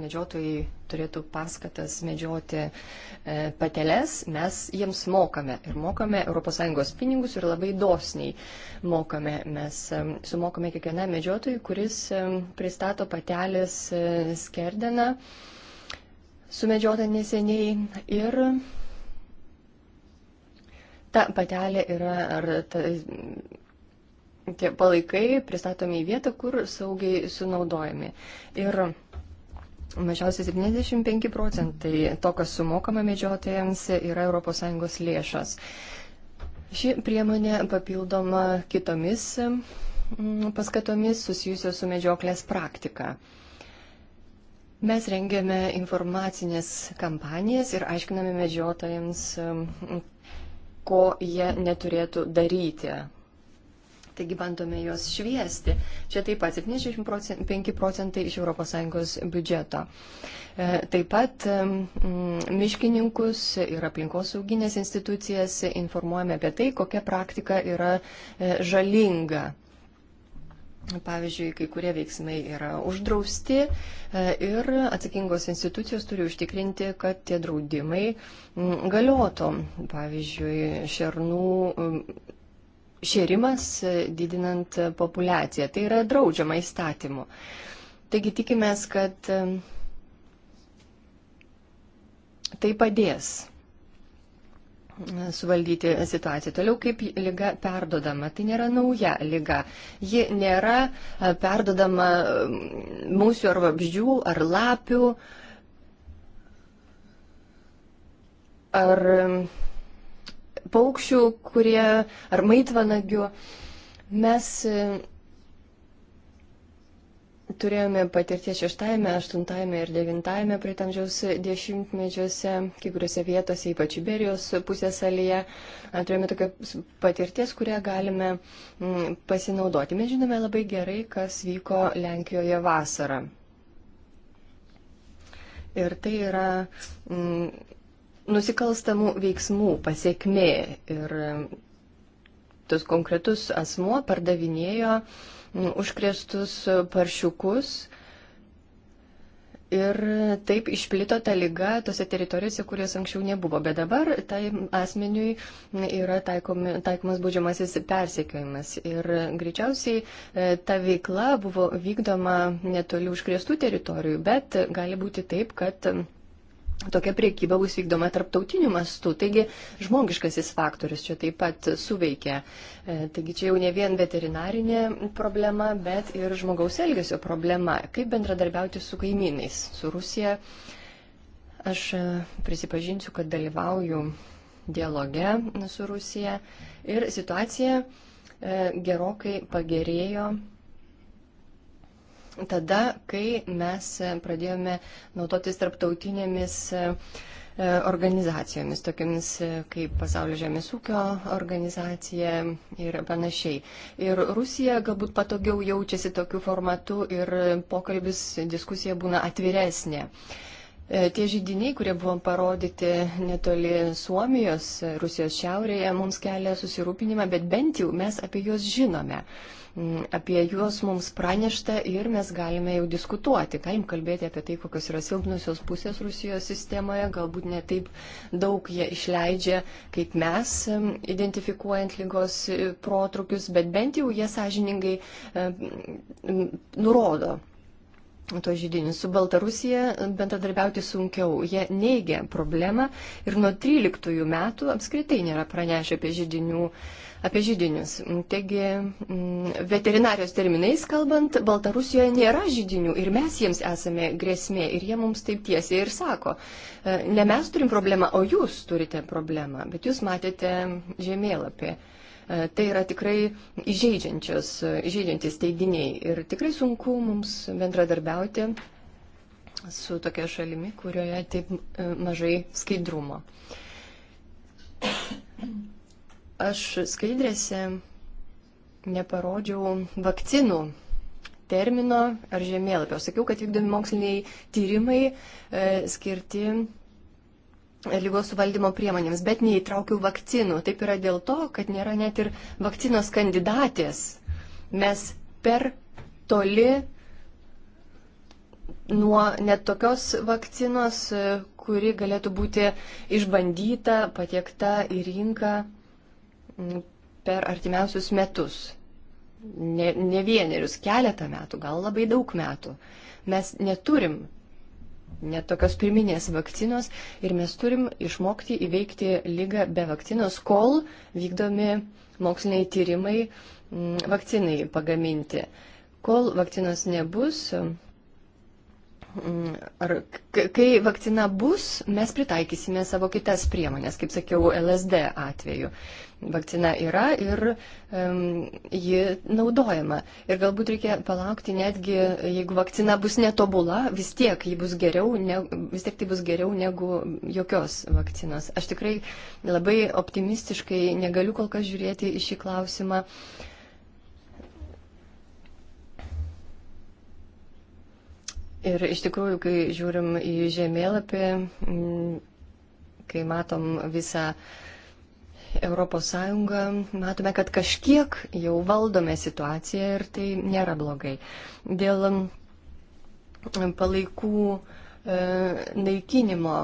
medžiotojai turėtų paskatas medžioti e, pateles, mes jiems mokame. Ir mokame ES pinigus ir labai dosniai mokame. Mes e, sumokame kiekvienam medžiotojui, kuris e, pristato patelės e, skerdeną, sumedžiotą neseniai. Ir ta patelė yra, ar ta, tie palaikai pristatomi į vietą, kur saugiai sunaudojami. Ir Mažiausiai 75 procentai to, kas sumokama medžiotojams, yra ES lėšas. Ši priemonė papildoma kitomis mm, paskatomis susijusios su medžioklės praktika. Mes rengiame informacinės kampanijas ir aiškiname medžiotojams, mm, ko jie neturėtų daryti, Taigi bandome juos šviesti. Čia taip pat 75 procentai iš ES biudžeto. E, taip pat miškininkus ir aplinkosauginės institucijas informuojame apie tai, kokia praktika yra e, žalinga. Pavyzdžiui, kai kurie veiksmai yra uždrausti e, ir atsakingos institucijos turi užtikrinti, kad tie draudimai galiotų. Pavyzdžiui, šernų šėrimas e, didinant populaciją. Tai yra draudžiama įstatymu. Taigi tikimės, kad e, tai padės e, suvaldyti situaciją. Toliau kaip lyga perdodama, tai nėra nauja lyga. Ji nėra perdodama mūsų ar vabzdžių, ar lapių, ar paukščių, kurie ar maitvanagių. Mes e, turėjome patirties šeštajame, aštuntajame ir devintajame praeitamžiaus dešimtmečiuose, kai kuriuose vietose, ypač Iberijos pusėsalyje, turėjome tokią patirties, kurią galime mm, pasinaudoti. Mes žinome labai gerai, kas vyko Lenkijoje vasarą. Ir tai yra mm, nusikalstamų veiksmų pasiekmė ir tas konkretus asmuo pardavinėjo užkrėstus paršiukus ir taip išplito ta lyga tose teritorijose, kurios anksčiau nebuvo. Bet dabar tai asmeniui yra taikomi, taikomas būdžiamasis persekiojimas. Ir greičiausiai e, ta veikla buvo vykdoma netoli užkrėstų teritorijų, bet gali būti taip, kad tokia priekyba bus vykdoma tarptautiniu mastu. Taigi žmogiškasis faktorius čia taip pat suveikia. E, taigi čia jau ne vien veterinarinė problema, bet ir žmogaus elgesio problema. Kaip bendradarbiauti su kaimynais, su Rusija. Aš e, prisipažinsiu, kad dalyvauju dialoge su Rusija ir situacija e, gerokai pagerėjo tada, kai mes pradėjome naudotis tarptautinėmis e, organizacijomis, tokiamis e, kaip Pasaulio žemės ūkio organizacija ir panašiai. Ir Rusija galbūt patogiau jaučiasi tokiu formatu ir pokalbis, diskusija būna atviresnė. E, tie žydiniai, kurie buvo parodyti netoli Suomijos, Rusijos šiaurėje, mums kelia susirūpinimą, bet bent jau mes apie juos žinome. Apie juos mums pranešta ir mes galime jau diskutuoti, galim kalbėti apie tai, kokios yra silpnusios pusės Rusijos sistemoje, galbūt ne taip daug jie išleidžia, kaip mes, identifikuojant lygos e, protrukius, bet bent jau jie sąžiningai e, nurodo to žydinį. Su Baltarusija bendradarbiauti sunkiau. Jie neigia problemą ir nuo 13 metų apskritai nėra pranešę apie žydinių uh, apie žydinius. Taigi, mm, veterinarijos terminais kalbant, Baltarusijoje nėra žydinių ir mes jiems esame grėsmė ir jie mums taip tiesiai ir sako, e, ne mes turim problemą, o jūs turite problemą, bet jūs matėte žemėlapį. E, tai yra tikrai įžeidžiantis teiginiai ir tikrai sunku mums bendradarbiauti su tokia šalimi, kurioje taip e, mažai skaidrumo. Thank you. Aš skaidrėse neparodžiau vakcinų termino ar žemėlapio. Sakiau, kad vykdomi moksliniai tyrimai e, skirti e, lygos suvaldymo priemonėms, bet neįtraukiau vakcinų. Taip yra dėl to, kad nėra net ir vakcinos kandidatės. Mes per toli nuo net tokios vakcinos, e, kuri galėtų būti išbandyta, patiekta į rinką per artimiausius metus, ne, ne vienerius, keletą metų, gal labai daug metų. Mes neturim net tokios pirminės vakcinos ir mes turim išmokti įveikti lygą be vakcinos, kol vykdomi moksliniai tyrimai mm, vakcinai pagaminti. Kol vakcinos nebus, mm, ar kai vakcina bus, mes pritaikysime savo kitas priemonės, kaip sakiau, LSD atveju vakcina yra ir um, ji naudojama. Ir galbūt reikia palaukti netgi, jeigu vakcina bus netobula, vis tiek, bus geriau, ne, vis tiek tai bus geriau negu jokios vakcinos. Aš tikrai labai optimistiškai negaliu kol kas žiūrėti į šį klausimą. Ir iš tikrųjų, kai žiūrim į žemėlapį, kai matom visą uh, ES matome, kad kažkiek jau valdome situaciją ir tai nėra blogai. Dėl um, palaikų e, naikinimo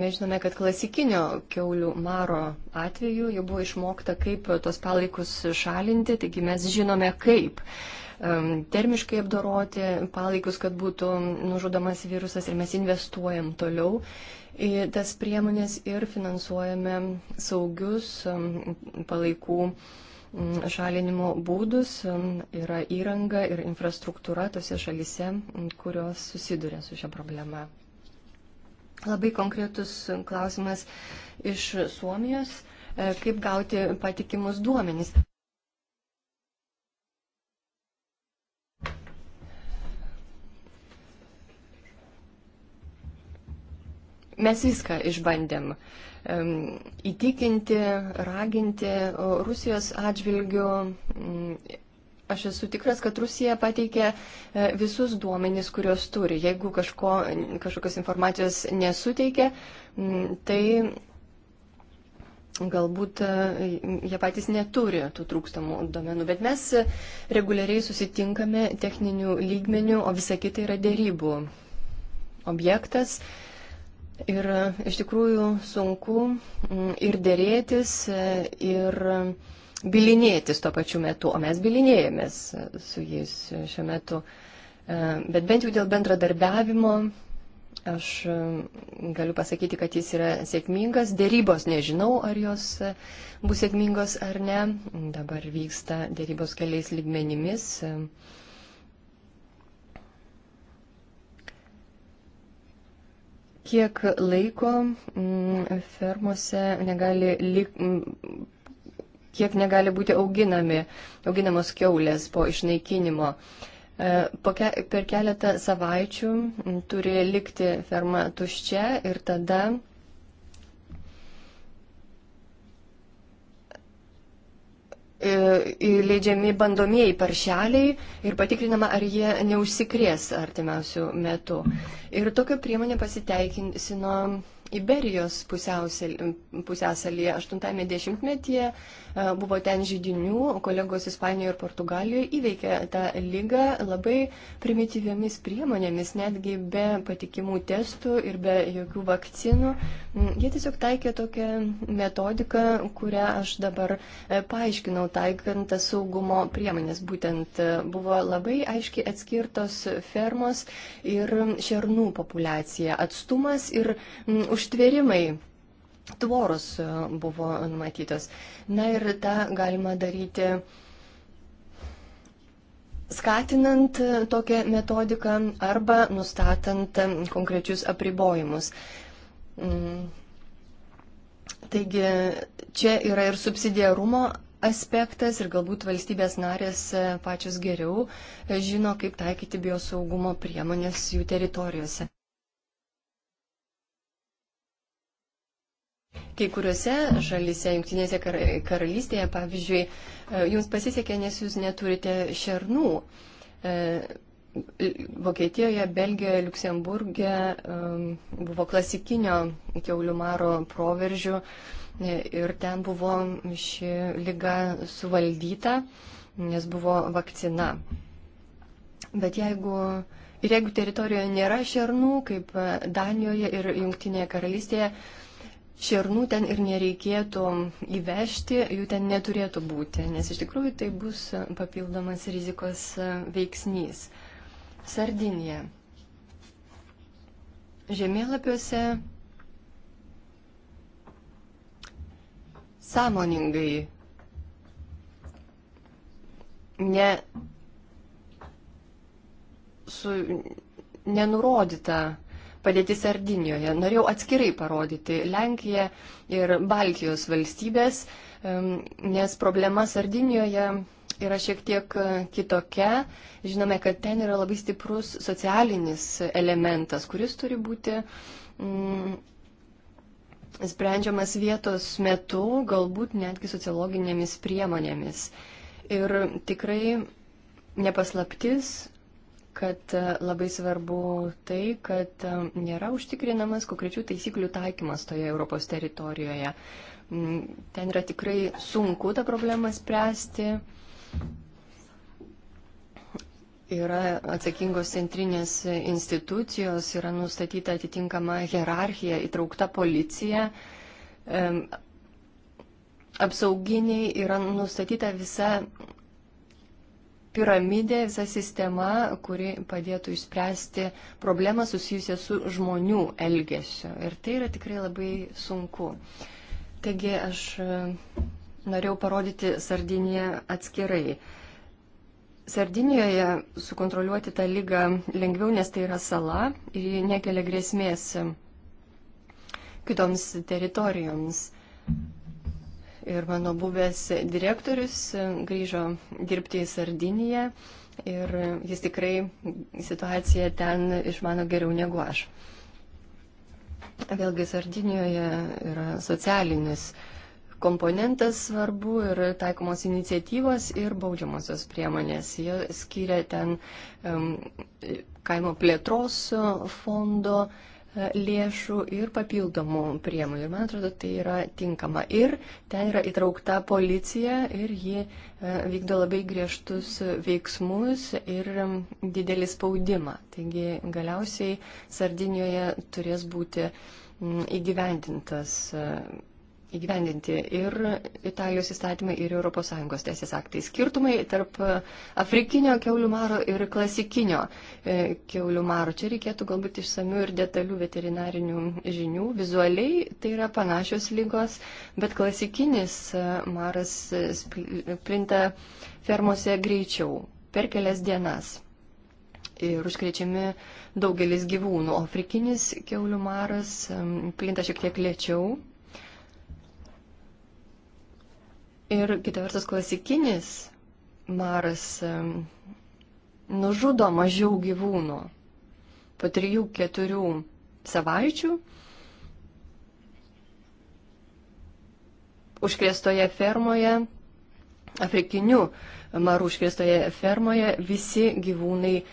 Mes žinome, kad klasikinio keulių maro atveju jau buvo išmokta, kaip tos palaikus šalinti, taigi mes žinome kaip termiškai apdoroti palaikus, kad būtų nužudomas virusas ir mes investuojam toliau į tas priemonės ir finansuojame saugius palaikų šalinimo būdus, yra įranga ir infrastruktūra tose šalise, kurios susiduria su šia problema. Labai konkretus klausimas iš Suomijos, e, kaip gauti patikimus duomenys. mes viską išbandėm. Įtikinti, raginti Rusijos atžvilgių Aš esu tikras, kad Rusija pateikė e, visus duomenys, kuriuos turi. Jeigu kažko, kažkokios informacijos nesuteikė, tai galbūt e, jie patys neturi tų trūkstamų duomenų. Bet mes reguliariai susitinkame techninių lygmenių, o visa kita yra dėrybų objektas. Ir e, iš tikrųjų sunku ir dėrėtis, ir bilinėtis tuo pačiu metu, o mes bilinėjomės su jais šiuo metu. E, bet bent jau dėl bendradarbiavimo aš e, galiu pasakyti, kad jis yra sėkmingas. Dėrybos nežinau, ar jos e, bus sėkmingos ar ne. Dabar vyksta dėrybos keliais lygmenimis. kiek laiko mm, fermose negali lik, kiek negali būti auginami, auginamos keulės po išnaikinimo. E, po ke, per keletą savaičių turi likti ferma tuščia ir tada e, įleidžiami bandomieji paršeliai ir patikrinama, ar jie neužsikrės artimiausių metų. Ir tokia priemonė pasiteikino Iberijos pusiasalyje 80-metyje E, buvo ten žydinių, kolegos Ispanijoje ir Portugalijoje įveikė tą lygą labai primityviamis priemonėmis, netgi be patikimų testų ir be jokių vakcinų. Mm, jie tiesiog taikė tokią metodiką, kurią aš dabar e, paaiškinau, taikant tas saugumo priemonės. Būtent e, buvo labai aiškiai atskirtos fermos ir šernų populiacija, atstumas ir mm, užtvėrimai tvoros e, buvo numatytos. Na ir tą galima daryti skatinant e, tokią metodiką arba nustatant e, konkrečius apribojimus. Mm. Taigi čia yra ir subsidiarumo aspektas ir galbūt valstybės narės pačios geriau žino, kaip taikyti biosaugumo priemonės jų teritorijose. Kai kuriuose šalise, jungtinėse kar karalystėje, pavyzdžiui, e, jums pasisekė, nes jūs neturite šernų. E, Vokietijoje, Belgijoje, Luksemburgė e, buvo klasikinio keulių maro proveržių ir ten buvo ši lyga suvaldyta, nes buvo vakcina. Bet jeigu ir jeigu teritorijoje nėra šernų, kaip Danijoje ir Junktinėje karalystėje, šernų ten ir nereikėtų įvežti, jų ten neturėtų būti, nes iš tikrųjų tai bus papildomas rizikos veiksnys. Sardinija. Žemėlapiuose sąmoningai ne su nenurodyta padėtis Sardinijoje. Norėjau atskirai parodyti Lenkiją ir Baltijos valstybės, nes problema Sardinijoje yra šiek tiek e, kitokia. Žinome, kad ten yra labai stiprus socialinis elementas, kuris turi būti. Mm, Sprendžiamas vietos metu, galbūt netgi sociologinėmis priemonėmis. Ir tikrai nepaslaptis, kad e, labai svarbu tai, kad e, nėra užtikrinamas konkrečių taisyklių taikymas toje Europos teritorijoje. Mm, ten yra tikrai sunku tą problemą spręsti. Yra atsakingos centrinės institucijos, yra nustatyta atitinkama hierarchija, įtraukta policija apsauginiai yra nustatyta visa piramidė, visa sistema, kuri padėtų išspręsti problemą susijusią su žmonių elgesiu. Ir tai yra tikrai labai sunku. Taigi aš e, norėjau parodyti Sardiniją atskirai. Sardinijoje sukontroliuoti tą lygą lengviau, nes tai yra sala ir ji nekelia grėsmės kitoms teritorijoms ir mano buvęs direktorius grįžo dirbti į Sardiniją ir jis tikrai situaciją ten išmano geriau negu aš. Vėlgi Sardinijoje yra socialinis komponentas svarbu ir taikomos iniciatyvos ir baudžiamosios priemonės. Jie skiria ten um, kaimo plėtros fondo uh, lėšų ir papildomų priemonių. Ir man atrodo, tai yra tinkama. Ir ten yra įtraukta policija ir ji e, vykdo labai griežtus veiksmus ir didelį spaudimą. Taigi galiausiai Sardinijoje turės būti įgyvendintas e, įgyvendinti ir Italijos įstatymai, ir ES teisės aktai. Skirtumai tarp afrikinio keulių maro ir klasikinio e, keulių maro. Čia reikėtų galbūt išsamių ir detalių veterinarinių žinių. Vizualiai tai yra panašios lygos, bet klasikinis e, maras e, plinta fermose greičiau, per kelias dienas. Ir užkrečiami daugelis gyvūnų. Afrikinis keulių maras plinta šiek tiek lėčiau, Ir kita vertus klasikinis maras nužudo mažiau gyvūnų. Po trijų, keturių savaičių užkrėstoje fermoje, afrikinių marų užkrėstoje fermoje visi gyvūnai e,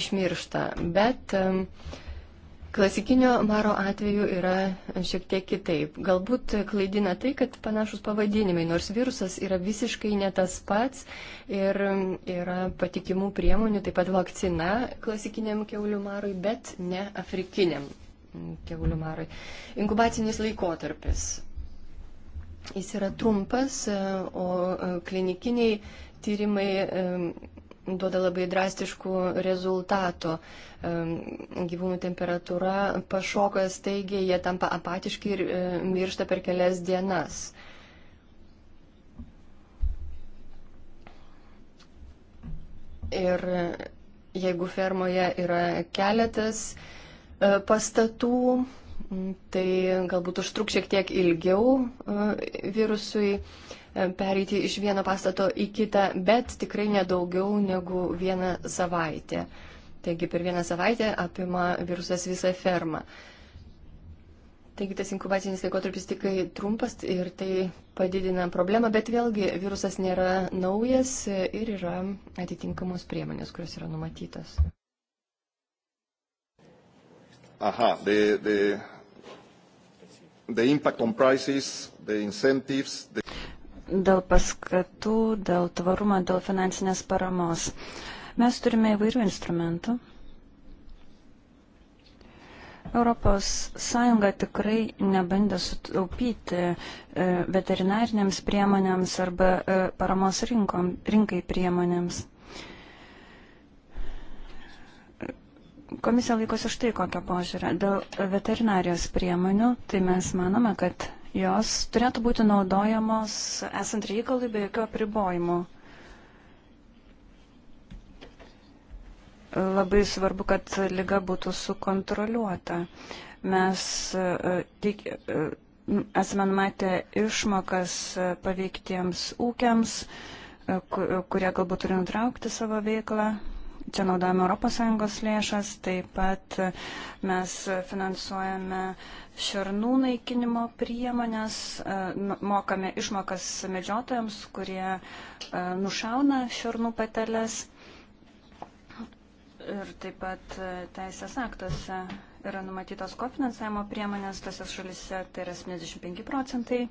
išmiršta. Bet Klasikinio maro atveju yra šiek tiek kitaip. Galbūt klaidina tai, kad panašus pavadinimai, nors virusas yra visiškai ne tas pats ir yra patikimų priemonių, taip pat vakcina klasikiniam keulių marui, bet ne afrikiniam keulių marui. Inkubacinis laikotarpis. Jis yra trumpas, o e, klinikiniai tyrimai e, duoda labai drastiškų rezultatų. Gyvūnų temperatūra pašoka staigiai, jie tampa apatiški ir e, miršta per kelias dienas. Ir e, jeigu fermoje yra keletas e, pastatų, tai galbūt užtruk šiek tiek ilgiau virusui pereiti iš vieno pastato į kitą, bet tikrai nedaugiau negu vieną savaitę. Taigi per vieną savaitę apima virusas visą fermą. Taigi tas inkubacinis laikotarpis tikrai trumpas ir tai padidina problemą, bet vėlgi virusas nėra naujas ir yra atitinkamos priemonės, kurios yra numatytos. Aha, the, the, the impact on prices, the incentives. The dėl paskatų, dėl tvarumo, dėl finansinės paramos. Mes turime įvairių instrumentų. Europos Sąjunga tikrai nebandė sutaupyti e, veterinariniams priemonėms arba e, paramos rinkom, rinkai priemonėms. Komisija laikosi štai kokią požiūrę. Dėl veterinarijos priemonių, tai mes manome, kad Jos turėtų būti naudojamos esant reikalui be jokių apribojimų. Labai svarbu, kad lyga būtų sukontroliuota. Mes e, teik, e, esame numatę išmokas paveiktiems ūkiams, e, kurie galbūt turi nutraukti savo veiklą čia naudojame ES lėšas, taip pat mes finansuojame šernų naikinimo priemonės, nu, mokame išmokas medžiotojams, kurie e, nušauna šernų pateles. Ir taip pat e, teisės aktuose yra numatytos kofinansavimo priemonės, tose šalise tai yra 75 procentai.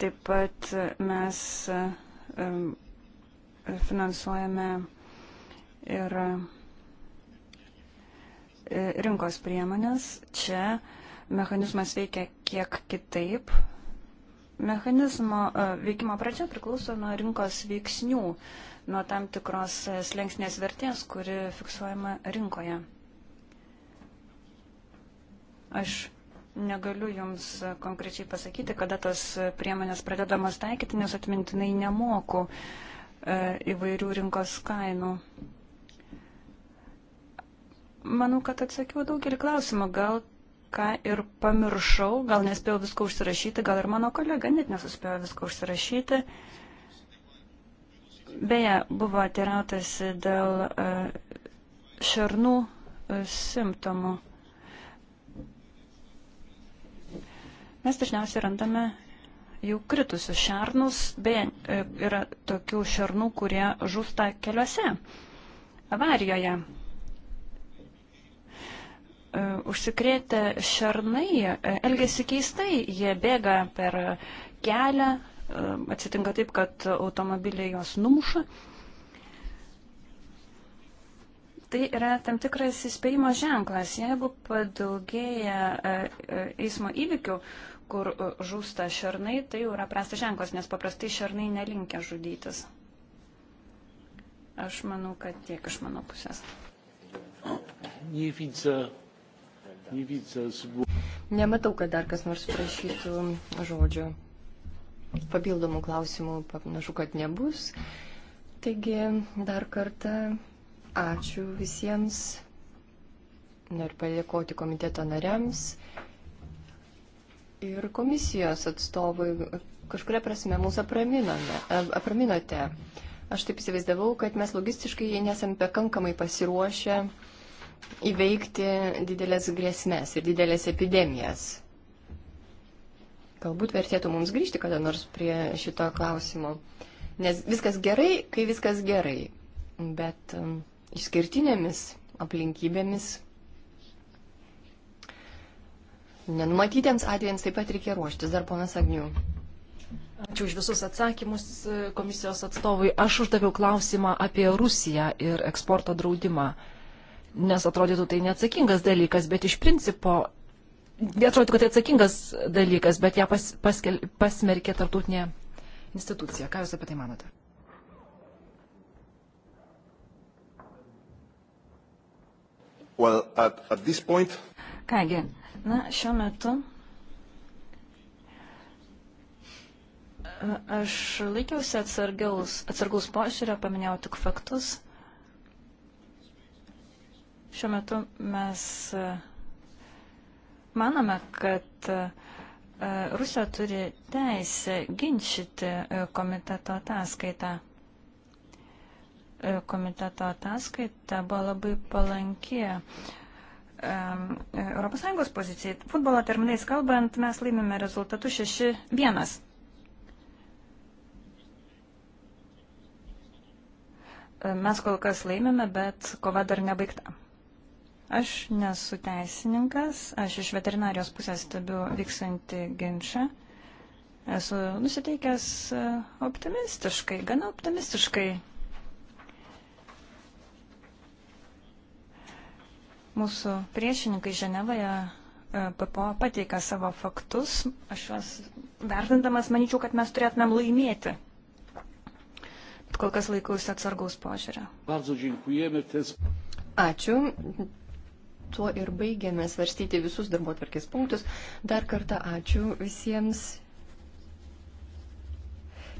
Taip pat mes e, finansuojame ir e, rinkos priemonės. Čia mechanizmas veikia kiek kitaip. Mechanizmo e, veikimo pradžia priklauso nuo rinkos veiksnių, nuo tam tikros e, slengsnės vertės, kuri fiksuojama rinkoje. Aš negaliu Jums konkrečiai pasakyti, kada tas priemonės pradedamas taikyti, nes atmintinai nemoku įvairių rinkos kainų manau, kad atsakiau daugelį klausimų. Gal ką ir pamiršau, gal nespėjau visko užsirašyti, gal ir mano kolega net nesuspėjo visko užsirašyti. Beje, buvo atirautasi dėl e, šarnų e, simptomų. Mes dažniausiai randame jau kritusius šarnus, beje, e, yra tokių šarnų, kurie žūsta keliuose, avarijoje. E, užsikrėtę šernai e, elgesi keistai, jie bėga per kelią, e, atsitinka taip, kad automobiliai juos numuša. Tai yra tam tikras įspėjimo ženklas. Jeigu padaugėja eismo įvykių, kur žūsta šernai, tai jau yra prastas ženklas, nes paprastai šernai nelinkia žudytis. Aš manau, kad tiek iš mano pusės. Nie widzę Nematau, kad dar kas nors prašytų žodžio. Papildomų klausimų panašu, kad nebus. Taigi dar kartą ačiū visiems. Noriu padėkoti komiteto nariams ir komisijos atstovui. Kažkuria prasme mūsų apraminote. Aš taip įsivaizdavau, kad mes logistiškai nesam pakankamai pasiruošę įveikti didelės grėsmės ir didelės epidemijas. Galbūt vertėtų mums grįžti kada nors prie šito klausimo. Nes viskas gerai, kai viskas gerai. Bet um, išskirtinėmis aplinkybėmis, nenumatytiems atvejams taip pat reikia ruoštis. Dar ponas Agnių. Ačiū už visus atsakymus e, komisijos atstovui. Aš uždaviau klausimą apie Rusiją ir eksporto draudimą. Uh, nes atrodytų tai neatsakingas dalykas, bet iš principo, atrodytų, kad tai atsakingas dalykas, bet ją pas, paskel, pasmerkė tartutinė institucija. Ką Jūs apie tai manote? Well, at, at this point... Kągi, na, šiuo metu e, aš laikiausi atsargaus, atsargaus požiūrio, paminėjau tik faktus. Šiuo metu mes e, manome, kad e, Rusija turi teisę ginčyti e, komiteto ataskaitą. Komiteto ataskaita buvo labai palanki. ES pozicijai. Futbolo terminais kalbant, mes laimime rezultatų 6-1. Mes kol kas laimime, bet kova dar nebaigta. Aš nesu teisininkas, aš iš veterinarijos pusės stebiu vykstantį ginčą. Esu nusiteikęs e, optimistiškai, gana optimistiškai. Mūsų priešininkai Ženevoje e, PPO pateikia savo faktus. Aš juos vertindamas manyčiau, kad mes turėtumėm laimėti. Bet kol kas laikausi atsargaus požiūrio. Ačiū tuo ir baigiame svarstyti visus darbo atvarkės punktus. Dar kartą ačiū visiems.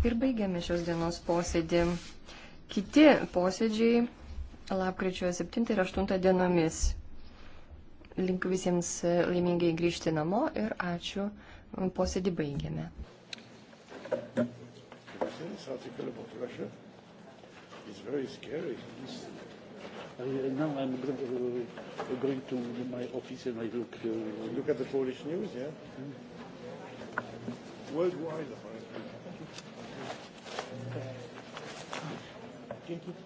Ir baigiame šios dienos posėdį. Kiti posėdžiai lapkričio 7 ir 8 dienomis. Linkiu visiems laimingai grįžti namo ir ačiū. Posėdį baigiame. This article about Russia is very scary. It's now I'm going, uh, going to my office and I look. Uh, look at the Polish news, yeah? Mm. Worldwide, apparently. Thank you.